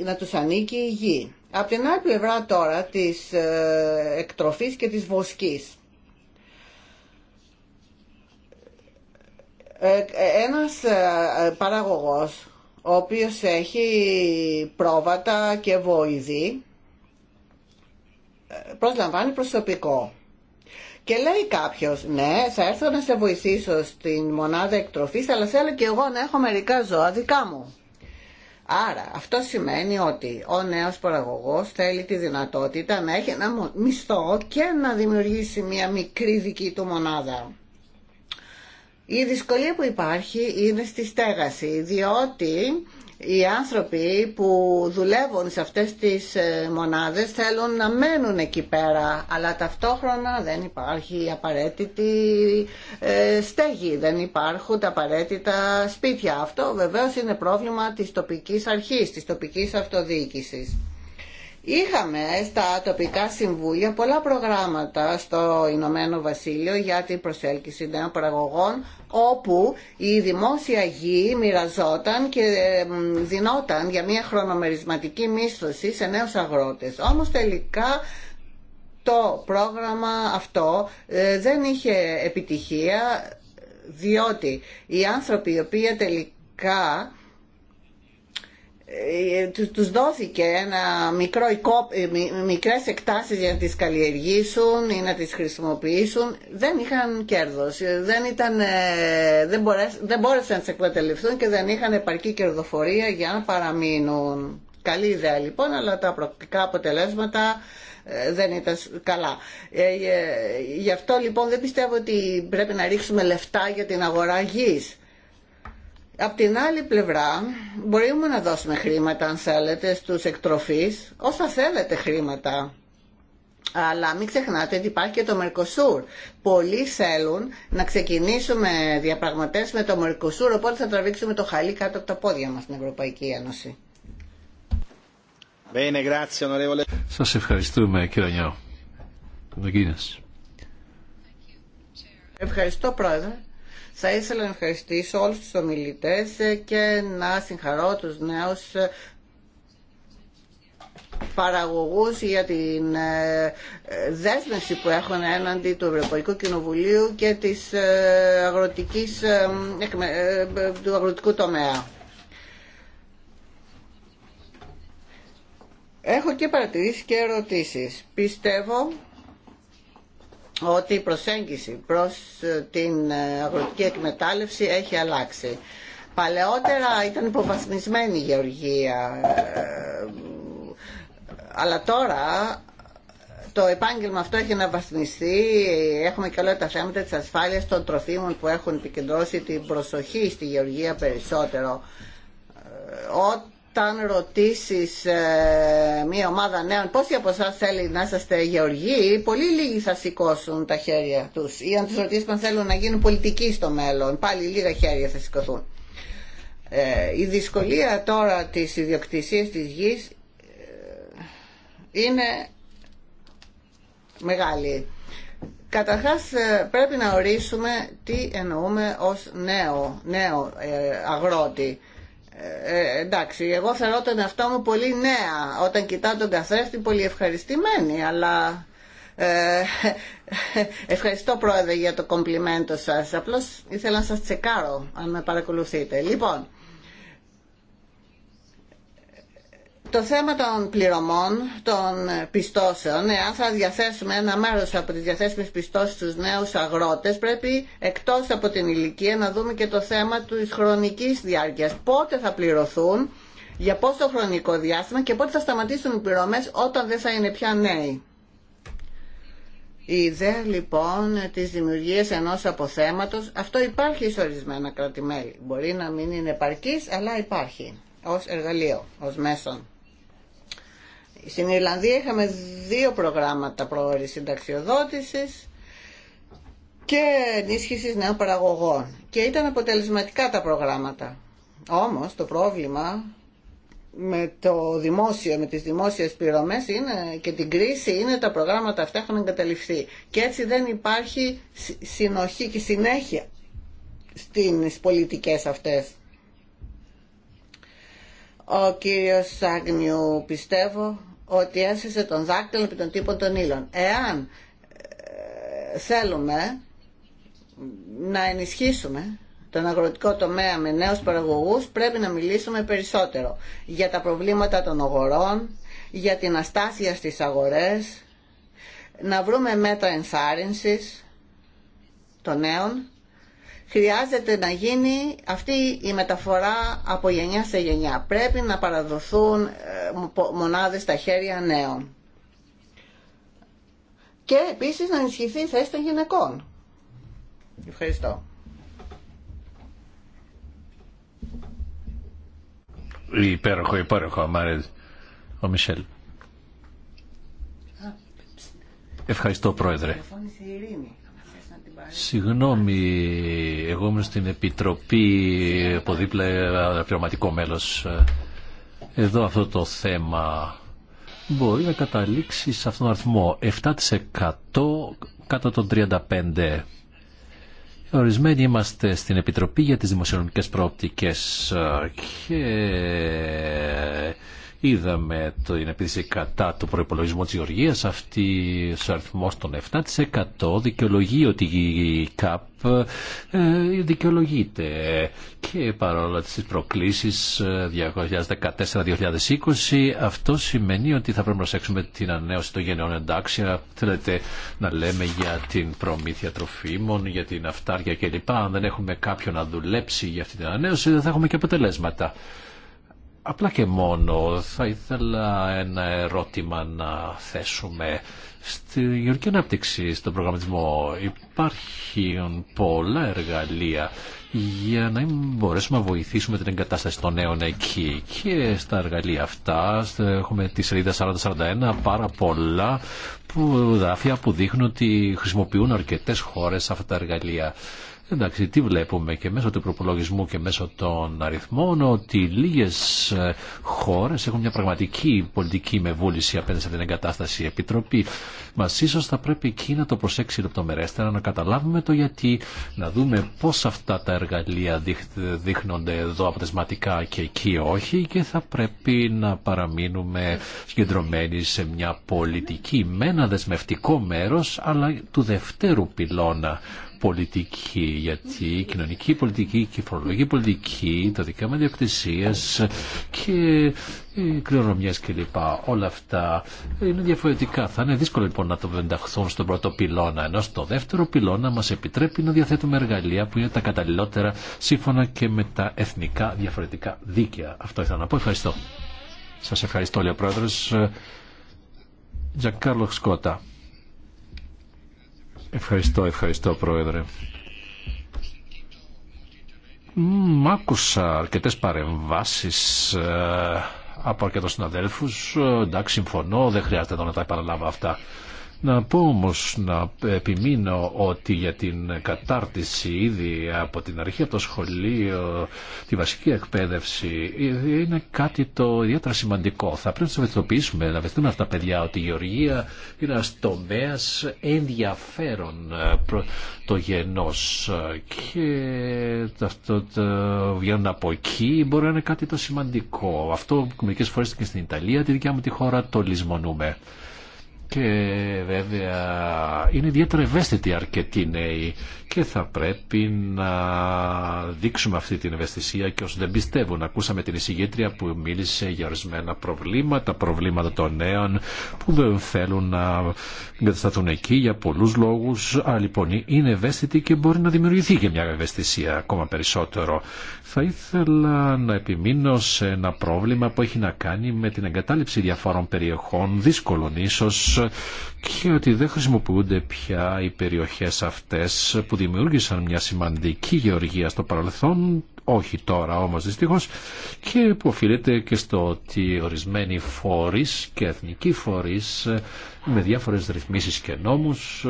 να τους ανήκει η γη. Από την άλλη πλευρά τώρα της ε, εκτροφής και της βοσκής. Ένας παραγωγός ο οποίος έχει πρόβατα και βοηθεί προσλαμβάνει προσωπικό. Και λέει κάποιο, ναι, θα έρθω να σε βοηθήσω στην μονάδα εκτροφή, αλλά θέλω και εγώ να έχω μερικά ζώα δικά μου. Άρα, αυτό σημαίνει ότι ο νέο παραγωγό θέλει τη δυνατότητα να έχει ένα μισθό και να δημιουργήσει μια μικρή δική του μονάδα. Η δυσκολία που υπάρχει είναι στη στέγαση, διότι οι άνθρωποι που δουλεύουν σε αυτές τις ε, μονάδες θέλουν να μένουν εκεί πέρα αλλά ταυτόχρονα δεν υπάρχει απαραίτητη ε, στέγη, δεν υπάρχουν τα απαραίτητα σπίτια. Αυτό βεβαίως είναι πρόβλημα της τοπικής αρχής, της τοπικής αυτοδιοίκησης. Είχαμε στα τοπικά συμβούλια πολλά προγράμματα στο Ηνωμένο Βασίλειο για την προσέλκυση νέων παραγωγών όπου η δημόσια γη μοιραζόταν και δινόταν για μια χρονομερισματική μίσθωση σε νέους αγρότες. Όμως τελικά το πρόγραμμα αυτό ε, δεν είχε επιτυχία διότι οι άνθρωποι οι οποίοι τελικά ε, ε, τους δόθηκε ένα μικρό, ε, μικρές εκτάσεις για να τις καλλιεργήσουν ή να τις χρησιμοποιήσουν δεν είχαν κέρδος δεν, ήταν, μπορέσαν, να τις εκμεταλλευτούν και δεν είχαν επαρκή κερδοφορία για να παραμείνουν καλή ιδέα λοιπόν αλλά τα προκτικά αποτελέσματα δεν ήταν καλά. Γι' αυτό λοιπόν δεν πιστεύω ότι πρέπει να ρίξουμε λεφτά για την αγορά γης Απ' την άλλη πλευρά μπορούμε να δώσουμε χρήματα αν θέλετε στους εκτροφείς όσα θέλετε χρήματα αλλά μην ξεχνάτε ότι υπάρχει και το Μερκοσούρ. Πολλοί θέλουν να ξεκινήσουμε διαπραγματεύσεις με το Μερκοσούρ, οπότε θα τραβήξουμε το χαλί κάτω από τα πόδια μας στην Ευρωπαϊκή Ένωση. Σας ευχαριστούμε κύριε Νιώ. Ευχαριστώ πρόεδρε. Θα ήθελα να ευχαριστήσω όλους τους ομιλητές ε, και να συγχαρώ τους νέους ε, παραγωγούς για την ε, δέσμευση που έχουν έναντι του Ευρωπαϊκού Κοινοβουλίου και της αγροτικής, του αγροτικού τομέα. Έχω και παρατηρήσει και ερωτήσεις. Πιστεύω ότι η προσέγγιση προς ε, την ε, αγροτική εκμετάλλευση έχει αλλάξει. Παλαιότερα ήταν υποβαθμισμένη η γεωργία, ε, αλλά τώρα το επάγγελμα αυτό έχει αναβαθμιστεί. Έχουμε και όλα τα θέματα της ασφάλειας των τροφίμων που έχουν επικεντρώσει την προσοχή στη γεωργία περισσότερο όταν ρωτήσεις ε, μια ομάδα νέων πόσοι από εσά θέλει να είσαστε γεωργοί, πολύ λίγοι θα σηκώσουν τα χέρια τους. Ή αν ρωτήσεις αν θέλουν να γίνουν πολιτικοί στο μέλλον, πάλι λίγα χέρια θα σηκωθούν. Ε, η δυσκολία τώρα της ιδιοκτησίας της γης ε, είναι μεγάλη. Καταρχάς πρέπει να ορίσουμε τι εννοούμε ως νέο, νέο αγρότη. Ε, ε, εντάξει, εγώ θεωρώ τον εαυτό μου πολύ νέα όταν κοιτάω τον καθρέφτη πολύ ευχαριστημένη αλλά ε, ευχαριστώ πρόεδρε για το κομπλιμέντο σας απλώς ήθελα να σας τσεκάρω αν με παρακολουθείτε λοιπόν το θέμα των πληρωμών, των πιστώσεων, εάν θα διαθέσουμε ένα μέρος από τις διαθέσιμες πιστώσεις στους νέους αγρότες, πρέπει εκτός από την ηλικία να δούμε και το θέμα της χρονικής διάρκειας. Πότε θα πληρωθούν, για πόσο χρονικό διάστημα και πότε θα σταματήσουν οι πληρωμές όταν δεν θα είναι πια νέοι. Η ιδέα λοιπόν τη δημιουργία ενό αποθέματο, αυτό υπάρχει σε ορισμένα κρατημέλη. Μπορεί να μην είναι επαρκή, αλλά υπάρχει Ω εργαλείο, ω μέσον. Στην Ιρλανδία είχαμε δύο προγράμματα προώρης συνταξιοδότησης και ενίσχυσης νέων παραγωγών και ήταν αποτελεσματικά τα προγράμματα. Όμως το πρόβλημα με το δημόσιο, με τις δημόσιες πληρωμές είναι, και την κρίση είναι τα προγράμματα αυτά έχουν εγκαταλειφθεί και έτσι δεν υπάρχει συνοχή και συνέχεια στις πολιτικές αυτές. Ο κύριος Σάγνιου πιστεύω ότι έσυσε τον δάκτυλο επί των τύπων των ύλων. Εάν ε, θέλουμε να ενισχύσουμε τον αγροτικό τομέα με νέους παραγωγούς πρέπει να μιλήσουμε περισσότερο για τα προβλήματα των αγορών, για την αστάθεια στις αγορές, να βρούμε μέτρα ενθάρρυνσης των νέων χρειάζεται να γίνει αυτή η μεταφορά από γενιά σε γενιά. Πρέπει να παραδοθούν ε, μονάδες στα χέρια νέων. Και επίσης να ενισχυθεί η θέση των γυναικών. Ευχαριστώ. Υπέροχο, υπέροχο, Μαρέδ, Ο Μισελ. Ευχαριστώ, Πρόεδρε. Συγγνώμη, εγώ ήμουν στην Επιτροπή από δίπλα ε, μέλος. Εδώ αυτό το θέμα μπορεί να καταλήξει σε αυτόν τον αριθμό 7% κάτω των 35%. Ορισμένοι είμαστε στην Επιτροπή για τις Δημοσιονομικές Προοπτικές ε, και Είδαμε την επίθεση κατά του προπολογισμού τη Γεωργία. αυτή ο αριθμό των 7% δικαιολογεί ότι η ΚΑΠ ε, δικαιολογείται και παρόλα τις προκλήσεις 2014-2020 ε, αυτό σημαίνει ότι θα πρέπει να προσέξουμε την ανανέωση των γενεών εντάξει θέλετε να λέμε για την προμήθεια τροφίμων, για την αυτάρια κλπ. Αν δεν έχουμε κάποιον να δουλέψει για αυτή την ανανέωση δεν θα έχουμε και αποτελέσματα. Απλά και μόνο θα ήθελα ένα ερώτημα να θέσουμε. Στη γεωργική ανάπτυξη, στον προγραμματισμό υπάρχουν πολλά εργαλεία για να μπορέσουμε να βοηθήσουμε την εγκατάσταση των νέων εκεί. Και στα εργαλεία αυτά έχουμε τη σελίδα 4041 πάρα πολλά που, δάφια που δείχνουν ότι χρησιμοποιούν αρκετές χώρες αυτά τα εργαλεία. Εντάξει, τι βλέπουμε και μέσω του προπολογισμού και μέσω των αριθμών ότι λίγες ε, χώρες έχουν μια πραγματική πολιτική με βούληση απέναντι σε την εγκατάσταση επιτροπή. Μας ίσως θα πρέπει εκεί να το προσέξει λεπτομερέστερα, να καταλάβουμε το γιατί, να δούμε πώς αυτά τα εργαλεία δείχνονται εδώ αποτεσματικά και εκεί όχι και θα πρέπει να παραμείνουμε συγκεντρωμένοι σε μια πολιτική με ένα δεσμευτικό μέρος αλλά του δευτέρου πυλώνα πολιτική, γιατί η κοινωνική πολιτική και η φορολογική πολιτική, τα δικαίωμα διοκτησία και οι κληρονομίε κλπ. Όλα αυτά είναι διαφορετικά. Θα είναι δύσκολο λοιπόν να το βενταχθούν στον πρώτο πυλώνα, ενώ στο δεύτερο πυλώνα μα επιτρέπει να διαθέτουμε εργαλεία που είναι τα καταλληλότερα σύμφωνα και με τα εθνικά διαφορετικά δίκαια. Αυτό ήθελα να πω. Ευχαριστώ. Σα ευχαριστώ, Λέω Πρόεδρο. Σκότα. Ευχαριστώ, ευχαριστώ Πρόεδρε. Μ, άκουσα αρκετές παρεμβάσεις ε, από αρκετούς συναδέλφους. Ε, εντάξει, συμφωνώ, δεν χρειάζεται να τα επαναλάβω αυτά. Να πω όμως, να επιμείνω ότι για την κατάρτιση ήδη από την αρχή από το σχολείο, τη βασική εκπαίδευση, είναι κάτι το ιδιαίτερα σημαντικό. Θα πρέπει να το ευαισθητοποιήσουμε, να βεθούν αυτά τα παιδιά ότι η γεωργία είναι ένα τομέα ενδιαφέρον ε, το γενός και αυτό το βγαίνουν από εκεί μπορεί να είναι κάτι το σημαντικό. Αυτό μερικές φορές και στην Ιταλία, τη δικιά μου τη χώρα, το λησμονούμε. Και βέβαια είναι ιδιαίτερα ευαίσθητοι αρκετοί νέοι και θα πρέπει να δείξουμε αυτή την ευαισθησία και όσοι δεν πιστεύουν. Ακούσαμε την εισηγήτρια που μίλησε για ορισμένα προβλήματα, προβλήματα των νέων που δεν θέλουν να εγκατασταθούν εκεί για πολλούς λόγους. αλλά λοιπόν, είναι ευαίσθητοι και μπορεί να δημιουργηθεί και μια ευαισθησία ακόμα περισσότερο. Θα ήθελα να επιμείνω σε ένα πρόβλημα που έχει να κάνει με την εγκατάλειψη διαφόρων περιοχών, δύσκολων ίσως, και ότι δεν χρησιμοποιούνται πια οι περιοχές αυτές που δημιούργησαν μια σημαντική γεωργία στο παρελθόν, όχι τώρα όμως δυστυχώς, και που οφείλεται και στο ότι ορισμένοι φορείς και εθνικοί φορείς με διάφορες ρυθμίσεις και νόμους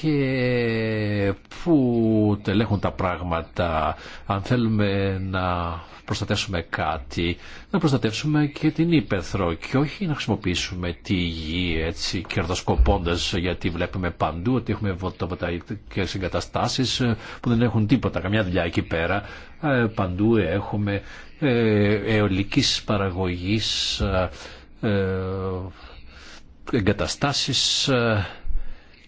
και που τελέχουν τα πράγματα. Αν θέλουμε να προστατεύσουμε κάτι, να προστατεύσουμε και την ύπεθρο και όχι να χρησιμοποιήσουμε τη γη έτσι κερδοσκοπώντας γιατί βλέπουμε παντού ότι έχουμε φωτοβολταϊκές εγκαταστάσεις που δεν έχουν τίποτα, καμιά δουλειά εκεί πέρα. Ε, παντού έχουμε ε, αιωλικής παραγωγής ε, εγκαταστάσεις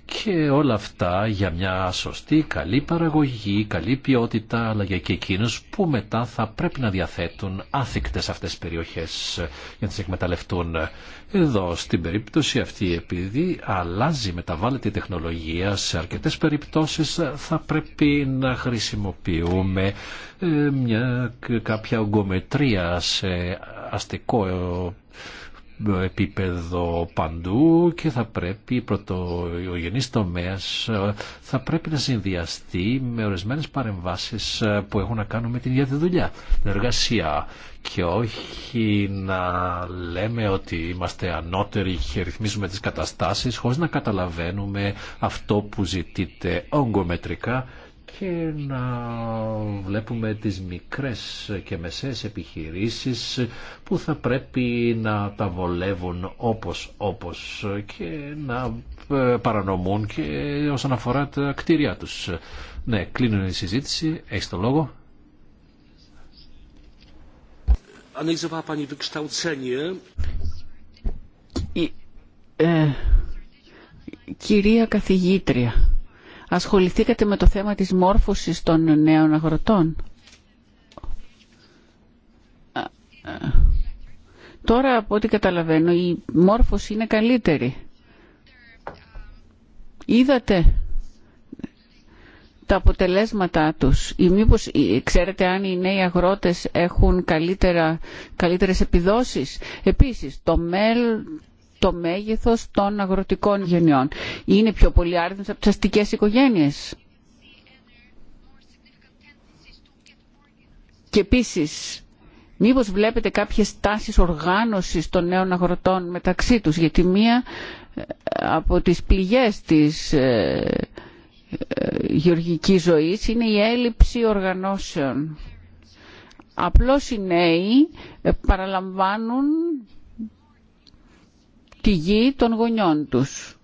και όλα αυτά για μια σωστή, καλή παραγωγή, καλή ποιότητα, αλλά για και εκείνους που μετά θα πρέπει να διαθέτουν άθικτες αυτές τις περιοχές για να τις εκμεταλλευτούν. Εδώ στην περίπτωση αυτή επειδή αλλάζει, μεταβάλλεται η τεχνολογία, σε αρκετές περιπτώσεις θα πρέπει να χρησιμοποιούμε ε, μια, κάποια ογκομετρία σε αστικό επίπεδο παντού και θα πρέπει ο γενής τομέας ε, θα πρέπει να συνδυαστεί με ορισμένες παρεμβάσεις ε, που έχουν να κάνουν με την ίδια τη δουλειά, την εργασία και όχι να λέμε ότι είμαστε ανώτεροι και ρυθμίζουμε τις καταστάσεις χωρίς να καταλαβαίνουμε αυτό που ζητείτε όγκομετρικά και να βλέπουμε τις μικρές και μεσές επιχειρήσεις που θα πρέπει να τα βολεύουν όπως όπως και να ε, παρανομούν και όσον αφορά τα κτίρια τους. Ναι, κλείνω η συζήτηση. Έχεις το λόγο. Ε. Ε, κυρία καθηγήτρια, ασχοληθήκατε με το θέμα της μόρφωσης των νέων αγροτών. Τώρα από ό,τι καταλαβαίνω η μόρφωση είναι καλύτερη. Είδατε τα αποτελέσματά τους ή μήπως ε, ξέρετε αν οι νέοι αγρότες έχουν καλύτερα, καλύτερες επιδόσεις. Επίσης, το, μέλ, το μέγεθος των αγροτικών γενιών. Είναι πιο πολύ άρδινες από τις αστικές οικογένειες. Και επίσης, μήπως βλέπετε κάποιες τάσεις οργάνωσης των νέων αγροτών μεταξύ τους, γιατί μία ε, από τις πληγές της ε, ε, γεωργικής ζωής είναι η έλλειψη οργανώσεων. Απλώς οι νέοι παραλαμβάνουν τη γη των γονιών τους.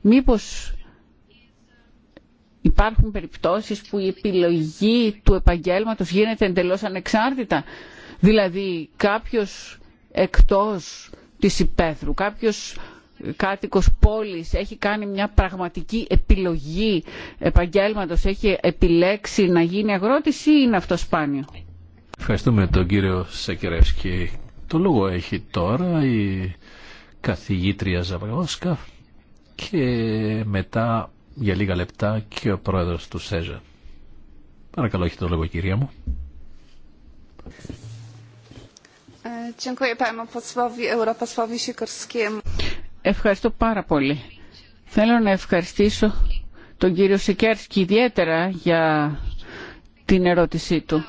Μήπως υπάρχουν περιπτώσεις που η επιλογή του επαγγέλματος γίνεται εντελώς ανεξάρτητα. Δηλαδή κάποιος εκτός της υπαίθρου, κάποιος κάτοικος πόλης έχει κάνει μια πραγματική επιλογή επαγγέλματος, έχει επιλέξει να γίνει αγρότης ή είναι αυτό σπάνιο. Ευχαριστούμε τον κύριο Σεκερεύσκη. Το λόγο έχει τώρα η καθηγήτρια Ζαβαγόσκα και μετά για λίγα λεπτά και ο πρόεδρος του ΣΕΖΑ. Παρακαλώ, έχετε το λόγο κυρία μου. Ευχαριστώ πάρα πολύ. Θέλω να ευχαριστήσω τον κύριο Σικέρσκι ιδιαίτερα για την ερώτησή του.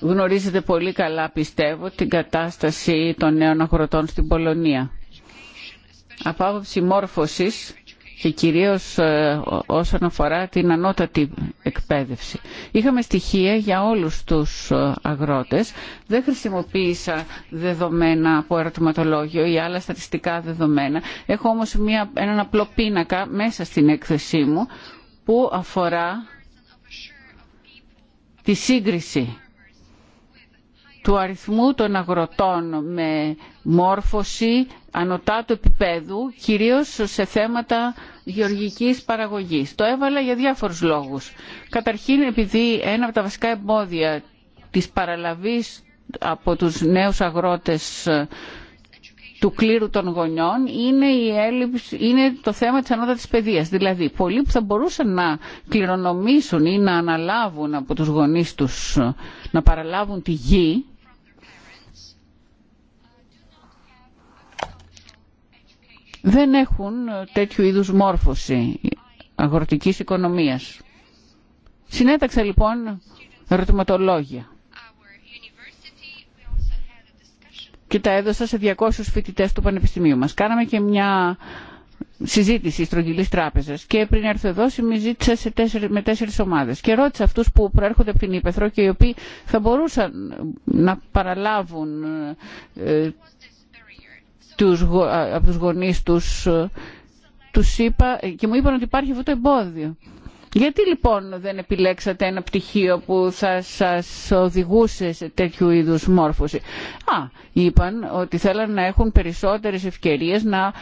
Γνωρίζετε πολύ καλά, πιστεύω, την κατάσταση των νέων αγροτών στην Πολωνία από άποψη μόρφωσης και κυρίως ε, όσον αφορά την ανώτατη εκπαίδευση. Είχαμε στοιχεία για όλους τους ε, αγρότες. Δεν χρησιμοποίησα δεδομένα από ερωτηματολόγιο ή άλλα στατιστικά δεδομένα. Έχω όμως μια, έναν απλό πίνακα μέσα στην έκθεσή μου που αφορά τη σύγκριση του αριθμού των αγροτών με μόρφωση ανωτά του επίπεδου, κυρίως σε θέματα γεωργικής παραγωγής. Το έβαλα για διάφορους λόγους. Καταρχήν επειδή ένα από τα βασικά εμπόδια της παραλαβής από τους νέους αγρότες ε, του κλήρου των γονιών είναι, η έλλειψη, είναι το θέμα της ανώτατης παιδείας. Δηλαδή, πολλοί που θα μπορούσαν να κληρονομήσουν ή να αναλάβουν από τους γονείς τους, ε, να παραλάβουν τη γη, δεν έχουν τέτοιου είδους μόρφωση αγροτικής οικονομίας. Συνέταξα λοιπόν ερωτηματολόγια και τα έδωσα σε 200 φοιτητές του Πανεπιστημίου μας. Κάναμε και μια συζήτηση στρογγυλής τράπεζας και πριν έρθω εδώ συζήτησα σε με τέσσερις ομάδες και ρώτησα αυτούς που προέρχονται από την Ήπεθρο και οι οποίοι θα μπορούσαν να παραλάβουν ε, τους, από τους γονείς ε, τους είπα και μου είπαν ότι υπάρχει αυτό το εμπόδιο. Γιατί λοιπόν δεν επιλέξατε ένα πτυχίο που θα σας οδηγούσε σε τέτοιου είδους μόρφωση. Α, είπαν ότι θέλαν να έχουν περισσότερες ευκαιρίες να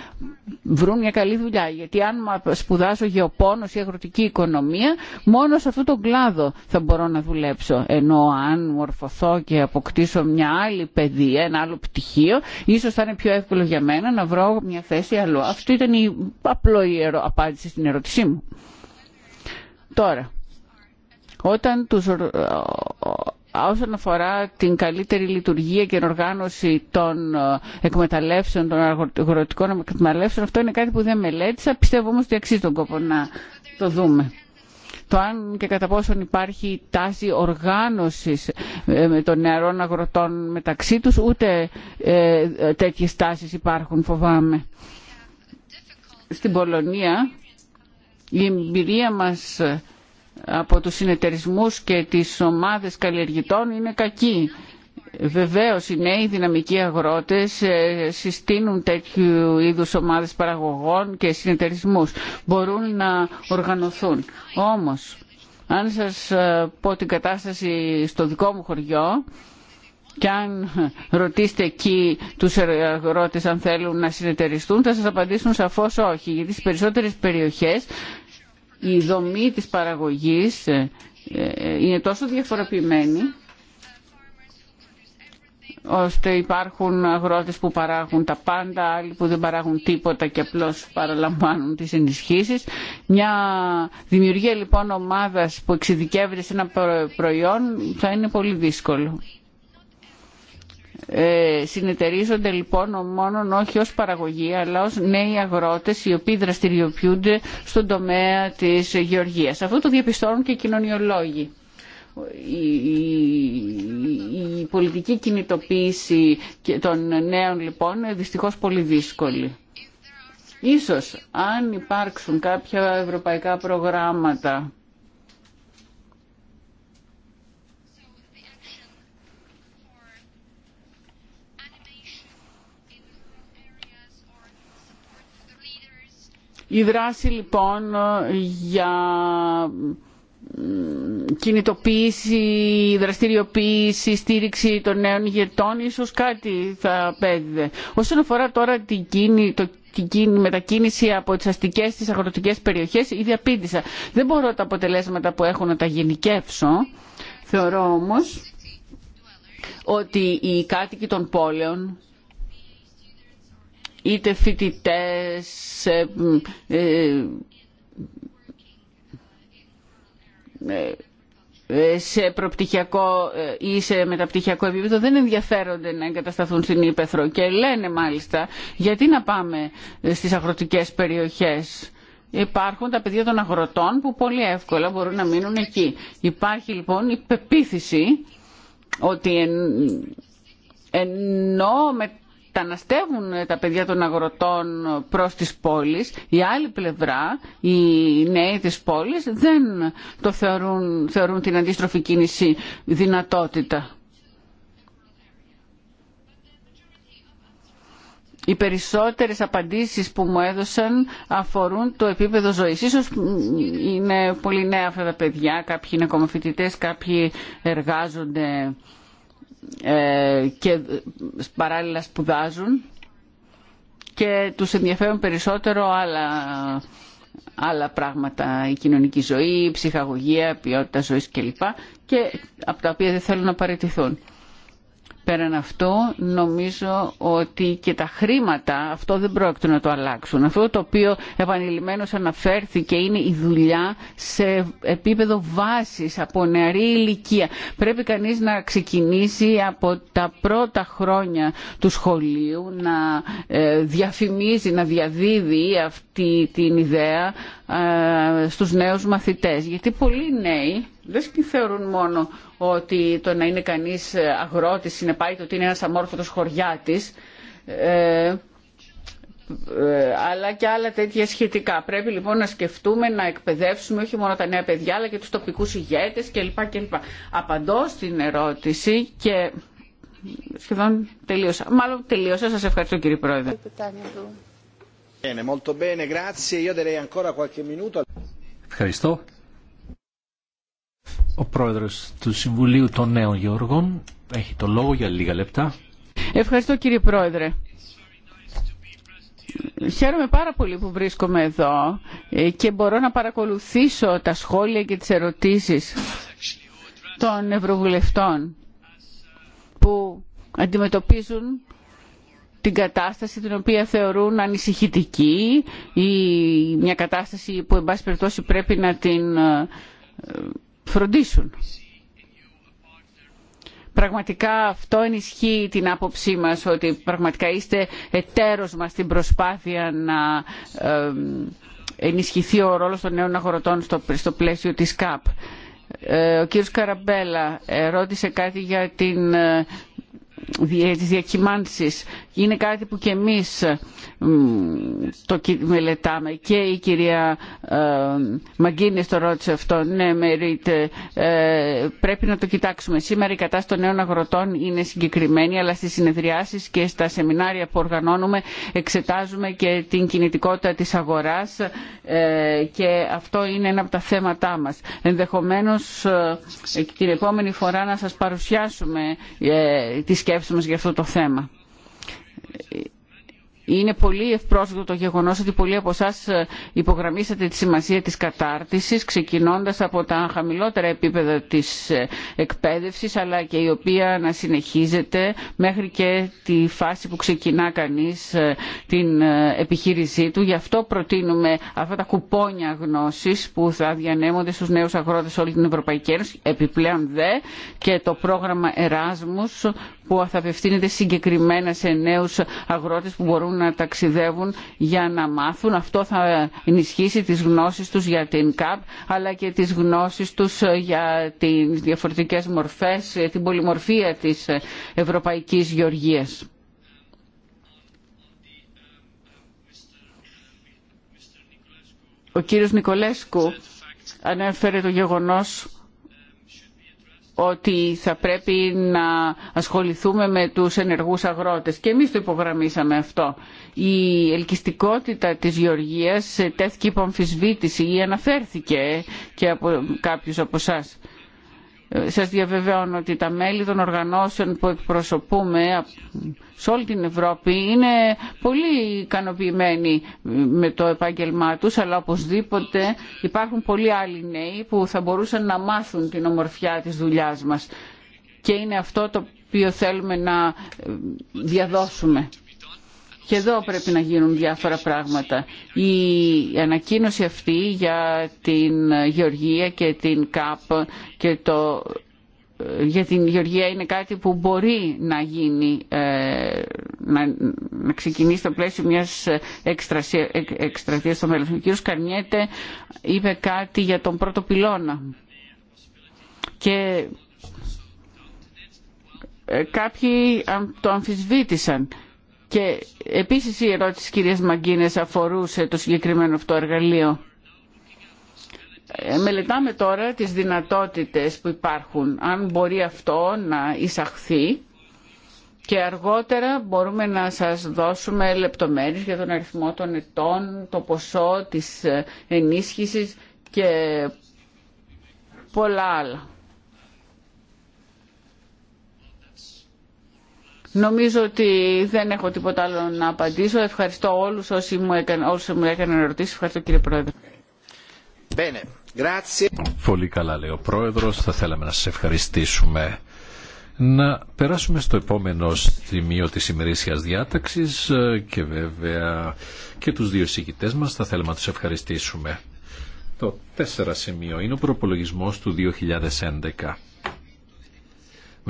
βρουν μια καλή δουλειά. Γιατί αν σπουδάσω γεωπόνος ή αγροτική οικονομία, μόνο σε αυτόν τον κλάδο θα μπορώ να δουλέψω. Ενώ αν μορφωθώ και αποκτήσω μια άλλη παιδεία, ένα άλλο πτυχίο, ίσως θα είναι πιο εύκολο για μένα να βρω μια θέση αλλού. Αυτή ήταν η απλό απάντηση στην ερώτησή μου. Τώρα, όταν τους, όσον αφορά την καλύτερη λειτουργία και οργάνωση των ε, εκμεταλλεύσεων, των αγροτικών εκμεταλλεύσεων, αυτό είναι κάτι που δεν μελέτησα, πιστεύω όμως ότι αξίζει τον κόπο να το δούμε. Το αν και κατά πόσον υπάρχει τάση οργάνωσης ε, των νεαρών αγροτών μεταξύ τους, ούτε ε, τέτοιες τάσεις υπάρχουν φοβάμαι. Στην Πολωνία η εμπειρία μας ε, από τους συνεταιρισμούς και τις ομάδες καλλιεργητών είναι κακή. Βεβαίως οι νέοι δυναμικοί αγρότες ε, συστήνουν τέτοιου είδους ομάδες παραγωγών και συνεταιρισμούς. Μπορούν να οργανωθούν. Όμως, αν σας ε, πω την κατάσταση στο δικό μου χωριό, και αν ρωτήσετε εκεί τους αγρότες αν θέλουν να συνεταιριστούν θα σας απαντήσουν σαφώς όχι γιατί στις περισσότερες περιοχές η δομή της παραγωγής ε, ε, είναι τόσο διαφοροποιημένη ώστε υπάρχουν αγρότες που παράγουν τα πάντα, άλλοι που δεν παράγουν τίποτα και απλώς παραλαμβάνουν τις ενισχύσεις. Μια δημιουργία λοιπόν ομάδας που εξειδικεύεται σε ένα προϊόν θα είναι πολύ δύσκολο. Ε, συνεταιρίζονται λοιπόν μόνο μόνον όχι ως παραγωγή αλλά ως νέοι αγρότες οι οποίοι δραστηριοποιούνται στον τομέα της γεωργίας. Αυτό το διαπιστώνουν και οι κοινωνιολόγοι. Η, η πολιτική κινητοποίηση των νέων λοιπόν είναι δυστυχώς πολύ δύσκολη. Ίσως αν υπάρξουν κάποια ευρωπαϊκά προγράμματα Η δράση λοιπόν για κινητοποίηση, δραστηριοποίηση, στήριξη των νέων ηγετών, ίσως κάτι θα πέδιδε. Όσον αφορά τώρα την το την μετακίνηση από τις αστικές στις αγροτικές περιοχές, ήδη απίτησα. Δεν μπορώ τα αποτελέσματα που έχω να τα γενικεύσω. Θεωρώ όμως ότι οι κάτοικοι των πόλεων είτε ε, ε, ε, ε, σε προπτυχιακό ή σε μεταπτυχιακό επίπεδο δεν ενδιαφέρονται να εγκατασταθούν στην Ήπεθρο και λένε μάλιστα γιατί να πάμε στις αγροτικές περιοχές. Υπάρχουν τα παιδιά των αγροτών που πολύ εύκολα μπορούν να μείνουν εκεί. Υπάρχει λοιπόν η πεποίθηση ότι εν... ενώ με μεταναστεύουν ε, τα παιδιά των αγροτών προς τις πόλεις. Η άλλη πλευρά, οι νέοι της πόλης δεν το θεωρούν, θεωρούν την αντίστροφη κίνηση δυνατότητα. οι περισσότερες απαντήσεις που μου έδωσαν αφορούν το επίπεδο ζωής. Ίσως είναι πολύ νέα αυτά τα παιδιά, κάποιοι είναι ακόμα κάποιοι εργάζονται ε, και παράλληλα σπουδάζουν και τους ενδιαφέρουν περισσότερο άλλα, άλλα πράγματα, η κοινωνική ζωή, η ψυχαγωγία, ποιότητα ζωής κλπ. και από τα οποία δεν θέλουν να παραιτηθούν. Πέραν αυτό, νομίζω ότι και τα χρήματα αυτό δεν πρόκειται να το αλλάξουν. Αυτό το οποίο επανειλημμένως αναφέρθηκε είναι η δουλειά σε επίπεδο βάσης από νεαρή ηλικία. Πρέπει κανείς να ξεκινήσει από τα πρώτα χρόνια του σχολείου να ε, διαφημίζει, να διαδίδει αυτή την ιδέα ε, στους νέους μαθητές. Γιατί πολλοί νέοι δεν θεωρούν μόνο ότι το να είναι κανείς αγρότης πάει το ότι είναι ένας αμόρφωτος χωριάτης, ε, ε, αλλά και άλλα τέτοια σχετικά. Πρέπει λοιπόν να σκεφτούμε, να εκπαιδεύσουμε όχι μόνο τα νέα παιδιά, αλλά και τους τοπικούς ηγέτες κλπ. κλπ. Απαντώ στην ερώτηση και σχεδόν τελείωσα. Μάλλον τελείωσα. Σας ευχαριστώ κύριε Πρόεδρε. Ευχαριστώ. Ο πρόεδρος του Συμβουλίου των Νέων Γεωργών έχει το λόγο για λίγα λεπτά. Ευχαριστώ κύριε πρόεδρε. Χαίρομαι πάρα πολύ που βρίσκομαι εδώ ε, και μπορώ να παρακολουθήσω τα σχόλια και τις ερωτήσεις των Ευρωβουλευτών που αντιμετωπίζουν την κατάσταση την οποία θεωρούν ανησυχητική ή μια κατάσταση που εν πάση περιπτώσει πρέπει να την ε, φροντίσουν. Πραγματικά αυτό ενισχύει την άποψή μας ότι πραγματικά είστε εταίρος μας στην προσπάθεια να ενισχυθεί ο ρόλος των νέων αγορωτών στο πλαίσιο της ΚΑΠ. Ε, ο κύριος Καραμπέλα ε, ρώτησε κάτι για την ε, τις είναι κάτι που και εμείς ε, το μελετάμε και η κυρία ε, Μαγκίνης το ρώτησε αυτό ναι ρίτε. Ε, πρέπει να το κοιτάξουμε σήμερα η κατάσταση των νέων αγροτών είναι συγκεκριμένη αλλά στις συνεδριάσεις και στα σεμινάρια που οργανώνουμε εξετάζουμε και την κινητικότητα της αγοράς και αυτό είναι ένα από τα θέματά μας ενδεχομένως την επόμενη φορά να σας παρουσιάσουμε σκέψη για αυτό το θέμα. Είναι πολύ ευπρόσδεκτο το γεγονός ότι πολλοί από εσά ε, υπογραμμίσατε τη σημασία της κατάρτισης, ξεκινώντας από τα χαμηλότερα επίπεδα της ε, εκπαίδευσης, αλλά και η οποία να συνεχίζεται μέχρι και τη φάση που ξεκινά κανείς ε, την επιχείρησή του. Γι' αυτό προτείνουμε αυτά τα κουπόνια γνώσης που θα διανέμονται στους νέους αγρότες όλη την Ευρωπαϊκή Ένωση, επιπλέον δε και το πρόγραμμα Εράσμους που θα απευθύνεται συγκεκριμένα σε νέους αγρότες που μπορούν να ταξιδεύουν για να μάθουν. Αυτό θα ενισχύσει τις γνώσεις τους για την ΚΑΠ αλλά και τις γνώσεις τους για τις διαφορετικές μορφές, την πολυμορφία της ευρωπαϊκής γεωργίας. Ο κύριος Νικολέσκου ανέφερε το γεγονός ότι θα πρέπει να ασχοληθούμε με τους ενεργούς αγρότες. Και εμείς το υπογραμμίσαμε αυτό. Η ελκυστικότητα της γεωργίας τέθηκε υπό αμφισβήτηση ή αναφέρθηκε και από κάποιους από εσά. Σας διαβεβαιώνω ότι τα μέλη των οργανώσεων που εκπροσωπούμε σε όλη την Ευρώπη είναι πολύ ικανοποιημένοι με το επάγγελμά τους, αλλά οπωσδήποτε υπάρχουν πολλοί άλλοι νέοι που θα μπορούσαν να μάθουν την ομορφιά της δουλειάς μας. Και είναι αυτό το οποίο θέλουμε να ε, διαδώσουμε. Και εδώ πρέπει να γίνουν διάφορα πράγματα. Η ανακοίνωση αυτή για την Γεωργία και την ΚΑΠ και το για την Γεωργία είναι κάτι που μπορεί να γίνει, ε, να, να ξεκινήσει στο πλαίσιο μιας εκστρατείας στο μέλλον. Ο κ. Καρνιέτε είπε κάτι για τον πρώτο πυλώνα. Και ε, κάποιοι το αμφισβήτησαν. Και επίσης η ερώτηση της κυρίας Μαγκίνες αφορούσε το συγκεκριμένο αυτό εργαλείο. Ε, μελετάμε τώρα τις δυνατότητες που υπάρχουν, αν μπορεί αυτό να εισαχθεί και αργότερα μπορούμε να σας δώσουμε λεπτομέρειες για τον αριθμό των ετών, το ποσό της ε, ενίσχυσης και πολλά άλλα. Νομίζω ότι δεν έχω τίποτα άλλο να απαντήσω. Ευχαριστώ όλους όσοι μου έκαναν, όσοι μου ερωτήσεις. Ευχαριστώ κύριε Πρόεδρε. Πολύ καλά λέει ο Πρόεδρος. Θα θέλαμε να σας ευχαριστήσουμε. Να περάσουμε στο επόμενο σημείο της ημερήσιας διάταξης ε, και βέβαια και τους δύο συγκητές μας θα θέλαμε να τους ευχαριστήσουμε. Το τέσσερα σημείο είναι ο προπολογισμός του 2011.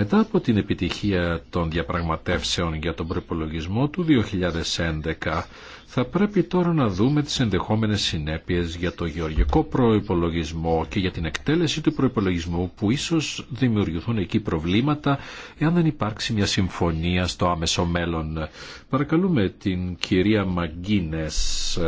Μετά από την επιτυχία των διαπραγματεύσεων για τον προπολογισμό του 2011 θα πρέπει τώρα να δούμε τις ενδεχόμενες συνέπειες για το γεωργικό προϋπολογισμό και για την εκτέλεση του προϋπολογισμού που ίσως δημιουργηθούν εκεί προβλήματα εάν δεν υπάρξει μια συμφωνία στο άμεσο μέλλον. Παρακαλούμε την κυρία Μαγκίνες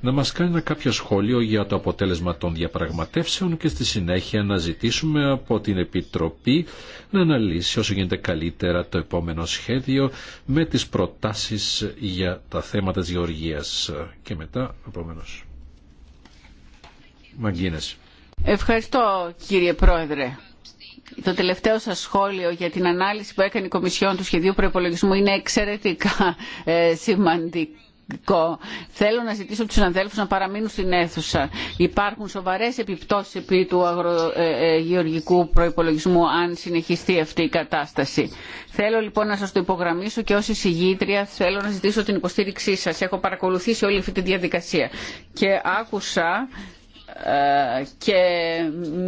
να μας κάνει ένα κάποιο σχόλιο για το αποτέλεσμα των διαπραγματεύσεων και στη συνέχεια να ζητήσουμε από την Επιτροπή να αναλύσει όσο γίνεται καλύτερα το επόμενο σχέδιο με τις προτάσεις για τα θέματα της γεωργίας μετά, Ευχαριστώ κύριε Πρόεδρε. Το τελευταίο σας σχόλιο για την ανάλυση που έκανε η Κομισιόν του Σχεδίου Προϋπολογισμού είναι εξαιρετικά ε, σημαντικό Θέλω να ζητήσω από τους συναδέλφους να παραμείνουν στην αίθουσα. Υπάρχουν σοβαρές επιπτώσεις επί του αγρογεωργικού ε, ε, προϋπολογισμού αν συνεχιστεί αυτή η κατάσταση. Θέλω λοιπόν να σας το υπογραμμίσω και ως εισηγήτρια θέλω να ζητήσω την υποστήριξή σας. Έχω παρακολουθήσει όλη αυτή τη διαδικασία και άκουσα και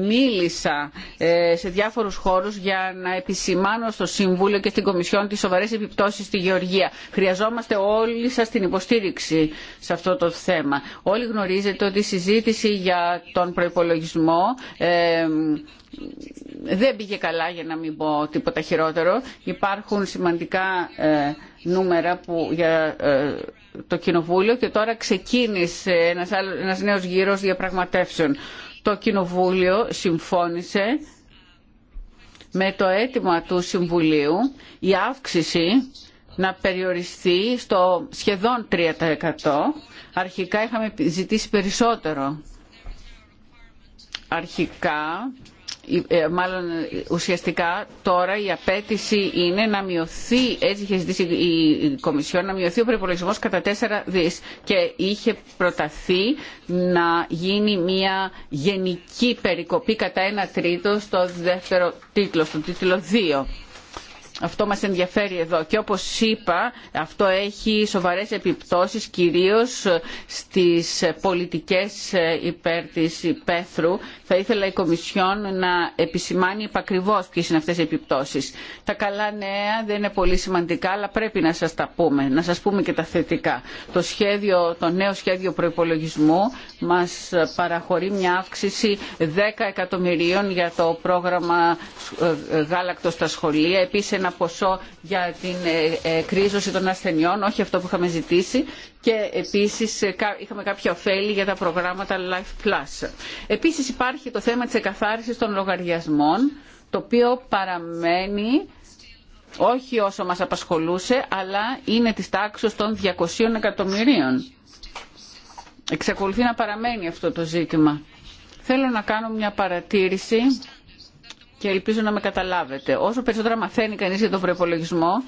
μίλησα ε, σε διάφορους χώρους για να επισημάνω στο Συμβούλιο και στην Κομισιόν τις σοβαρές επιπτώσεις στη Γεωργία. Χρειαζόμαστε όλοι σας την υποστήριξη σε αυτό το θέμα. Όλοι γνωρίζετε ότι η συζήτηση για τον προϋπολογισμό ε, δεν πήγε καλά για να μην πω τίποτα χειρότερο. Υπάρχουν σημαντικά ε, νούμερα που για το Κοινοβούλιο και τώρα ξεκίνησε ένας, ένας νέος γύρος διαπραγματεύσεων. Το Κοινοβούλιο συμφώνησε με το αίτημα του Συμβουλίου η αύξηση να περιοριστεί στο σχεδόν 3%. Αρχικά είχαμε ζητήσει περισσότερο. Αρχικά ε, μάλλον ε, ουσιαστικά τώρα η απέτηση είναι να μειωθεί, έτσι είχε ζητήσει η Κομισιόν, να μειωθεί ο προπολογισμό κατά τέσσερα δις και είχε προταθεί να γίνει μια γενική περικοπή κατά ένα τρίτο στο δεύτερο τίτλο, στον τίτλο 2 αυτό μας ενδιαφέρει εδώ και όπως είπα αυτό έχει σοβαρές επιπτώσεις κυρίως στις πολιτικές υπέρ της υπαίθρου. Θα ήθελα η Κομισιόν να επισημάνει επακριβώς ποιες είναι αυτές οι επιπτώσεις. Τα καλά νέα δεν είναι πολύ σημαντικά αλλά πρέπει να σας τα πούμε, να σας πούμε και τα θετικά. Το, σχέδιο, το νέο σχέδιο προϋπολογισμού μας παραχωρεί μια αύξηση 10 εκατομμυρίων για το πρόγραμμα ε, ε, γάλακτο στα σχολεία. Επίσης ένα ποσό για την ε, ε, κρίζωση των ασθενειών, όχι αυτό που είχαμε ζητήσει και επίσης ε, είχαμε κάποια ωφέλη για τα προγράμματα Life Plus. Επίσης υπάρχει το θέμα της εκαθάρισης των λογαριασμών, το οποίο παραμένει όχι όσο μας απασχολούσε, αλλά είναι της τάξης των 200 εκατομμυρίων. Εξακολουθεί να παραμένει αυτό το ζήτημα. Θέλω να κάνω μια παρατήρηση και ελπίζω να με καταλάβετε. Όσο περισσότερα μαθαίνει κανείς για τον προπολογισμό,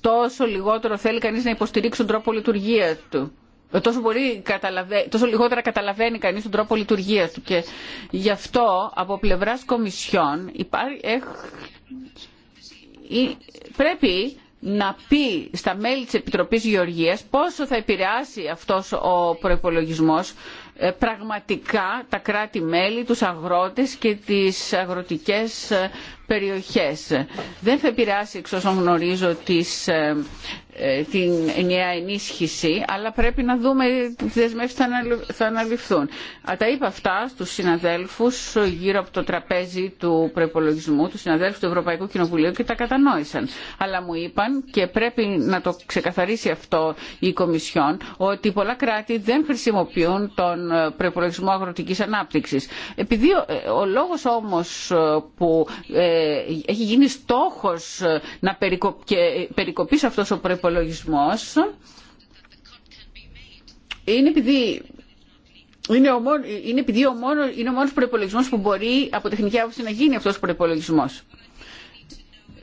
τόσο λιγότερο θέλει κανείς να υποστηρίξει τον τρόπο λειτουργία του. Ε, τόσο, μπορεί, τόσο λιγότερα καταλαβαίνει κανείς τον τρόπο λειτουργία του. Και γι' αυτό από πλευρά κομισιών υπάρχει, πρέπει να πει στα μέλη της Επιτροπής Γεωργίας πόσο θα επηρεάσει αυτός ο προϋπολογισμός ε, πραγματικά τα κράτη-μέλη, τους αγρότες και τις αγροτικές ε, περιοχές. Δεν θα επηρεάσει εξ όσων γνωρίζω τις, ε, ε, την ενιαία ενίσχυση, αλλά πρέπει να δούμε τι δεσμεύσεις θα αναλυφθούν. Τα είπα αυτά στους συναδέλφους γύρω από το τραπέζι του προπολογισμού, του συναδέλφου του Ευρωπαϊκού Κοινοβουλίου και τα κατανόησαν. Αλλά μου είπαν και πρέπει να το ξεκαθαρίσει αυτό η Κομισιόν, ότι πολλά κράτη δεν χρησιμοποιούν τον ε, προπολογισμό αγροτικής ανάπτυξης. Επειδή ο λόγος όμως που έχει γίνει στόχος να περικοπείς αυτός ο προϋπολογισμός είναι επειδή είναι ο, μόνο, είναι επειδή ο είναι ο μόνος προϋπολογισμός που μπορεί από τεχνική άποψη να γίνει αυτός ο προϋπολογισμός.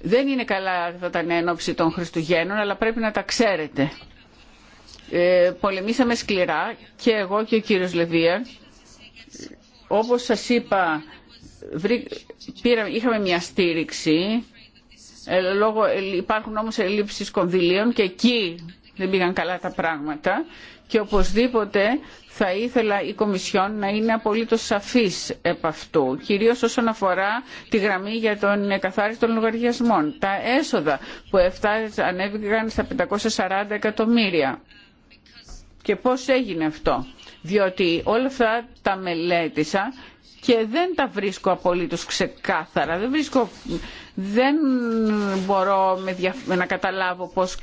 Δεν είναι καλά τα ενόψη των Χριστουγέννων, αλλά πρέπει να τα ξέρετε. Ε, πολεμήσαμε σκληρά και εγώ και ο κύριος Λεβία. Όπως σας είπα, είχαμε μια στήριξη, ε, λόγω, ε, υπάρχουν όμως ελλείψεις κονδυλίων και εκεί δεν πήγαν καλά τα πράγματα και οπωσδήποτε θα ήθελα η Κομισιόν να είναι απολύτως σαφής επ' αυτού, κυρίως όσον αφορά τη γραμμή για τον καθάριστο των λογαριασμών. Τα έσοδα που ανέβηκαν στα 540 εκατομμύρια. Και πώς έγινε αυτό. Διότι όλα αυτά τα μελέτησα και δεν τα βρίσκω απολύτως ξεκάθαρα. Δεν, βρίσκω, δεν μπορώ με να καταλάβω πώς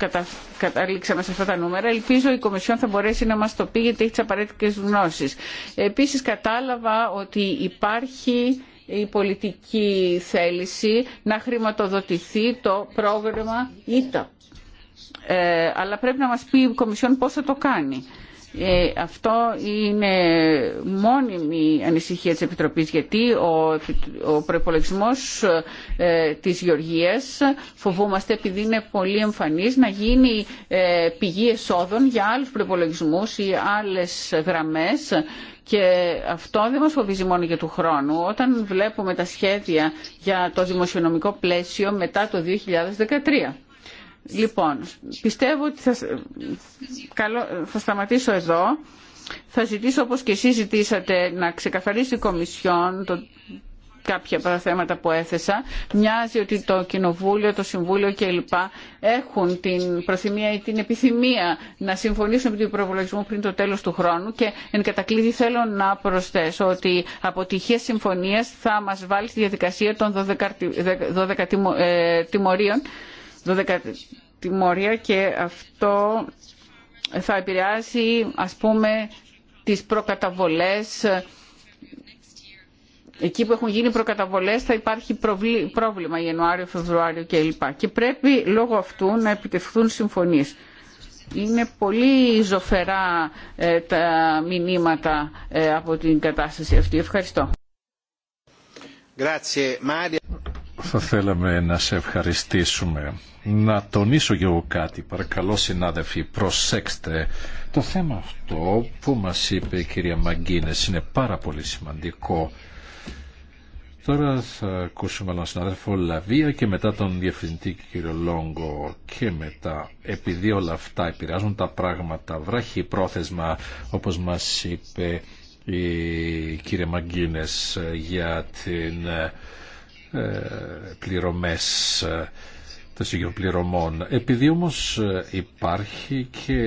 καταλήξαμε σε αυτά τα νούμερα. Ελπίζω η Κομισιόν θα μπορέσει να μας το πει γιατί έχει τις απαραίτητες γνώσεις. Επίσης κατάλαβα ότι υπάρχει η πολιτική θέληση να χρηματοδοτηθεί το πρόγραμμα ΙΤΑ. Ε, αλλά πρέπει να μας πει η Κομισιόν πώς θα το κάνει. Ε, αυτό είναι μόνιμη ανησυχία της Επιτροπής γιατί ο, ο προϋπολογισμός ε, της Γεωργίας φοβούμαστε επειδή είναι πολύ εμφανής να γίνει ε, πηγή εσόδων για άλλους προϋπολογισμούς ή άλλες γραμμές και αυτό δεν μας φοβίζει μόνο για του χρόνου. Όταν βλέπουμε τα σχέδια για το δημοσιονομικό πλαίσιο μετά το 2013 Λοιπόν, πιστεύω ότι θα, θα σταματήσω εδώ. Θα ζητήσω όπως και εσείς ζητήσατε να ξεκαθαρίσει η Κομισιόν το, κάποια από τα θέματα που έθεσα. Μοιάζει ότι το Κοινοβούλιο, το Συμβούλιο κλπ. έχουν την προθυμία ή την επιθυμία να συμφωνήσουν με τον προβολογισμό πριν το τέλος του χρόνου και εν κατακλείδη θέλω να προσθέσω ότι αποτυχία συμφωνίας θα μας βάλει στη διαδικασία των 12 ε, τιμωρίων 12η τιμωρία και αυτό θα επηρεάσει ας πούμε τις προκαταβολές εκεί που έχουν γίνει προκαταβολές θα υπάρχει πρόβλημα Ιανουάριο, Φεβρουάριο κλπ. Και πρέπει λόγω αυτού να επιτευχθούν συμφωνίες. Είναι πολύ ζωφερά ε, τα μηνύματα ε, από την κατάσταση αυτή. Ευχαριστώ θα θέλαμε να σε ευχαριστήσουμε. Να τονίσω και εγώ κάτι, παρακαλώ συνάδελφοι, προσέξτε. Το θέμα αυτό που μας είπε η κυρία Μαγκίνες είναι πάρα πολύ σημαντικό. Τώρα θα ακούσουμε έναν συνάδελφο Λαβία και μετά τον διευθυντή κύριο Λόγκο και μετά επειδή όλα αυτά επηρεάζουν τα πράγματα βράχει πρόθεσμα όπως μας είπε η κύριε Μαγκίνες για την ε, πληρωμές ε, των πληρωμών. Επειδή όμως ε, υπάρχει και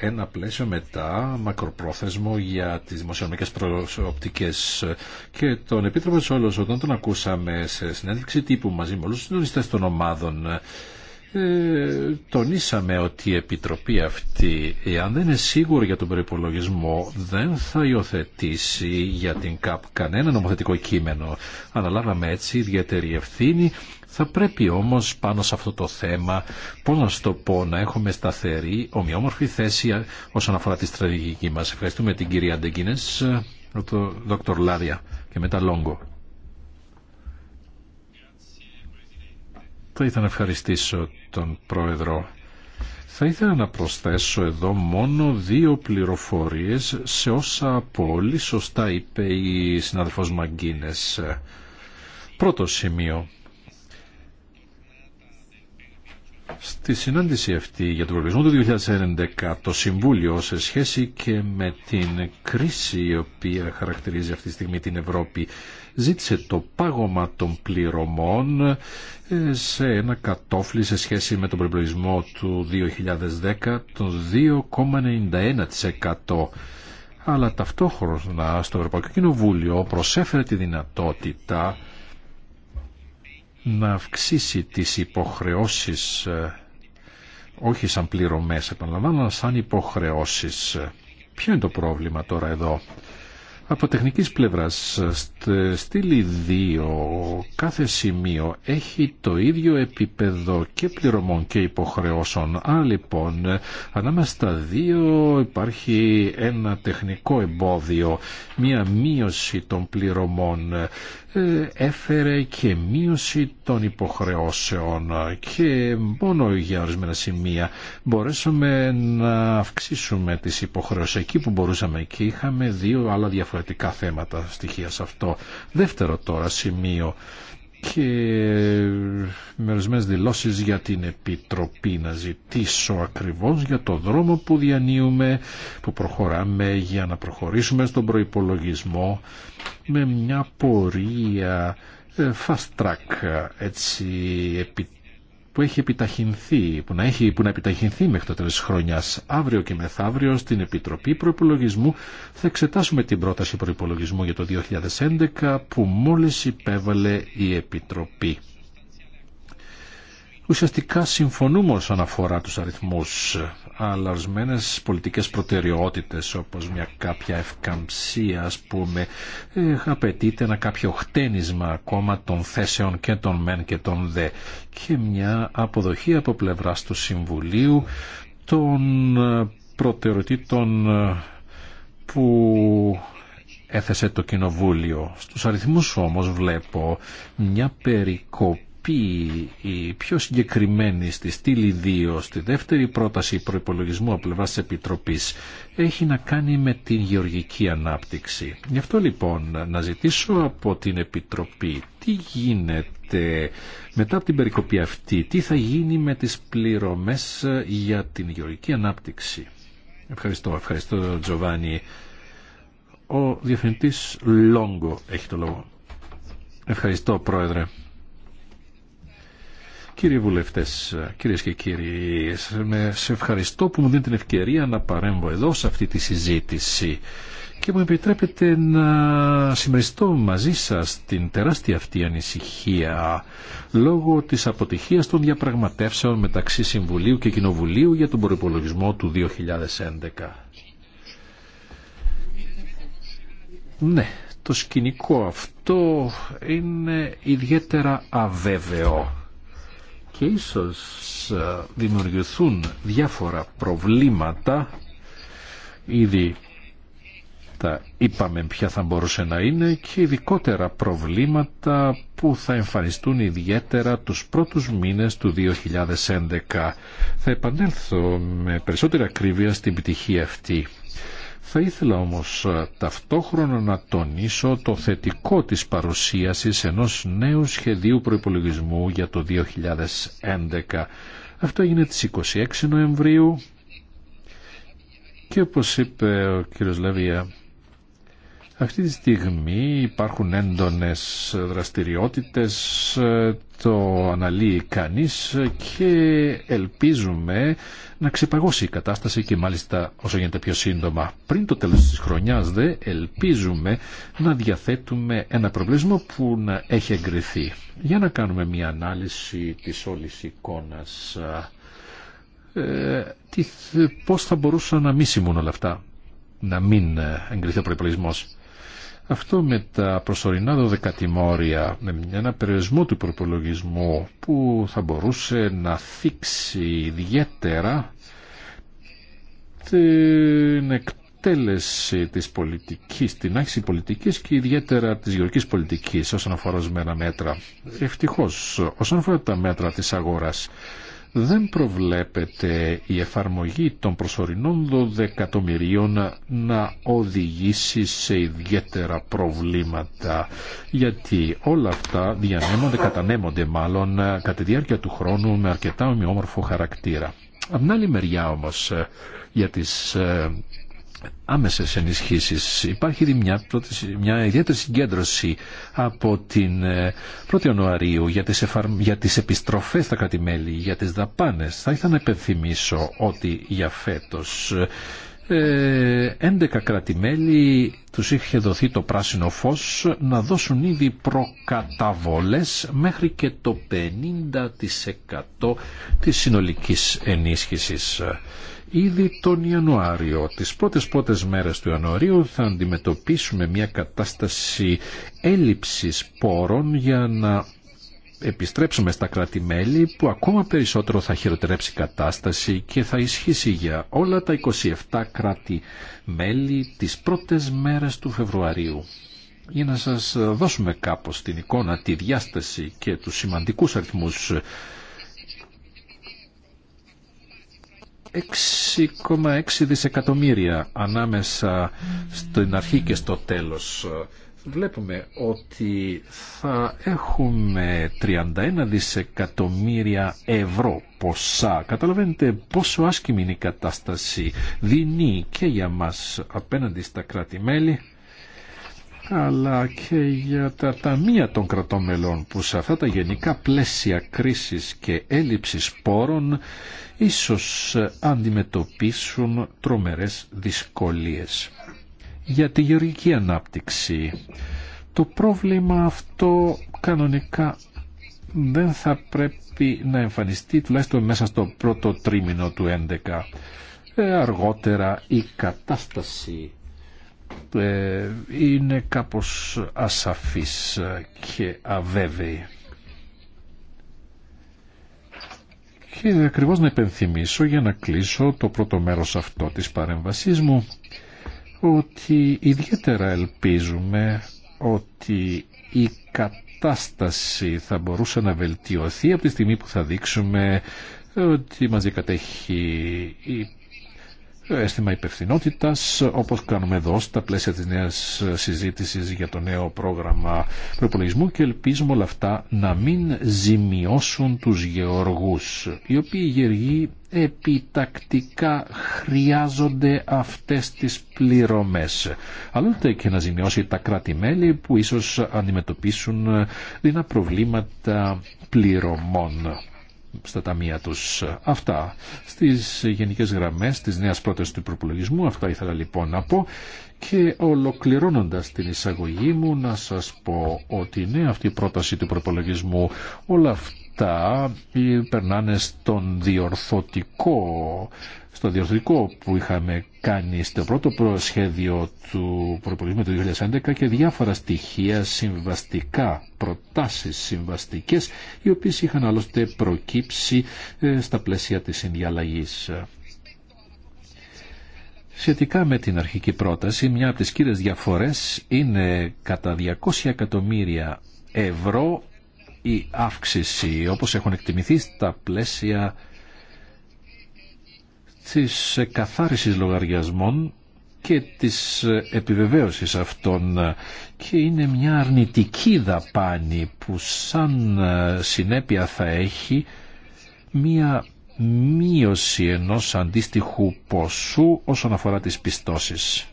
ένα πλαίσιο μετά μακροπρόθεσμο για τις δημοσιονομικέ προοπτικές και τον Επίτροπο Σόλος όταν τον ακούσαμε σε συνέντευξη τύπου μαζί με όλου, τους συντονιστές των ομάδων ε, τονίσαμε ότι η Επιτροπή αυτή, εάν δεν είναι σίγουρη για τον προπολογισμό, δεν θα υιοθετήσει για την ΚΑΠ κανένα νομοθετικό κείμενο. Αναλάβαμε έτσι ιδιαίτερη ευθύνη. Θα πρέπει όμως πάνω σε αυτό το θέμα, πώς να σου το πω, να έχουμε σταθερή, ομοιόμορφη θέση όσον αφορά τη στρατηγική μας. Ευχαριστούμε την κυρία Ντεγκίνες, τον Δόκτωρ Λάρια και μετά Λόγκο. Θα ήθελα να ευχαριστήσω τον Πρόεδρο. Θα ήθελα να προσθέσω εδώ μόνο δύο πληροφορίες σε όσα πολύ σωστά είπε η συνάδελφος Μαγκίνες. Πρώτο σημείο. Στη συνάντηση αυτή για τον προβλησμό του 2011 το Συμβούλιο σε σχέση και με την κρίση η οποία χαρακτηρίζει αυτή τη στιγμή την Ευρώπη ζήτησε το πάγωμα των πληρωμών ε, σε ένα κατόφλι σε σχέση με τον προβλησμό του 2010 των 2,91% αλλά ταυτόχρονα στο Ευρωπαϊκό Κοινοβούλιο προσέφερε τη δυνατότητα να αυξήσει τις υποχρεώσεις ε, όχι σαν πληρωμές επαναλαμβάνω σαν υποχρεώσεις ποιο είναι το πρόβλημα τώρα εδώ από τεχνικής πλευράς στήλη 2 κάθε σημείο έχει το ίδιο επίπεδο και πληρωμών και υποχρεώσεων άρα λοιπόν ανάμεσα στα δύο υπάρχει ένα τεχνικό εμπόδιο μια μείωση των πληρωμών ε, έφερε και μείωση των υποχρεώσεων και μόνο για ορισμένα σημεία μπορέσαμε να αυξήσουμε τις υποχρεώσεις εκεί που μπορούσαμε και είχαμε δύο άλλα διαφορετικά θέματα στοιχεία σε αυτό. Δεύτερο τώρα σημείο και με ορισμένε δηλώσεις για την Επιτροπή να ζητήσω ακριβώς για το δρόμο που διανύουμε, που προχωράμε για να προχωρήσουμε στον προϋπολογισμό με μια πορεία ε, fast track έτσι επί που έχει επιταχυνθεί, που να, έχει, που να επιταχυνθεί μέχρι το τέλο τη χρονιάς. Αύριο και μεθαύριο στην Επιτροπή προπολογισμού, θα εξετάσουμε την πρόταση προπολογισμού για το 2011 που μόλις υπέβαλε η Επιτροπή. Ουσιαστικά συμφωνούμε όσον αφορά τους αριθμούς, αλλά ορισμένε πολιτικές προτεραιότητες όπως μια κάποια ευκαμψία ας πούμε ε, απαιτείται ένα κάποιο χτένισμα ακόμα των θέσεων και των μεν και των δε και μια αποδοχή από πλευράς του Συμβουλίου των ε, προτεραιοτήτων ε, που έθεσε το Κοινοβούλιο. Στους αριθμούς όμως βλέπω μια περικοπή πει η πιο συγκεκριμένη στη στήλη 2, στη δεύτερη πρόταση προπολογισμού από πλευρά τη Επιτροπή, έχει να κάνει με την γεωργική ανάπτυξη. Γι' αυτό λοιπόν να ζητήσω από την Επιτροπή τι γίνεται μετά από την περικοπή αυτή, τι θα γίνει με τις πληρωμές για την γεωργική ανάπτυξη. Ευχαριστώ, ευχαριστώ Τζοβάνι. Ο Διευθυντής Λόγκο έχει το λόγο. Ευχαριστώ Πρόεδρε. Κύριοι βουλευτές, κυρίες και κύριοι, σε ευχαριστώ που μου δίνετε την ευκαιρία να παρέμβω εδώ σε αυτή τη συζήτηση και μου επιτρέπετε να συμμεριστώ μαζί σας την τεράστια αυτή ανησυχία λόγω της αποτυχίας των διαπραγματεύσεων μεταξύ Συμβουλίου και Κοινοβουλίου για τον προπολογισμό του 2011. Ναι, το σκηνικό αυτό είναι ιδιαίτερα αβέβαιο και ίσως ε, δημιουργηθούν διάφορα προβλήματα ήδη τα είπαμε ποια θα μπορούσε να είναι και ειδικότερα προβλήματα που θα εμφανιστούν ιδιαίτερα τους πρώτους μήνες του 2011. Θα επανέλθω με περισσότερη ακρίβεια στην επιτυχία αυτή. Θα ήθελα όμως ε, ταυτόχρονα να τονίσω το θετικό της παρουσίασης ενός νέου σχεδίου προϋπολογισμού για το 2011. Αυτό έγινε τις 26 Νοεμβρίου και όπως είπε ο κύριος Λεβία, αυτή τη στιγμή υπάρχουν έντονες δραστηριότητες, ε, το αναλύει κανείς και ελπίζουμε να ξεπαγώσει η κατάσταση και μάλιστα όσο γίνεται πιο σύντομα. Πριν το τέλος της χρονιάς δε ελπίζουμε να διαθέτουμε ένα προβλήσμα που να έχει εγκριθεί. Για να κάνουμε μια ανάλυση της όλης εικόνας. Ε, πώς θα μπορούσα να μη όλα αυτά να μην ε, εγκριθεί ο προπολογισμό. Αυτό με τα προσωρινά δωδεκατημόρια, με ένα περιορισμό του προπολογισμού που θα μπορούσε να θίξει ιδιαίτερα την εκτέλεση της πολιτικής, την άξιση πολιτικής και ιδιαίτερα της γεωργικής πολιτικής όσον αφορά μέτρα. Ευτυχώς, όσον αφορά τα μέτρα της αγοράς, δεν προβλέπεται η εφαρμογή των προσωρινών δωδεκατομμυρίων να οδηγήσει σε ιδιαίτερα προβλήματα γιατί όλα αυτά διανέμονται, κατανέμονται μάλλον ε, κατά τη διάρκεια του χρόνου με αρκετά ομοιόμορφο χαρακτήρα. Από την άλλη μεριά όμως ε, για τις ε, Άμεσε ενισχύσει. Υπάρχει ήδη μια, μια ιδιαίτερη συγκέντρωση από την 1η ε, Ιανουαρίου για τις, για επιστροφές στα κρατημέλη, για τις δαπάνες. Θα ήθελα να υπενθυμίσω ότι για φέτος 11 ε, κρατημέλη τους είχε δοθεί το πράσινο φως να δώσουν ήδη προκαταβολές μέχρι και το 50% της συνολικής ενίσχυσης. Ήδη τον Ιανουάριο, τις πρώτες πρώτες μέρες του Ιανουαρίου θα αντιμετωπίσουμε μια κατάσταση έλλειψης πόρων για να επιστρέψουμε στα κράτη-μέλη που ακόμα περισσότερο θα χειροτερέψει η κατάσταση και θα ισχύσει για όλα τα 27 κράτη-μέλη τις πρώτες μέρες του Φεβρουαρίου. Για να σας δώσουμε κάπως την εικόνα, τη διάσταση και τους σημαντικούς αριθμούς 6,6 δισεκατομμύρια ανάμεσα στην αρχή και στο τέλος. Βλέπουμε ότι θα έχουμε 31 δισεκατομμύρια ευρώ ποσά. Καταλαβαίνετε πόσο άσκημη είναι η κατάσταση. δίνει και για μας απέναντι στα κράτη-μέλη αλλά και για τα ταμεία των κρατών μελών που σε αυτά τα γενικά πλαίσια κρίσης και έλλειψης πόρων ίσως αντιμετωπίσουν τρομερές δυσκολίες. Για τη γεωργική ανάπτυξη, το πρόβλημα αυτό κανονικά δεν θα πρέπει να εμφανιστεί τουλάχιστον μέσα στο πρώτο τρίμηνο του 11. Ε, αργότερα η κατάσταση ε, είναι κάπως ασαφής και αβέβαιη. Και ακριβώς να υπενθυμίσω για να κλείσω το πρώτο μέρος αυτό της παρέμβασής μου ότι ιδιαίτερα ελπίζουμε ότι η κατάσταση θα μπορούσε να βελτιωθεί από τη στιγμή που θα δείξουμε ότι μαζί κατέχει η αίσθημα υπευθυνότητα, όπω κάνουμε εδώ στα πλαίσια τη νέα συζήτηση για το νέο πρόγραμμα προπολογισμού και ελπίζουμε όλα αυτά να μην ζημιώσουν του γεωργού, οι οποίοι οι γεωργοί επιτακτικά χρειάζονται αυτές τις πληρωμές. Αλλά ούτε και να ζημιώσει τα κράτη-μέλη που ίσως αντιμετωπίσουν δυνα προβλήματα πληρωμών στα ταμεία τους. Αυτά στις γενικές γραμμές της νέας πρότασης του προπολογισμού. Αυτά ήθελα λοιπόν να πω. Και ολοκληρώνοντας την εισαγωγή μου να σας πω ότι ναι αυτή η πρόταση του προπολογισμού όλα αυτά ε, περνάνε στον διορθωτικό στο διορθωτικό που είχαμε κάνει στο πρώτο προσχέδιο του προπολογισμού του 2011 και διάφορα στοιχεία συμβαστικά, προτάσεις συμβαστικές, οι οποίες είχαν άλλωστε προκύψει ε, στα πλαίσια της συνδιαλλαγής. Σχετικά με την αρχική πρόταση, μια από τις κύριες διαφορές είναι κατά 200 εκατομμύρια ευρώ η αύξηση, όπως έχουν εκτιμηθεί στα πλαίσια της καθάρισης λογαριασμών και της επιβεβαίωσης αυτών και είναι μια αρνητική δαπάνη που σαν συνέπεια θα έχει μια μείωση ενός αντίστοιχου ποσού όσον αφορά τις πιστώσεις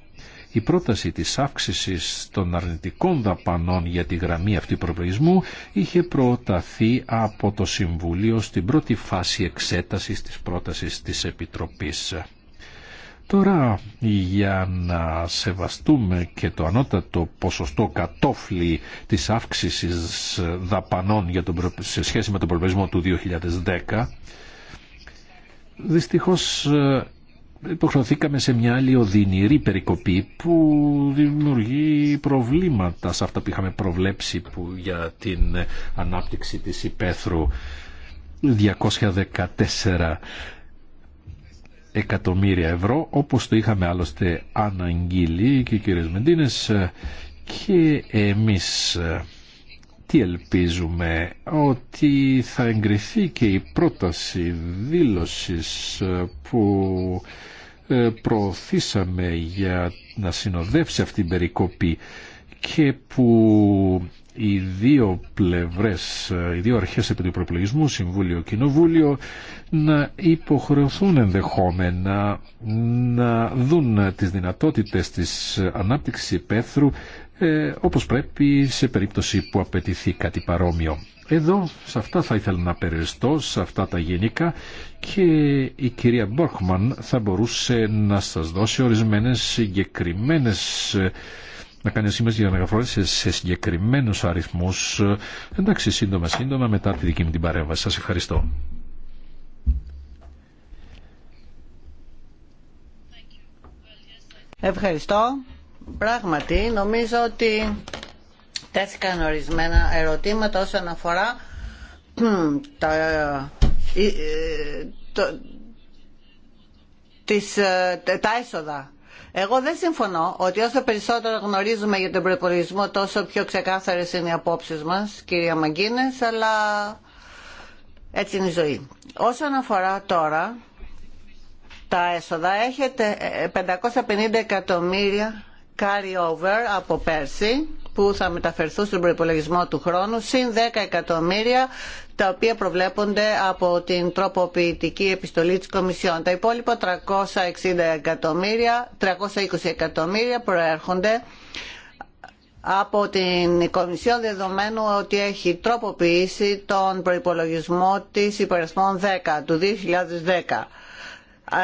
η πρόταση της αύξησης των αρνητικών δαπανών για τη γραμμή αυτή προορισμού είχε προταθεί από το Συμβουλίο στην πρώτη φάση εξέτασης της πρότασης της Επιτροπής. Τώρα για να σεβαστούμε και το ανώτατο ποσοστό κατόφλι της αύξησης δαπανών για τον, σε σχέση με τον του 2010, Δυστυχώς ε, υποχρεωθήκαμε σε μια άλλη οδυνηρή περικοπή που δημιουργεί προβλήματα σε αυτά που είχαμε προβλέψει που για την ανάπτυξη της υπαίθρου 214 εκατομμύρια ευρώ όπως το είχαμε άλλωστε αναγγείλει και οι κύριες Μεντίνες και εμείς ε, τι ελπίζουμε, ότι θα εγκριθεί και η πρόταση δήλωσης που ε, προωθήσαμε για να συνοδεύσει αυτή την περικοπή και που οι δύο πλευρές, οι δύο αρχές επί του προπολογισμού, Συμβούλιο και Κοινοβούλιο, να υποχρεωθούν ενδεχόμενα να δουν τις δυνατότητες της ανάπτυξης υπαίθρου ε, όπως πρέπει σε περίπτωση που απαιτηθεί κάτι παρόμοιο. Εδώ, σε αυτά θα ήθελα να περιοριστώ, σε αυτά τα γενικά και η κυρία Μπόρχμαν θα μπορούσε να σας δώσει ορισμένες συγκεκριμένες να κάνει σήμερα για σε συγκεκριμένους αριθμούς. Εντάξει, σύντομα, σύντομα, μετά τη δική μου την παρέμβαση. Σας ευχαριστώ. Ευχαριστώ. Πράγματι, νομίζω ότι τέθηκαν ορισμένα ερωτήματα όσον αφορά τα, ε, ε, το, τις, ε, τα έσοδα. Εγώ δεν συμφωνώ ότι όσο περισσότερο γνωρίζουμε για τον προπολογισμό τόσο πιο ξεκάθαρες είναι οι απόψεις μας, κυρία Μαγκίνες, αλλά έτσι είναι η ζωή. Όσον αφορά τώρα τα έσοδα, έχετε 550 εκατομμύρια carry-over από πέρσι που θα μεταφερθούν στον προπολογισμό του χρόνου, συν 10 εκατομμύρια τα οποία προβλέπονται από την τροποποιητική επιστολή της Κομισιόν. Τα υπόλοιπα 360 εκατομμύρια, 320 εκατομμύρια προέρχονται από την Κομισιόν δεδομένου ότι έχει τροποποιήσει τον προϋπολογισμό της υπερασπών 10 του 2010. 330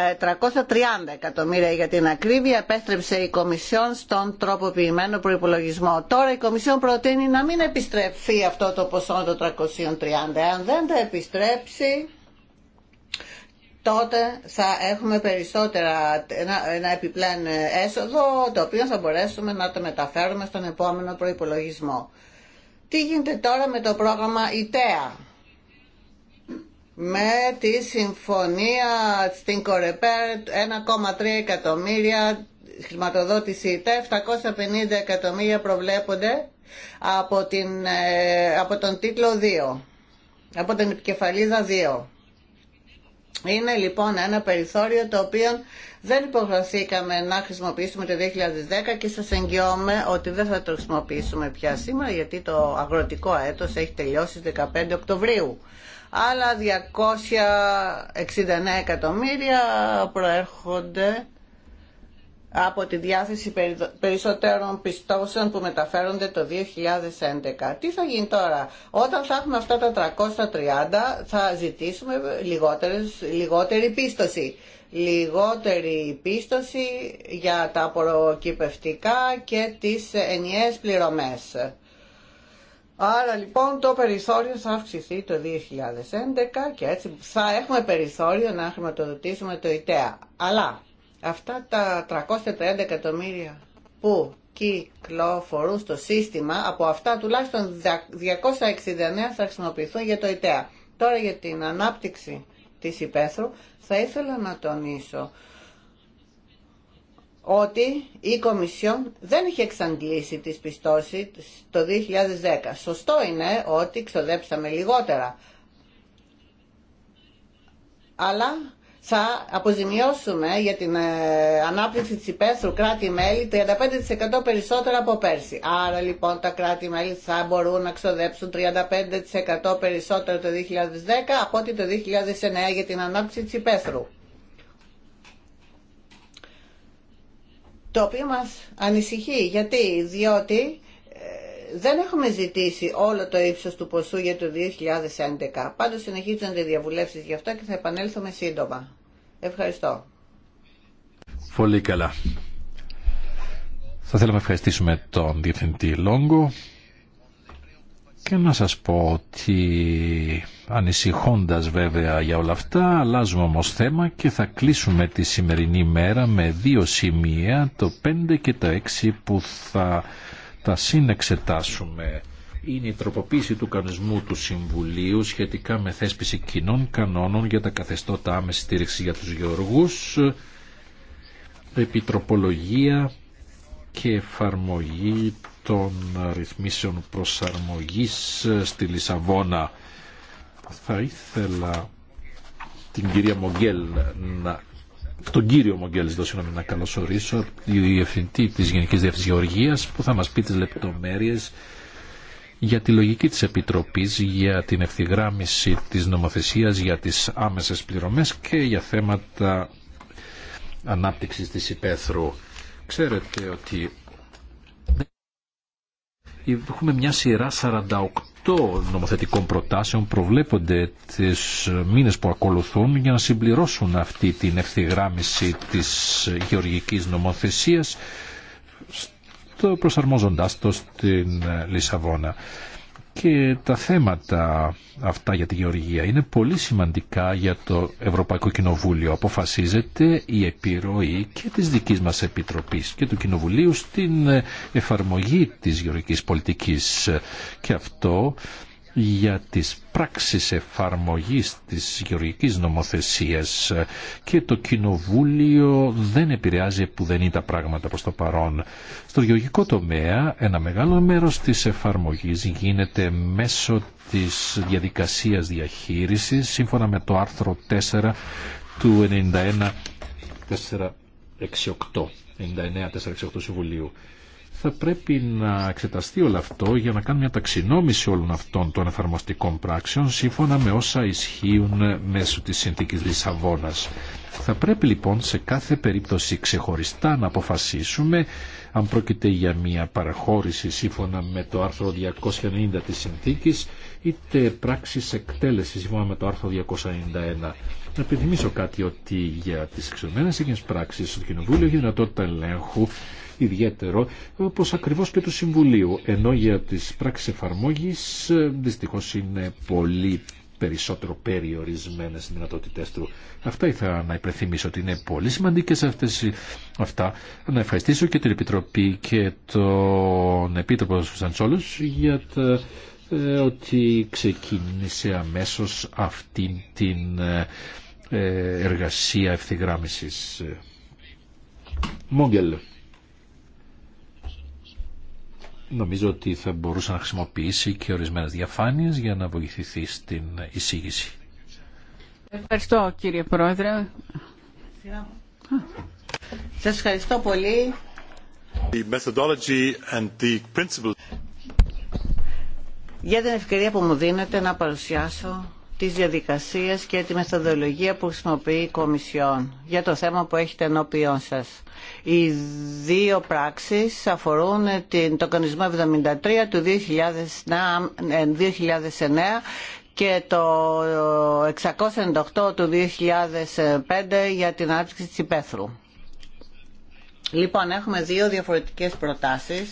εκατομμύρια για την ακρίβεια επέστρεψε η Κομισιόν στον τροποποιημένο προϋπολογισμό. Τώρα η Κομισιόν προτείνει να μην επιστρέψει αυτό το ποσό των 330. Αν δεν τα επιστρέψει τότε θα έχουμε περισσότερα ένα, ένα επιπλέον έσοδο το οποίο θα μπορέσουμε να το μεταφέρουμε στον επόμενο προϋπολογισμό. Τι γίνεται τώρα με το πρόγραμμα ΙΤΕΑ με τη συμφωνία στην Κορεπέρ 1,3 εκατομμύρια χρηματοδότηση 750 εκατομμύρια προβλέπονται από, την, ε, από τον τίτλο 2, από την επικεφαλίδα 2. Είναι λοιπόν ένα περιθώριο το οποίο δεν υποχρεωθήκαμε να χρησιμοποιήσουμε το 2010 και σας εγγυώμαι ότι δεν θα το χρησιμοποιήσουμε πια σήμερα γιατί το αγροτικό έτος έχει τελειώσει 15 Οκτωβρίου άλλα 269 εκατομμύρια προέρχονται από τη διάθεση περισσότερων πιστώσεων που μεταφέρονται το 2011. Τι θα γίνει τώρα, όταν θα έχουμε αυτά τα 330 θα ζητήσουμε λιγότερες, λιγότερη πίστοση. Λιγότερη πίστοση για τα προκυπευτικά και τις ενιαίες πληρωμές. Άρα λοιπόν το περιθώριο θα αυξηθεί το 2011 και έτσι θα έχουμε περιθώριο να χρηματοδοτήσουμε το ΙΤΕΑ. Αλλά αυτά τα 330 εκατομμύρια που κυκλοφορούν στο σύστημα, από αυτά τουλάχιστον 269 θα χρησιμοποιηθούν για το ΙΤΕΑ. Τώρα για την ανάπτυξη της υπαίθρου θα ήθελα να τονίσω ότι η Κομισιόν δεν είχε εξαντλήσει τις πιστώσεις το 2010. Σωστό είναι ότι ξοδέψαμε λιγότερα. Αλλά θα αποζημιώσουμε για την ε, ανάπτυξη της υπαίθρου κράτη-μέλη 35% περισσότερα από πέρσι. Άρα λοιπόν τα κράτη-μέλη θα μπορούν να ξοδέψουν 35% περισσότερο το 2010 από ότι το 2009 για την ανάπτυξη της υπαίθρου. το οποίο μας ανησυχεί. Γιατί, διότι ε, δεν έχουμε ζητήσει όλο το ύψος του ποσού για το 2011. Πάντως συνεχίζονται οι διαβουλεύσεις γι' αυτό και θα επανέλθουμε σύντομα. Ευχαριστώ. Πολύ καλά. Θα θέλαμε να ευχαριστήσουμε τον Διευθυντή Λόγκο και να σας πω ότι Ανησυχώντας βέβαια για όλα αυτά, αλλάζουμε όμως θέμα και θα κλείσουμε τη σημερινή μέρα με δύο σημεία, το 5 και το 6 που θα τα συνεξετάσουμε. Είναι η τροποποίηση του κανονισμού του Συμβουλίου σχετικά με θέσπιση κοινών κανόνων για τα καθεστώτα άμεση στήριξη για τους γεωργούς, επιτροπολογία και εφαρμογή των ρυθμίσεων προσαρμογής στη Λισαβόνα θα ήθελα την κυρία Μογγέλ να τον κύριο Μογγέλ, συγγνώμη, να καλωσορίσω, διευθυντή τη Γενικής Διεύθυνση Γεωργία, που θα μα πει τι λεπτομέρειε για τη λογική της επιτροπή για την ευθυγράμμιση της νομοθεσία για τι άμεσε πληρωμέ και για θέματα ανάπτυξη της υπαίθρου. Ξέρετε ότι έχουμε μια σειρά 48 νομοθετικών προτάσεων προβλέπονται τις μήνες που ακολουθούν για να συμπληρώσουν αυτή την ευθυγράμμιση της γεωργικής νομοθεσίας το προσαρμόζοντάς το στην Λισαβόνα και τα θέματα αυτά για τη γεωργία είναι πολύ σημαντικά για το Ευρωπαϊκό Κοινοβούλιο. Αποφασίζεται η επιρροή και της δικής μας Επιτροπής και του Κοινοβουλίου στην εφαρμογή της γεωργικής πολιτικής και αυτό για τις πράξεις εφαρμογής της γεωργικής νομοθεσίας και το Κοινοβούλιο δεν επηρεάζει που δεν είναι τα πράγματα προς το παρόν. Στο γεωργικό τομέα ένα μεγάλο μέρος της εφαρμογής γίνεται μέσω της διαδικασίας διαχείρισης σύμφωνα με το άρθρο 4 του 91 468 99-468 Συμβουλίου θα πρέπει να εξεταστεί όλο αυτό για να κάνουμε μια ταξινόμηση όλων αυτών των εφαρμοστικών πράξεων σύμφωνα με όσα ισχύουν μέσω της συνθήκης Λισαβόνας. Θα πρέπει λοιπόν σε κάθε περίπτωση ξεχωριστά να αποφασίσουμε αν πρόκειται για μια παραχώρηση σύμφωνα με το άρθρο 290 της συνθήκης είτε πράξεις εκτέλεσης σύμφωνα με το άρθρο 291. Να επιθυμίσω κάτι ότι για τις εξωμένες εκείνες πράξεις στο Κοινοβούλιο έχει δυνατότητα ελέγχου ιδιαίτερο, όπως ακριβώς και του Συμβουλίου, ενώ για τις πράξεις εφαρμόγης ε, δυστυχώς είναι πολύ περισσότερο περιορισμένε οι δυνατότητέ του. Αυτά ήθελα να υπενθυμίσω ότι είναι πολύ σημαντικέ αυτά. Να ευχαριστήσω και την Επιτροπή και τον Επίτροπο Σαντσόλους για το ε, ότι ξεκίνησε αμέσω αυτή την ε, εργασία ευθυγράμμιση. Ε, Μόγγελ. Νομίζω ότι θα μπορούσε να χρησιμοποιήσει και ορισμένες διαφάνειες για να βοηθηθεί στην εισήγηση. Ευχαριστώ κύριε Πρόεδρε. Σας ευχαριστώ πολύ. Για την ευκαιρία που μου δίνετε να παρουσιάσω τις διαδικασίες και τη μεθοδολογία που χρησιμοποιεί η Κομισιόν για το θέμα που έχετε ενώπιόν σας. Οι δύο πράξεις αφορούν την, το κανονισμό 73 του 2009 και το 698 του 2005 για την ανάπτυξη της υπαίθρου. Λοιπόν, έχουμε δύο διαφορετικές προτάσεις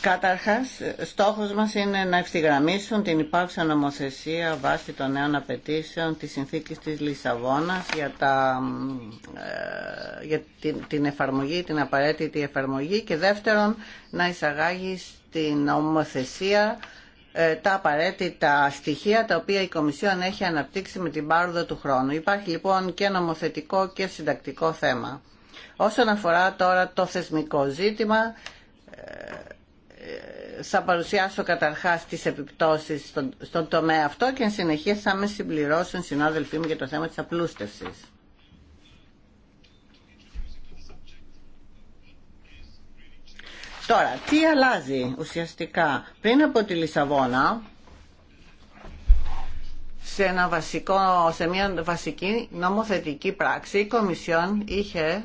Καταρχάς, στόχος μας είναι να ευθυγραμμίσουν την υπάρξη νομοθεσία βάσει των νέων απαιτήσεων της συνθήκης της Λισαβόνας για, τα, ε, για την, την εφαρμογή, την απαραίτητη εφαρμογή και δεύτερον να εισαγάγει στην νομοθεσία ε, τα απαραίτητα στοιχεία τα οποία η Κομισιόν έχει αναπτύξει με την πάροδο του χρόνου. Υπάρχει λοιπόν και νομοθετικό και συντακτικό θέμα. Όσον αφορά τώρα το θεσμικό ζήτημα, ε, θα παρουσιάσω καταρχάς τις επιπτώσεις στον, τομέα αυτό και εν συνεχεία θα με συμπληρώσουν συνάδελφοί μου για το θέμα της απλούστευσης. Τώρα, τι αλλάζει ουσιαστικά πριν από τη Λισαβόνα σε, βασικό, σε μια βασική νομοθετική πράξη η Κομισιόν είχε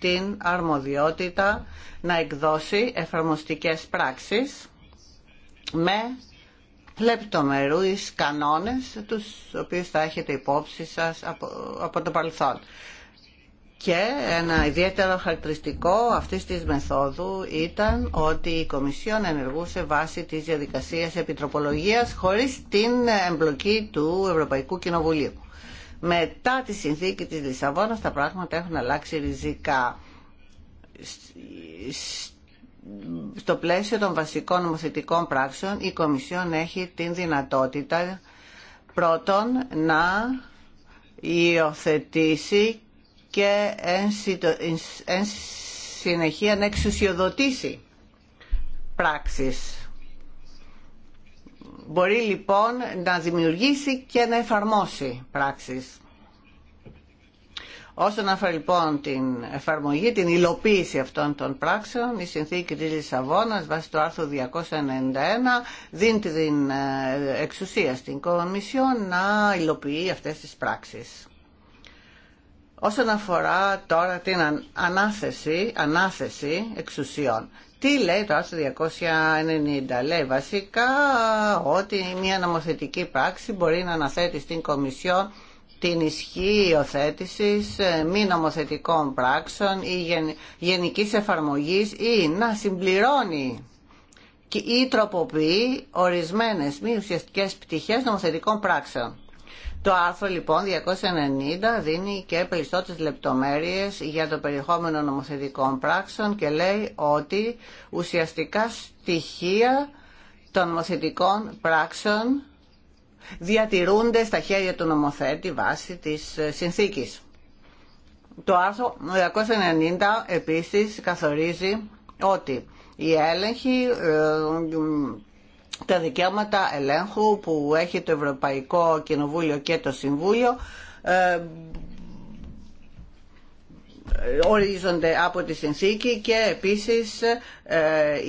την αρμοδιότητα να εκδώσει εφαρμοστικές πράξεις με λεπτομερούς κανόνες τους οποίους θα έχετε υπόψη σας από, από το παρελθόν. Και ένα ιδιαίτερο χαρακτηριστικό αυτής της μεθόδου ήταν ότι η Κομισιόν ενεργούσε βάσει της διαδικασίας επιτροπολογίας χωρίς την εμπλοκή του Ευρωπαϊκού Κοινοβουλίου. Μετά τη συνθήκη της Λισαβόνας τα πράγματα έχουν αλλάξει ριζικά. Στο πλαίσιο των βασικών νομοθετικών πράξεων η Κομισιόν έχει την δυνατότητα πρώτον να υιοθετήσει και εν συνεχεία να εξουσιοδοτήσει πράξεις Μπορεί λοιπόν να δημιουργήσει και να εφαρμόσει πράξεις. Όσον αφορά λοιπόν την εφαρμογή, την υλοποίηση αυτών των πράξεων, η συνθήκη της Λισαβόνας βάσει το άρθρο 291 δίνει την ε, εξουσία στην Κομισιό να υλοποιεί αυτές τις πράξεις. Όσον αφορά τώρα την ανάθεση, ανάθεση εξουσιών, τι λέει το άρθρο 290. Λέει βασικά ότι μια νομοθετική πράξη μπορεί να αναθέτει στην Κομισιό την ισχύ υιοθέτηση ε, μη νομοθετικών πράξεων ή γεν, γενικής εφαρμογής ή να συμπληρώνει ή τροποποιεί ορισμένε μη ουσιαστικέ πτυχέ νομοθετικών πράξεων. Το άρθρο λοιπόν 290 δίνει και περισσότερες λεπτομέρειες για το περιεχόμενο νομοθετικών πράξεων και λέει ότι ουσιαστικά στοιχεία των νομοθετικών πράξεων διατηρούνται στα χέρια του νομοθέτη βάσει της ε, συνθήκης. Το άρθρο 290 επίσης καθορίζει ότι η έλεγχοι ε, τα δικαιώματα ελέγχου που έχει το Ευρωπαϊκό Κοινοβούλιο και το Συμβούλιο ε, ορίζονται από τη συνθήκη και επίσης ε,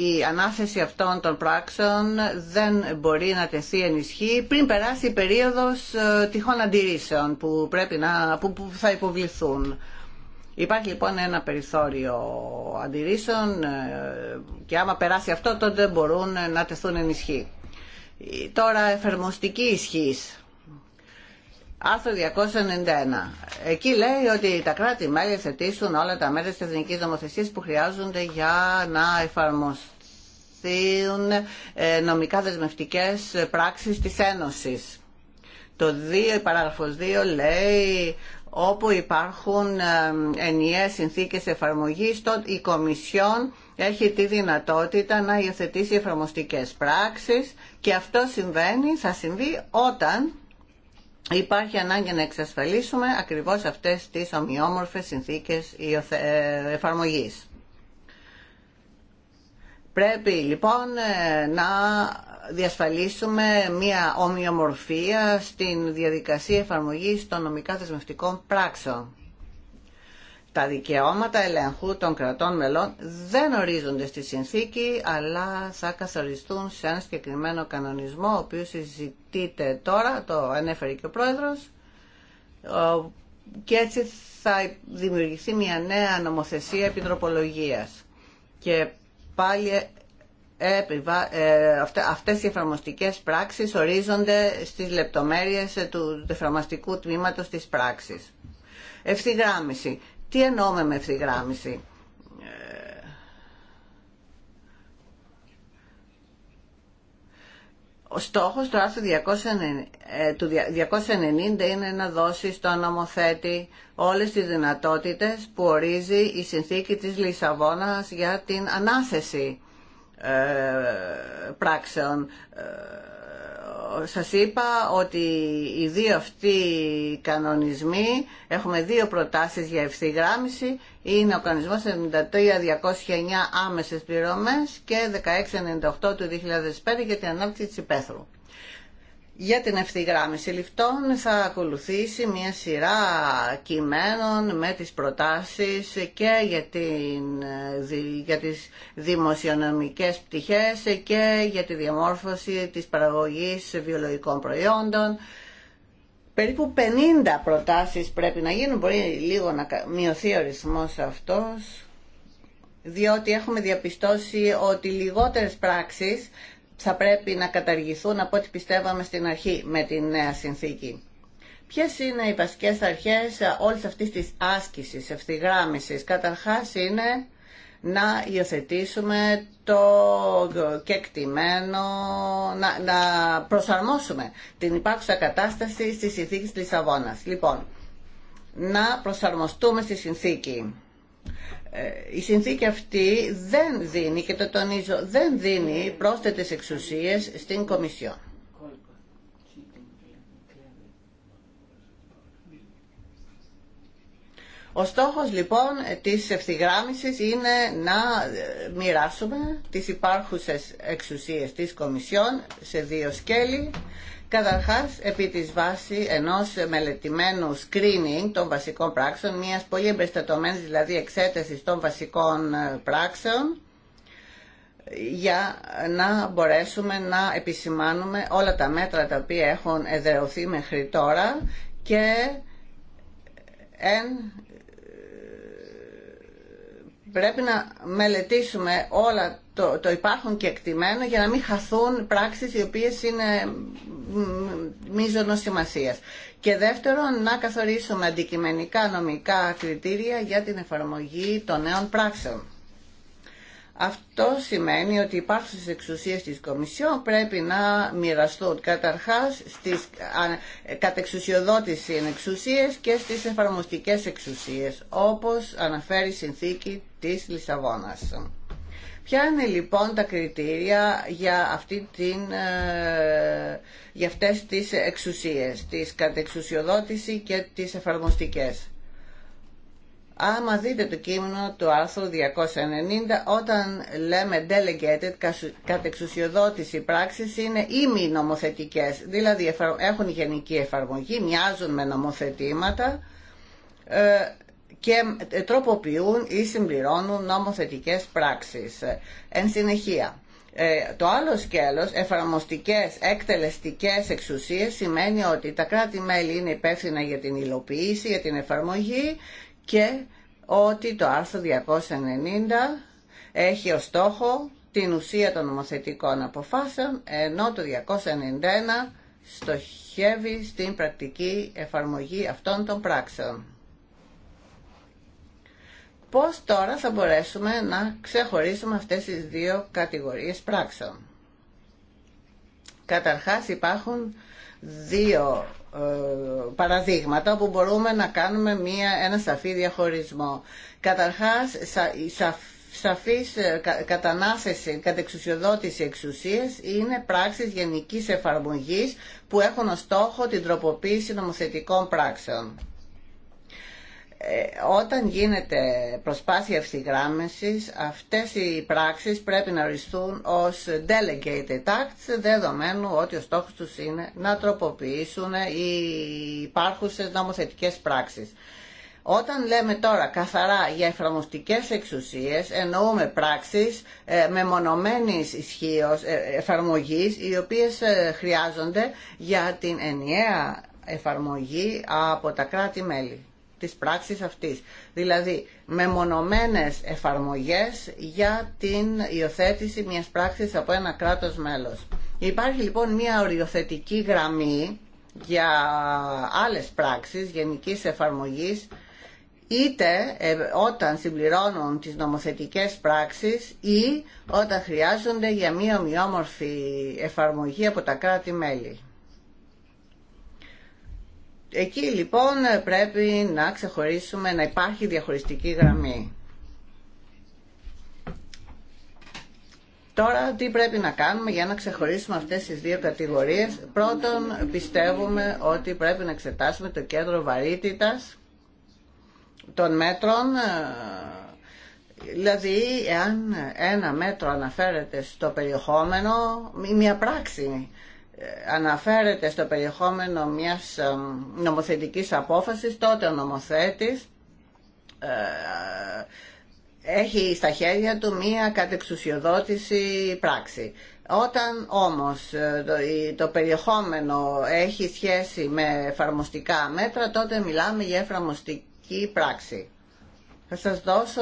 η ανάθεση αυτών των πράξεων δεν μπορεί να τεθεί ενισχύ πριν περάσει η περίοδος ε, τυχόν αντιρρήσεων που, πρέπει να, που, που θα υποβληθούν. Υπάρχει λοιπόν ένα περιθώριο αντιρρήσεων ε, και άμα περάσει αυτό τότε μπορούν να τεθούν ισχύ. Τώρα εφαρμοστική ισχύς. Άρθρο 291. Εκεί λέει ότι τα κράτη-μέλη θετήσουν όλα τα μέρη της εθνικής νομοθεσίας που χρειάζονται για να εφαρμοστούν ε, νομικά δεσμευτικές πράξεις της Ένωσης. Το 2, η παράγραφος 2 λέει όπου υπάρχουν ενιαίες συνθήκες εφαρμογής, η Κομισιόν έχει τη δυνατότητα να υιοθετήσει εφαρμοστικές πράξεις και αυτό συμβαίνει, θα συμβεί όταν υπάρχει ανάγκη να εξασφαλίσουμε ακριβώς αυτές τις ομοιόμορφες συνθήκες ε, εφαρμογής. Πρέπει λοιπόν ε, να διασφαλίσουμε μία ομοιομορφία στην διαδικασία εφαρμογής των νομικά θεσμευτικών πράξεων. Τα δικαιώματα ελεγχού των κρατών μελών δεν ορίζονται στη συνθήκη, αλλά θα καθοριστούν σε ένα συγκεκριμένο κανονισμό, ο οποίος συζητείται τώρα, το ανέφερε και ο Πρόεδρος, και έτσι θα δημιουργηθεί μια νέα νομοθεσία επιτροπολογίας. Και πάλι ε, αυτές οι εφαρμοστικές πράξεις ορίζονται στις λεπτομέρειες ε, του εφαρμοστικού τμήματος της πράξης. Ευθυγράμμιση. Τι εννοούμε με ευθυγράμμιση. Ο στόχος του άρθρου 290, ε, του 290 είναι να δώσει στον νομοθέτη όλες τις δυνατότητες που ορίζει η συνθήκη της Λισαβόνας για την ανάθεση ε, πράξεων. Ε, σας είπα ότι οι δύο αυτοί κανονισμοί, έχουμε δύο προτάσεις για ευθυγράμμιση, είναι ο κανονισμός 73-209 άμεσες πληρωμές και 1698 του 2005 για την ανάπτυξη της υπαίθρου. Για την ευθυγράμμιση ληφτών θα ακολουθήσει μια σειρά κειμένων με τις προτάσεις και για, την, για τις δημοσιονομικές πτυχές και για τη διαμόρφωση της παραγωγής βιολογικών προϊόντων. Περίπου 50 προτάσεις πρέπει να γίνουν, μπορεί λίγο να μειωθεί ο ρυθμός αυτός, διότι έχουμε διαπιστώσει ότι λιγότερες πράξεις θα πρέπει να καταργηθούν από ό,τι πιστεύαμε στην αρχή με τη νέα συνθήκη. Ποιε είναι οι βασικές αρχές όλη αυτής της άσκησης, ευθυγράμμιση, Καταρχάς είναι να υιοθετήσουμε το κεκτημένο, να, να προσαρμόσουμε την υπάρχουσα κατάσταση στη συνθήκη της Λισαβόνας. Λοιπόν, να προσαρμοστούμε στη συνθήκη. Ε, η συνθήκη αυτή δεν δίνει, και το τονίζω, δεν δίνει πρόσθετες εξουσίες στην Κομισιόν. Ο στόχος λοιπόν της ευθυγράμμισης είναι να ε, μοιράσουμε τις υπάρχουσες εξουσίες της Κομισιόν σε δύο σκέλη Καταρχάς, επί της βάση ενός μελετημένου screening των βασικών πράξεων, μιας πολύ εμπεριστατωμένης δηλαδή εξέτασης των βασικών ε, πράξεων, για να μπορέσουμε να επισημάνουμε όλα τα μέτρα τα οποία έχουν εδρεωθεί μέχρι τώρα και εν πρέπει να μελετήσουμε όλα το, το υπάρχον και εκτιμένο για να μην χαθούν πράξεις οι οποίες είναι μίζωνος σημασίας. Και δεύτερον, να καθορίσουμε αντικειμενικά νομικά κριτήρια για την εφαρμογή των νέων πράξεων. Αυτό σημαίνει ότι οι στις εξουσίες της Κομισιόν πρέπει να μοιραστούν καταρχάς στις κατεξουσιοδότηση εξουσίες και στις εφαρμοστικές εξουσίες, όπως αναφέρει η συνθήκη της Λισαβόνας. Ποια είναι λοιπόν τα κριτήρια για, αυτή την, ε, για αυτές τις εξουσίες, τις κατεξουσιοδότηση και τις εφαρμοστικές. Άμα δείτε το κείμενο του άρθρου 290, όταν λέμε delegated, κατεξουσιοδοτηση πράξη πράξης μη νομοθετικέ, δηλαδή έχουν γενική εφαρμογή, μοιάζουν με νομοθετήματα ε, και ε, τροποποιούν ή συμπληρώνουν νομοθετικέ πράξεις. Ε, εν συνεχεία, το άλλο σκέλος, εφαρμοστικές, εκτελεστικές εξουσίες, σημαίνει ότι τα κράτη-μέλη είναι υπεύθυνα για την υλοποίηση, για την εφαρμογή και ότι το άρθρο 290 έχει ως στόχο την ουσία των νομοθετικών αποφάσεων, ενώ το 291 στοχεύει στην πρακτική εφαρμογή αυτών των πράξεων. Πώς τώρα θα μπορέσουμε να ξεχωρίσουμε αυτές τις δύο κατηγορίες πράξεων. Καταρχάς υπάρχουν δύο ε, παραδείγματα που μπορούμε να κάνουμε μία, ένα σαφή διαχωρισμό. Καταρχάς, σα, σαφής ε, κατανάσταση, κατεξουσιοδότηση εξουσίας είναι πράξεις γενικής εφαρμογής που έχουν ως στόχο την τροποποίηση νομοθετικών πράξεων. Ε, όταν γίνεται προσπάθεια ευθυγράμμισης, αυτές οι πράξεις πρέπει να οριστούν ως delegated acts, δεδομένου ότι ο στόχος τους είναι να τροποποιήσουν οι υπάρχουσες νομοθετικές πράξεις. Όταν λέμε τώρα καθαρά για εφαρμοστικές εξουσίες, εννοούμε πράξεις με μονομένης ε, εφαρμογής, οι οποίες ε, χρειάζονται για την ενιαία εφαρμογή από τα κράτη-μέλη της πράξης αυτής. Δηλαδή, με μονομένες εφαρμογές για την υιοθέτηση μιας πράξης από ένα κράτος μέλος. Υπάρχει λοιπόν μια οριοθετική γραμμή για άλλες πράξεις γενικής εφαρμογής είτε ε, όταν συμπληρώνουν τις νομοθετικές πράξεις ή όταν χρειάζονται για μία ομοιόμορφη εφαρμογή από τα κράτη-μέλη. Εκεί λοιπόν πρέπει να ξεχωρίσουμε, να υπάρχει διαχωριστική γραμμή. Τώρα τι πρέπει να κάνουμε για να ξεχωρίσουμε αυτές τις δύο κατηγορίες. Πρώτον πιστεύουμε ότι πρέπει να εξετάσουμε το κέντρο βαρύτητας των μέτρων. Δηλαδή εάν ένα μέτρο αναφέρεται στο περιεχόμενο, μια πράξη αναφέρεται στο περιεχόμενο μιας ε, νομοθετικής απόφασης, τότε ο νομοθέτης ε, έχει στα χέρια του μία κατεξουσιοδότηση πράξη. Όταν όμως ε, το περιεχόμενο έχει σχέση με εφαρμοστικά μέτρα, τότε μιλάμε για εφαρμοστική πράξη. Θα σας δώσω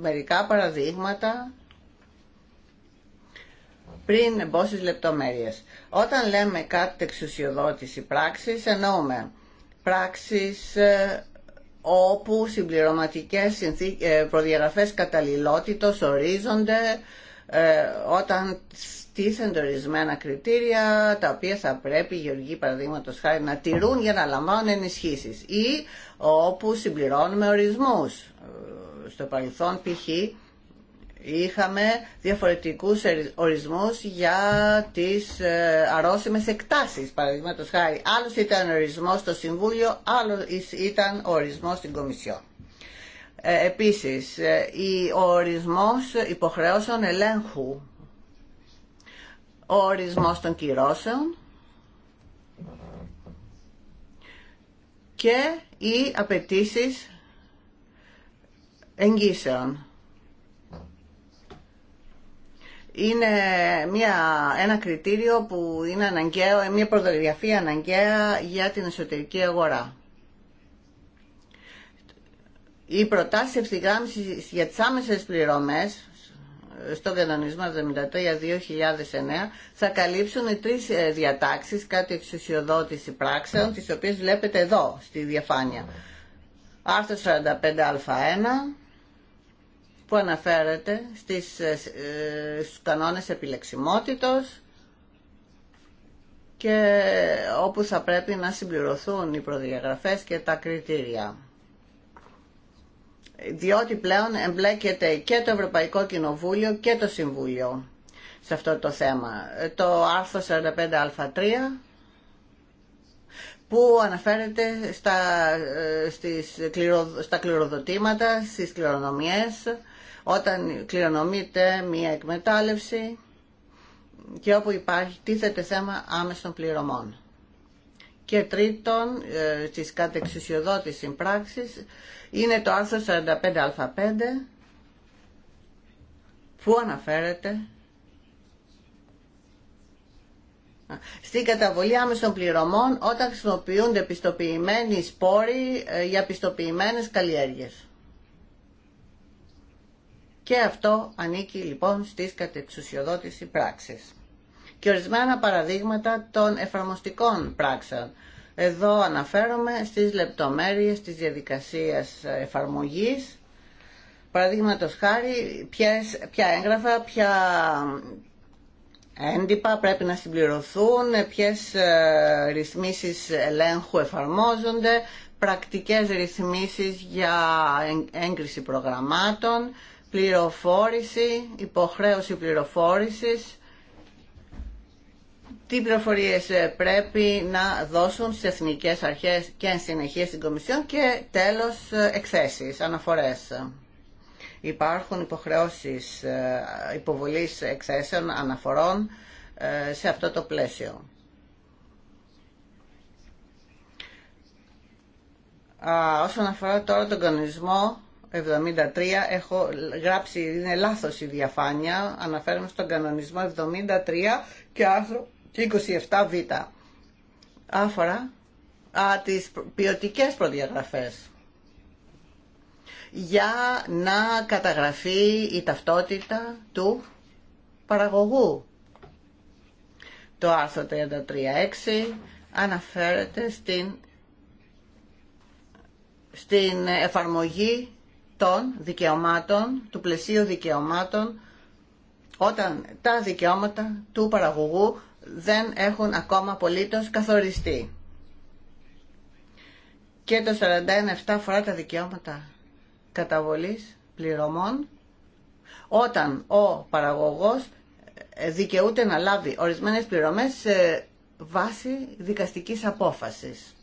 μερικά παραδείγματα πριν μπω στις λεπτομέρειες. Όταν λέμε κάτι εξουσιοδότηση πράξης, εννοούμε πράξεις ε, όπου συμπληρωματικές ε, προδιαγραφές καταλληλότητος ορίζονται ε, όταν στήθενται ορισμένα κριτήρια τα οποία θα πρέπει οι γεωργοί παραδείγματος χάρη να τηρούν για να λαμβάνουν ενισχύσεις ή όπου συμπληρώνουμε ορισμούς στο παρελθόν π.χ είχαμε διαφορετικούς ορισμούς για τις ε, αρρώσιμες εκτάσεις, παραδείγματος χάρη. Άλλος ήταν ορισμός στο Συμβούλιο, άλλος ήταν ορισμός στην Κομισιό. Ε, επίσης, ε, ο ορισμός υποχρεώσεων ελέγχου, ο ορισμός των κυρώσεων και οι απαιτήσει εγγύσεων είναι μια, ένα κριτήριο που είναι αναγκαίο, μια προδογραφή αναγκαία για την εσωτερική αγορά. Οι προτάσει ευθυγράμμιση για τι άμεσε πληρωμέ στον κανονισμό 73-2009 θα καλύψουν τρει τρεις ε, διατάξεις κάτω εξουσιοδότηση πράξεων, τις οποίες βλέπετε εδώ στη διαφάνεια. Άρθρο 45α1, που αναφέρεται στις, ε, ε, στους κανόνες επιλεξιμότητος και όπου θα πρέπει να συμπληρωθούν οι προδιαγραφές και τα κριτήρια. Διότι πλέον εμπλέκεται και το Ευρωπαϊκό Κοινοβούλιο και το Συμβούλιο σε αυτό το θέμα. Ε, το άρθρο 45α3 που αναφέρεται στα, στις, στα κληροδοτήματα, στις κληρονομιές όταν κληρονομείται μία εκμετάλλευση και όπου υπάρχει τίθεται θέμα άμεσων πληρωμών. Και τρίτον, ε, στις κατεξουσιοδότης πράξης είναι το άρθρο 45α5 που αναφέρεται στην καταβολή άμεσων πληρωμών όταν χρησιμοποιούνται πιστοποιημένοι σπόροι ε, για πιστοποιημένες καλλιέργειες. Και αυτό ανήκει λοιπόν στις κατεξουσιοδότηση πράξεις. Και ορισμένα παραδείγματα των εφαρμοστικών πράξεων. Εδώ αναφέρομαι στις λεπτομέρειες της διαδικασίας εφαρμογής. Παραδείγματο χάρη, ποια έγγραφα, ποια έντυπα πρέπει να συμπληρωθούν, ποιες ε, ρυθμίσεις ελέγχου εφαρμόζονται, πρακτικές ρυθμίσεις για έγκριση προγραμμάτων, πληροφόρηση, υποχρέωση πληροφόρησης, τι πληροφορίες ε, πρέπει να δώσουν στις εθνικές αρχές και εν συνεχεία στην Κομισιόν και τέλος ε, εκθέσεις, αναφορές. Υπάρχουν υποχρεώσεις ε, υποβολής εκθέσεων, αναφορών σε αυτό το πλαίσιο. Όσον αφορά τώρα τον κανονισμό 73 έχω γράψει, είναι λάθος η διαφάνεια, αναφέρομαι στον κανονισμό 73 και άρθρο 27β. Άφορα α, τις ποιοτικές προδιαγραφές για να καταγραφεί η ταυτότητα του παραγωγού. Το άρθρο 33.6 αναφέρεται στην, στην εφαρμογή των δικαιωμάτων, του πλαισίου δικαιωμάτων, όταν τα δικαιώματα του παραγωγού δεν έχουν ακόμα απολύτως καθοριστεί. Και το 41.7 φορά τα δικαιώματα καταβολής πληρωμών, όταν ο παραγωγός δικαιούται να λάβει ορισμένες πληρωμές σε βάση δικαστικής απόφασης.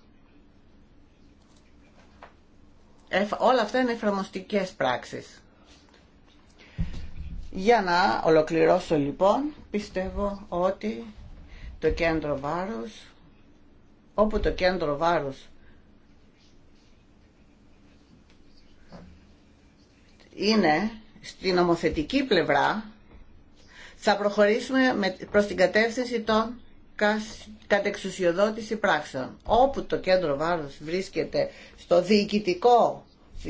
όλα αυτά είναι εφαρμοστικές πράξεις. Για να ολοκληρώσω λοιπόν, πιστεύω ότι το κέντρο βάρους, όπου το κέντρο βάρους είναι στην ομοθετική πλευρά, θα προχωρήσουμε προς την κατεύθυνση των κατεξουσιοδότηση πράξεων. Όπου το κέντρο βάρους βρίσκεται στο διοικητικό,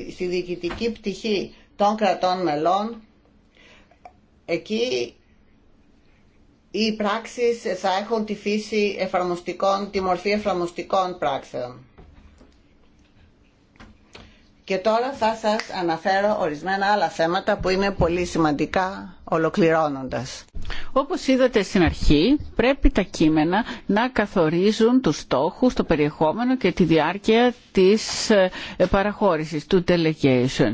στη διοικητική πτυχή των κρατών μελών, εκεί οι πράξεις θα έχουν τη φύση εφαρμοστικών, τη μορφή εφαρμοστικών πράξεων. Και τώρα θα σας αναφέρω ορισμένα άλλα θέματα που είναι πολύ σημαντικά ολοκληρώνοντας. Όπως είδατε στην αρχή, πρέπει τα κείμενα να καθορίζουν τους στόχους, το περιεχόμενο και τη διάρκεια της ε, παραχώρησης, του delegation.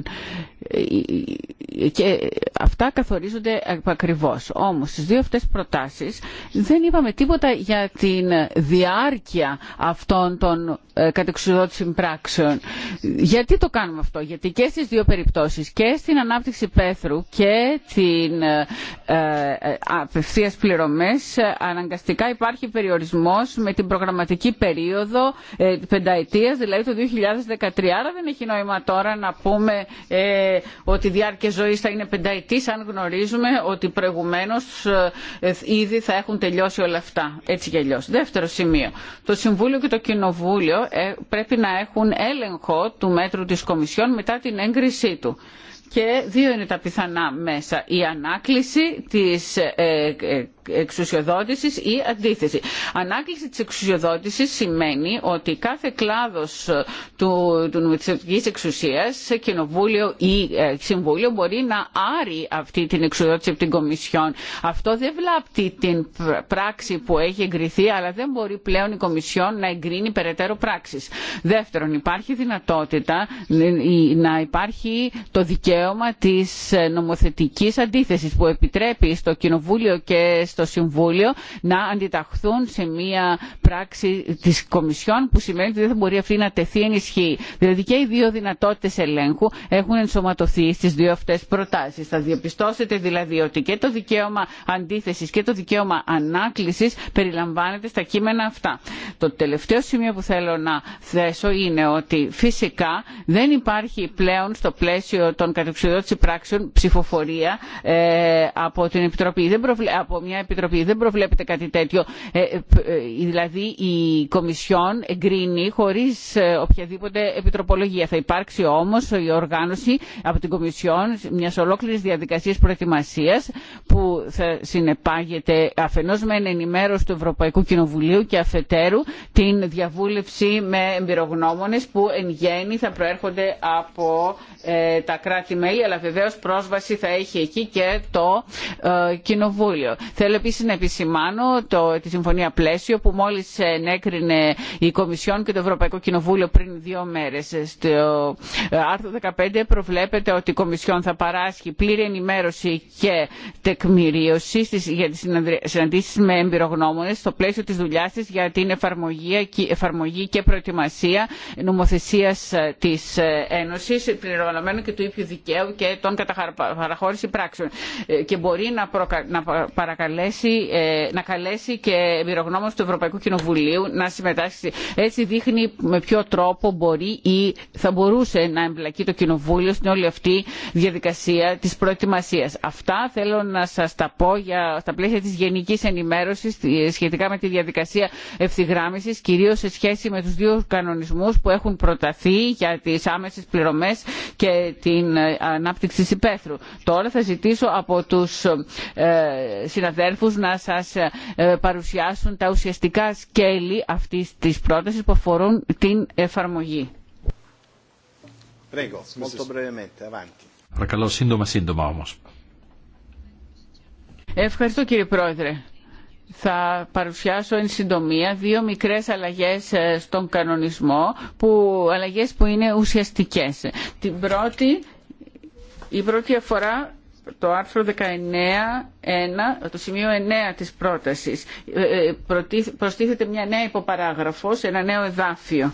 Ε, ε, ε, και αυτά καθορίζονται ακριβώς. Όμως στις δύο αυτές προτάσεις δεν είπαμε τίποτα για την διάρκεια αυτών των κατεξουδότησης πράξεων. Γιατί το κάνουμε αυτό, γιατί και στις δύο περιπτώσεις και στην ανάπτυξη πέθρου και την απευθείας πληρωμές αναγκαστικά υπάρχει περιορισμός με την προγραμματική περίοδο πενταετίας, δηλαδή το 2013. Άρα δεν έχει νόημα τώρα να πούμε ότι η διάρκεια ζωής θα είναι πενταετής αν γνωρίζουμε ότι προηγουμένως ε, ήδη θα έχουν τελειώσει όλα αυτά. Έτσι και αλλιώς. Δεύτερο σημείο. Το Συμβούλιο και το Κοινοβούλιο ε, πρέπει να έχουν έλεγχο του μέτρου της Κομισιόν μετά την έγκρισή του. Και δύο είναι τα πιθανά μέσα. Η ανάκληση της ε, εξουσιοδότησης ή αντίθεση. Ανάκληση της εξουσιοδότησης σημαίνει ότι κάθε κλάδος του, του νομοθετικής εξουσίας, κοινοβούλιο ή ε, συμβούλιο, μπορεί να άρει αυτή την εξουσιοδότηση από την Κομισιόν. Αυτό δεν βλάπτει την πράξη που έχει εγκριθεί, αλλά δεν μπορεί πλέον η Κομισιόν να εγκρίνει περαιτέρω πράξεις. Δεύτερον, υπάρχει δυνατότητα να υπάρχει το δικαίωμα της νομοθετικής αντίθεσης που επιτρέπει στο Κοινοβούλιο και στο Συμβούλιο να αντιταχθούν σε μια πράξη τη Κομισιόν που σημαίνει ότι δεν θα μπορεί αυτή να τεθεί εν ισχύ. Δηλαδή και οι δύο δυνατότητε ελέγχου έχουν ενσωματωθεί στι δύο αυτέ προτάσει. Θα διαπιστώσετε δηλαδή ότι και το δικαίωμα αντίθεση και το δικαίωμα ανάκληση περιλαμβάνεται στα κείμενα αυτά. Το τελευταίο σημείο που θέλω να θέσω είναι ότι φυσικά δεν υπάρχει πλέον στο πλαίσιο των κατεξουδότηση πράξεων ψηφοφορία ε, από την Επιτροπή. Δεν προβλε... από επιτροπή. Δεν προβλέπεται κάτι τέτοιο. Ε, ε, ε, δηλαδή η Κομισιόν εγκρίνει χωρίς οποιαδήποτε επιτροπολογία. Θα υπάρξει όμως η οργάνωση από την Κομισιόν μια ολόκληρης διαδικασία προετοιμασία που θα συνεπάγεται αφενός με ενημέρωση του Ευρωπαϊκού Κοινοβουλίου και αφετέρου την διαβούλευση με εμπειρογνώμονες που εν γέννη θα προέρχονται από ε, τα κράτη-μέλη, αλλά βεβαίως πρόσβαση θα έχει εκεί και το ε, Κοινοβούλιο. Θέλω επίσης να επισημάνω το, τη Συμφωνία Πλαίσιο που μόλις ενέκρινε η Κομισιόν και το Ευρωπαϊκό Κοινοβούλιο πριν δύο μέρες. Στο ε, άρθρο 15 προβλέπεται ότι η Κομισιόν θα παράσχει πλήρη ενημέρωση και τεκμηρίωση για τις συναντήσεις με εμπειρογνώμονες στο πλαίσιο της δουλειάς της για την εφαρμογή και προετοιμασία νομοθεσίας της Ένωσης και του ίδιου δικαίου και των καταχώρηση πράξεων ε, και μπορεί να, να παρακαλέσει ε, να καλέσει και εμπειρογνώμο του Ευρωπαϊκού Κοινοβουλίου να συμμετάσχει. Έτσι δείχνει με ποιο τρόπο μπορεί ή θα μπορούσε να εμπλακεί το Κοινοβούλιο στην όλη αυτή διαδικασία τη προετοιμασία. Αυτά θέλω να σα τα πω για, στα πλαίσια τη γενική ενημέρωση ε, σχετικά με τη διαδικασία ευθυγράμμιση, κυρίω σε σχέση με του δύο κανονισμού που έχουν προταθεί για τι άμεσε πληρωμέ και την ε, ανάπτυξη της υπαίθρου. Τώρα θα ζητήσω από τους ε, συναδέλφους να σας ε, παρουσιάσουν τα ουσιαστικά σκέλη αυτής της πρότασης που αφορούν την εφαρμογή. Παρακαλώ σύντομα σύντομα όμως. Ευχαριστώ κύριε Πρόεδρε θα παρουσιάσω εν συντομία δύο μικρές αλλαγές ε, στον κανονισμό, που, αλλαγές που είναι ουσιαστικές. Την πρώτη, η πρώτη αφορά το άρθρο 19.1, το σημείο 9 της πρότασης. Ε, ε, προστίθεται μια νέα υποπαράγραφος, ένα νέο εδάφιο.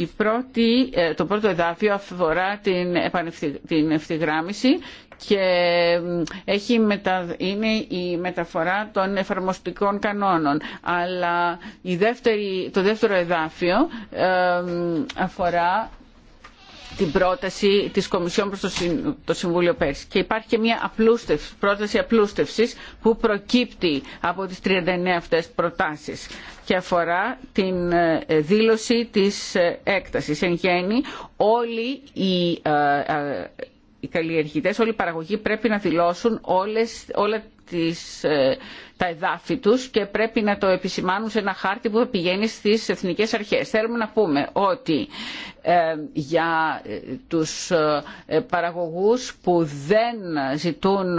Η πρώτη, ε, το πρώτο εδάφιο αφορά την, την ευθυγράμμιση και έχει μετα... είναι η μεταφορά των εφαρμοστικών κανόνων. Αλλά η δεύτερη... το δεύτερο εδάφιο ε, αφορά την πρόταση της Κομισιόν προς το Συμβούλιο πέρσι. Και υπάρχει και μια απλούστευση, πρόταση απλούστευσης που προκύπτει από τις 39 αυτές προτάσεις και αφορά την ε, δήλωση της ε, έκτασης. Εν γέννη, όλοι οι ε, οι καλλιεργητές, όλοι οι παραγωγοί πρέπει να δηλώσουν όλες, όλα τις, ε, τα εδάφη τους και πρέπει να το επισημάνουν σε ένα χάρτη που πηγαίνει στις εθνικές αρχές. Θέλουμε να πούμε ότι ε, για ε, τους παραγωγούς που δεν ζητούν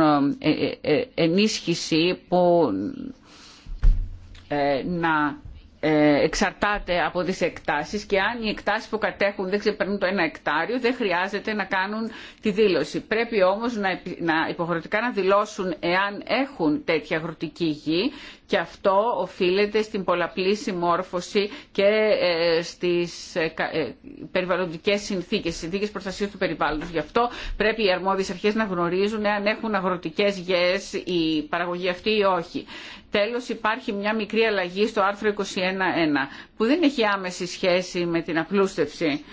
ενίσχυση που να ε, εξαρτάται από τις εκτάσεις και αν οι εκτάσεις που κατέχουν δεν ξεπερνούν το ένα εκτάριο δεν χρειάζεται να κάνουν τη δήλωση. Πρέπει όμως να υποχρεωτικά να δηλώσουν εάν έχουν τέτοια αγροτική γη και αυτό οφείλεται στην πολλαπλή συμμόρφωση και ε, στις ε, περιβαλλοντικές συνθήκες, συνθήκες προστασίας του περιβάλλοντος. Γι' αυτό πρέπει οι αρμόδιες αρχές να γνωρίζουν εάν έχουν αγροτικές γης η παραγωγή αυτή ή όχι. Τέλος υπάρχει μια μικρή αλλαγή στο άρθρο 21.1 που δεν έχει άμεση σχέση με την απλούστευση.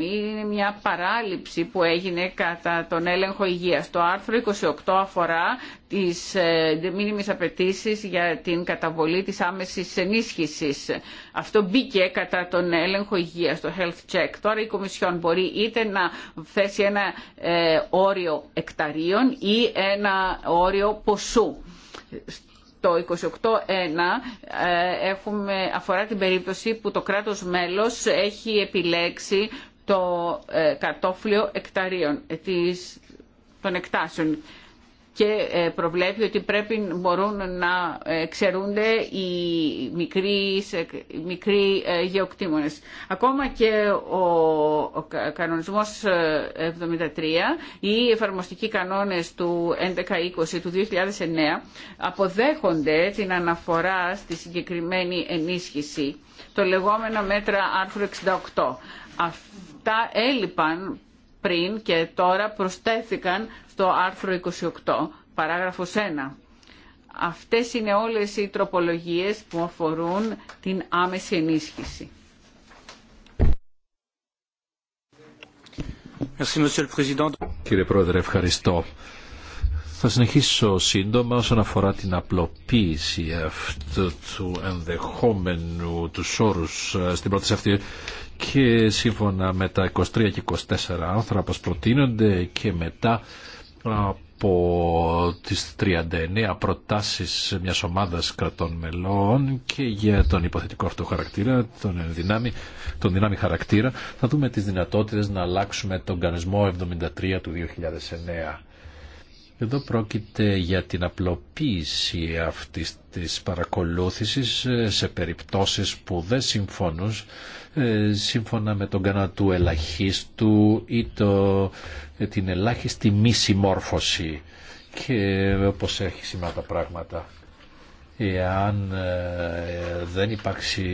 Είναι μια παράληψη που έγινε κατά τον έλεγχο υγείας. Το άρθρο 28 αφορά τις ε, μήνυμες απαιτήσει για την καταβολή της άμεσης ενίσχυσης. Αυτό μπήκε κατά τον έλεγχο υγείας, το health check. Τώρα η Κομισιόν μπορεί είτε να θέσει ένα ε, όριο εκταρίων ή ένα όριο ποσού το 28.1 ε, έχουμε, αφορά την περίπτωση που το κράτος μέλος έχει επιλέξει το ε, κατόφλιο εκταρίων, ε, της, των εκτάσεων και ε, προβλέπει ότι πρέπει μπορούν να ε, ξερούνται οι ε, μικροί, μικροί γεωκτήμονες. Ακόμα και ο κανονισμός 73 ή οι εφαρμοστικοί κανόνες του 1120 του 2009 αποδέχονται την αναφορά στη συγκεκριμένη ενίσχυση, το λεγόμενο μέτρα άρθρο 68. Αυτά έλειπαν πριν και τώρα προστέθηκαν στο άρθρο 28, παράγραφος 1. Αυτές είναι όλες οι τροπολογίες που αφορούν την άμεση ενίσχυση. ευχαριστώ. Θα συνεχίσω σύντομα όσον αφορά την απλοποίηση αυτού του ενδεχόμενου του όρου ε, στην πρόταση αυτή και σύμφωνα με τα 23 και 24 άνθρωπα που προτείνονται και μετά από τις 39 προτάσεις μιας ομάδας κρατών μελών και για τον υποθετικό αυτό χαρακτήρα, τον δυνάμει, τον δυνάμει χαρακτήρα, θα δούμε τις δυνατότητες να αλλάξουμε τον κανονισμό 73 του 2009. Εδώ πρόκειται για την απλοποίηση αυτής της παρακολούθησης ε, σε περιπτώσεις που δεν συμφωνούν ε, σύμφωνα με τον κανόνα του ελαχίστου ή το, ε, την ελάχιστη μη συμμόρφωση και όπως έχει σημαίνει τα πράγματα. Εάν δεν υπάρξει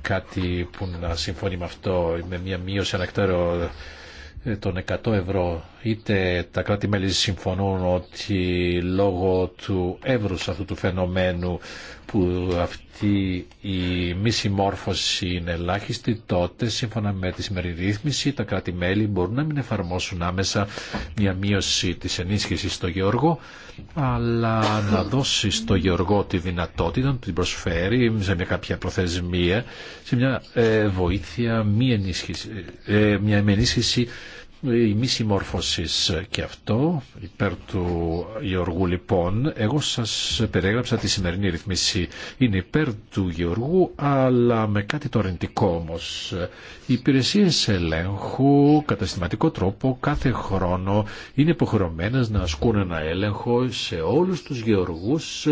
κάτι που να συμφωνεί με αυτό με μια μείωση ανακτέρω των 100 ευρώ είτε τα κράτη-μέλη συμφωνούν ότι λόγω του εύρους αυτού του φαινομένου που αυτή η μη συμμόρφωση είναι ελάχιστη, τότε σύμφωνα με τη σημερινή ρύθμιση τα κράτη-μέλη μπορούν να μην εφαρμόσουν άμεσα μια μείωση της ενίσχυσης στο Γεωργό, αλλά να δώσει στο Γεωργό τη δυνατότητα να την προσφέρει σε μια κάποια προθεσμία, σε μια ε, βοήθεια, ε, ε, μια ενίσχυση, μια ενίσχυση η μη συμμόρφωση και αυτό υπέρ του Γεωργού λοιπόν εγώ σας περιέγραψα τη σημερινή ρυθμίση είναι υπέρ του Γεωργού αλλά με κάτι το αρνητικό όμως οι υπηρεσίες ελέγχου κατά τρόπο κάθε χρόνο είναι υποχρεωμένε να ασκούν ένα έλεγχο σε όλους τους Γεωργούς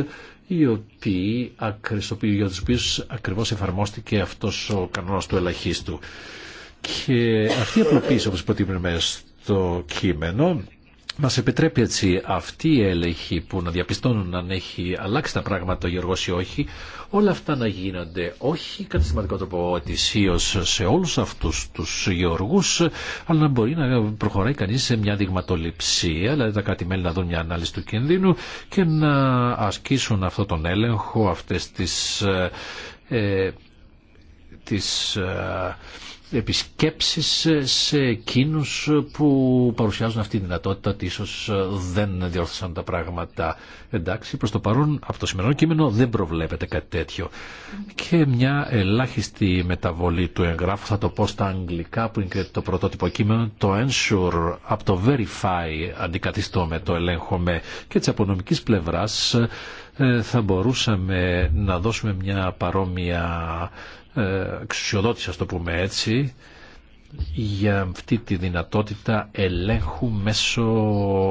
οι οποίοι, για τους οποίους ακριβώς εφαρμόστηκε αυτός ο κανόνας του ελαχίστου. Και αυτή η απλοποίηση όπως προτείνουμε στο κείμενο μας επιτρέπει έτσι αυτή η έλεγχη που να διαπιστώνουν αν έχει αλλάξει τα πράγματα ο Γεωργός ή όχι, όλα αυτά να γίνονται όχι κατά σημαντικό τρόπο ετησίως σε όλους αυτούς τους Γεωργούς, αλλά να μπορεί να προχωράει κανείς σε μια δειγματοληψία, δηλαδή τα κάτι μέλη να δουν μια ανάλυση του κινδύνου και να ασκήσουν αυτόν τον έλεγχο, αυτές τις... Ε, ε, τις ε, επισκέψεις σε εκείνους που παρουσιάζουν αυτή τη δυνατότητα ότι ίσως δεν διόρθωσαν τα πράγματα. Εντάξει, προς το παρόν από το σημερινό κείμενο δεν προβλέπεται κάτι τέτοιο. Και μια ελάχιστη μεταβολή του εγγράφου, θα το πω στα αγγλικά που είναι το πρωτότυπο κείμενο, το ensure από το verify αντικαθιστώ με το με, και της απονομικής πλευράς ε, θα μπορούσαμε να δώσουμε μια παρόμοια ε, εξουσιοδότηση, ας το πούμε έτσι, για αυτή τη δυνατότητα ελέγχου μέσω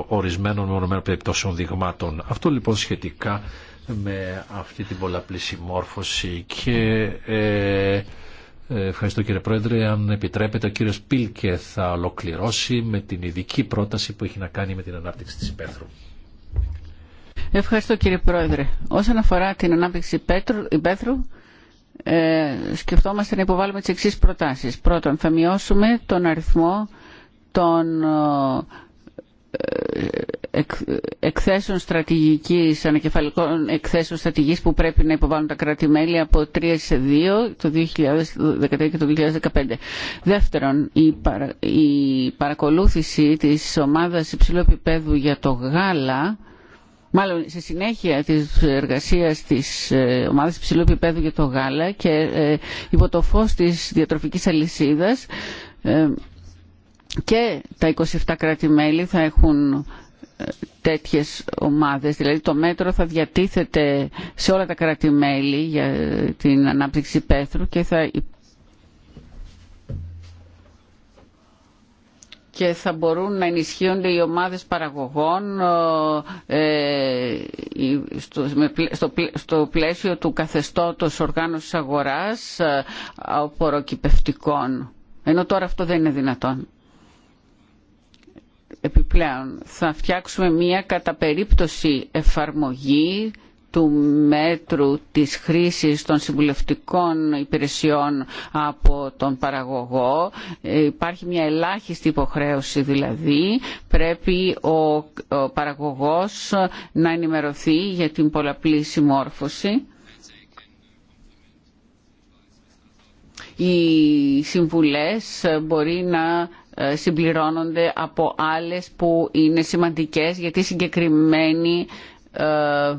ορισμένων μονομένων περιπτώσεων δειγμάτων. Αυτό λοιπόν σχετικά με αυτή την πολλαπλή συμμόρφωση και ε, ε, Ευχαριστώ κύριε Πρόεδρε. Αν επιτρέπετε, ο κύριος Πίλκε θα ολοκληρώσει με την ειδική πρόταση που έχει να κάνει με την ανάπτυξη της Υπέθρου. Ευχαριστώ κύριε Πρόεδρε. Όσον αφορά την ανάπτυξη υπαίθρου, ε, σκεφτόμαστε να υποβάλουμε τις εξής προτάσεις. Πρώτον, θα μειώσουμε τον αριθμό των ε, ε, εκθέσεων στρατηγικής, ανακεφαλικών εκθέσεων στρατηγικής που πρέπει να υποβάλουν τα κράτη-μέλη από 3 σε 2 το 2013 και το 2015. Δεύτερον, η, παρακολούθηση της ομάδας υψηλού επίπεδου για το γάλα μάλλον σε συνέχεια της εργασίας της ε, ομάδας υψηλού επίπεδου για το γάλα και ε, υπό το φως της διατροφικής αλυσίδας ε, και τα 27 κράτη-μέλη θα έχουν τέτοιες ομάδες. Δηλαδή το μέτρο θα διατίθεται σε όλα τα κράτη-μέλη για την ανάπτυξη πέθρου και θα και θα μπορούν να ενισχύονται οι ομάδες παραγωγών ε, ε, στο πλαίσιο του καθεστώτος οργάνωσης αγοράς ε, απορροκυπευτικών. Ενώ τώρα αυτό δεν είναι δυνατόν. Επιπλέον, θα φτιάξουμε μία κατά περίπτωση εφαρμογή του μέτρου της χρήσης των συμβουλευτικών υπηρεσιών από τον παραγωγό. Ε, υπάρχει μια ελάχιστη υποχρέωση δηλαδή. Πρέπει ο παραγωγός να ενημερωθεί για την πολλαπλή συμμόρφωση. Οι συμβουλές μπορεί να ε, συμπληρώνονται από άλλες που είναι σημαντικές γιατί συγκεκριμένη ε,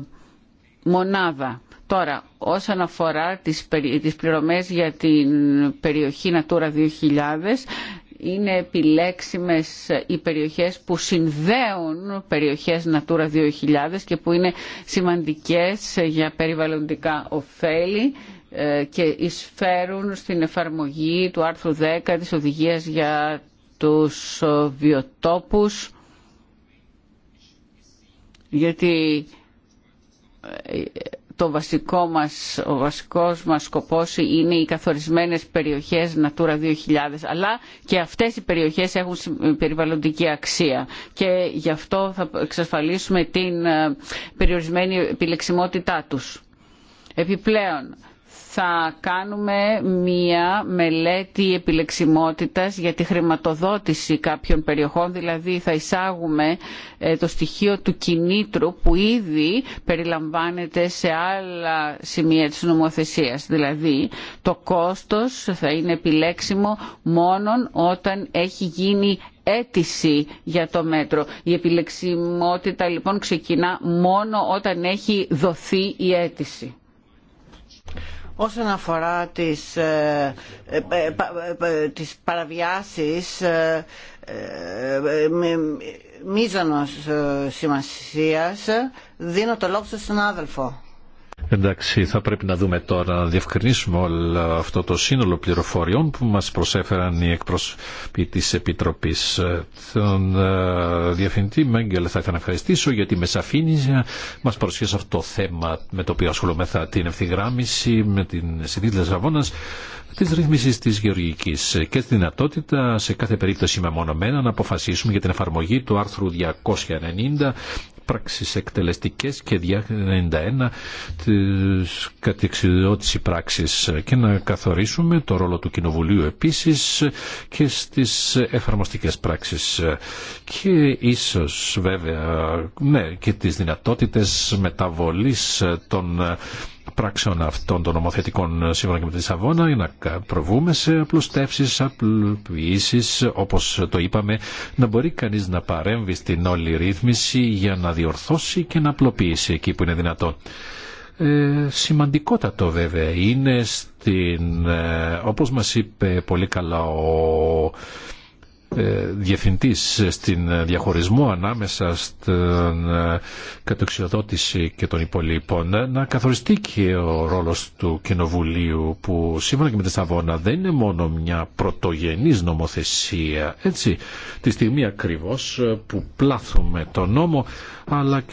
μονάδα. Τώρα, όσον αφορά τις, τις πληρωμές για την περιοχή Natura 2000, είναι επιλέξιμες οι περιοχές που συνδέουν περιοχές Natura 2000 και που είναι σημαντικές για περιβαλλοντικά ωφέλη ε, και εισφέρουν στην εφαρμογή του άρθρου 10 της οδηγίας για τους βιοτόπους γιατί το βασικό μας, ο βασικός μας σκοπός είναι οι καθορισμένες περιοχές Natura 2000 αλλά και αυτές οι περιοχές έχουν περιβαλλοντική αξία και γι' αυτό θα εξασφαλίσουμε την ε, περιορισμένη επιλεξιμότητά τους. Επιπλέον, θα κάνουμε μία μελέτη επιλεξιμότητας για τη χρηματοδότηση κάποιων περιοχών, δηλαδή θα εισάγουμε ε, το στοιχείο του κινήτρου που ήδη περιλαμβάνεται σε άλλα σημεία της νομοθεσίας. Δηλαδή το κόστος θα είναι επιλέξιμο μόνον όταν έχει γίνει αίτηση για το μέτρο. Η επιλεξιμότητα λοιπόν ξεκινά μόνο όταν έχει δοθεί η αίτηση. Όσον αφορά τις, ε, ε, ε, τις παραβιάσεις μίζωνος σημασίας, δίνω το λόγο στον άδελφο. Εντάξει, θα πρέπει να δούμε τώρα να διευκρινίσουμε όλο αυτό το σύνολο πληροφοριών που μας προσέφεραν οι εκπρόσωποι της Επιτροπής. Ε, τον ε, Διευθυντή Μέγκελ θα ήθελα να ευχαριστήσω γιατί με σαφήνιζε μας παρουσίασε αυτό το θέμα με το οποίο ασχολούμεθα την ευθυγράμμιση με την συνήθεια της Λαβώνας της ρύθμισης της γεωργικής και τη δυνατότητα σε κάθε περίπτωση μεμονωμένα να αποφασίσουμε για την εφαρμογή του άρθρου 290 πράξεις εκτελεστικές και 91 τις κατεξιδότηση πράξη. και να καθορίσουμε το ρόλο του Κοινοβουλίου επίσης και στις εφαρμοστικές πράξεις και ίσως βέβαια ναι, και τις δυνατότητες μεταβολής των πράξεων αυτών των νομοθετικών σύμφωνα και με τη Λισαβόνα για να προβούμε σε απλουστεύσει, απλοποιήσεις όπως το είπαμε να μπορεί κανεί να παρέμβει στην όλη ρύθμιση για να διορθώσει και να απλοποιήσει εκεί που είναι δυνατό. Ε, σημαντικότατο βέβαια είναι στην, ε, όπως μας είπε πολύ καλά ο ε, διευθυντής στην ε, διαχωρισμό ανάμεσα στην ε, κατοξιοδότηση και των υπολείπων να καθοριστεί και ο ρόλος του Κοινοβουλίου που σύμφωνα και με τη Σταβόνα δεν είναι μόνο μια πρωτογενής νομοθεσία έτσι τη στιγμή ακριβώς που πλάθουμε τον νόμο αλλά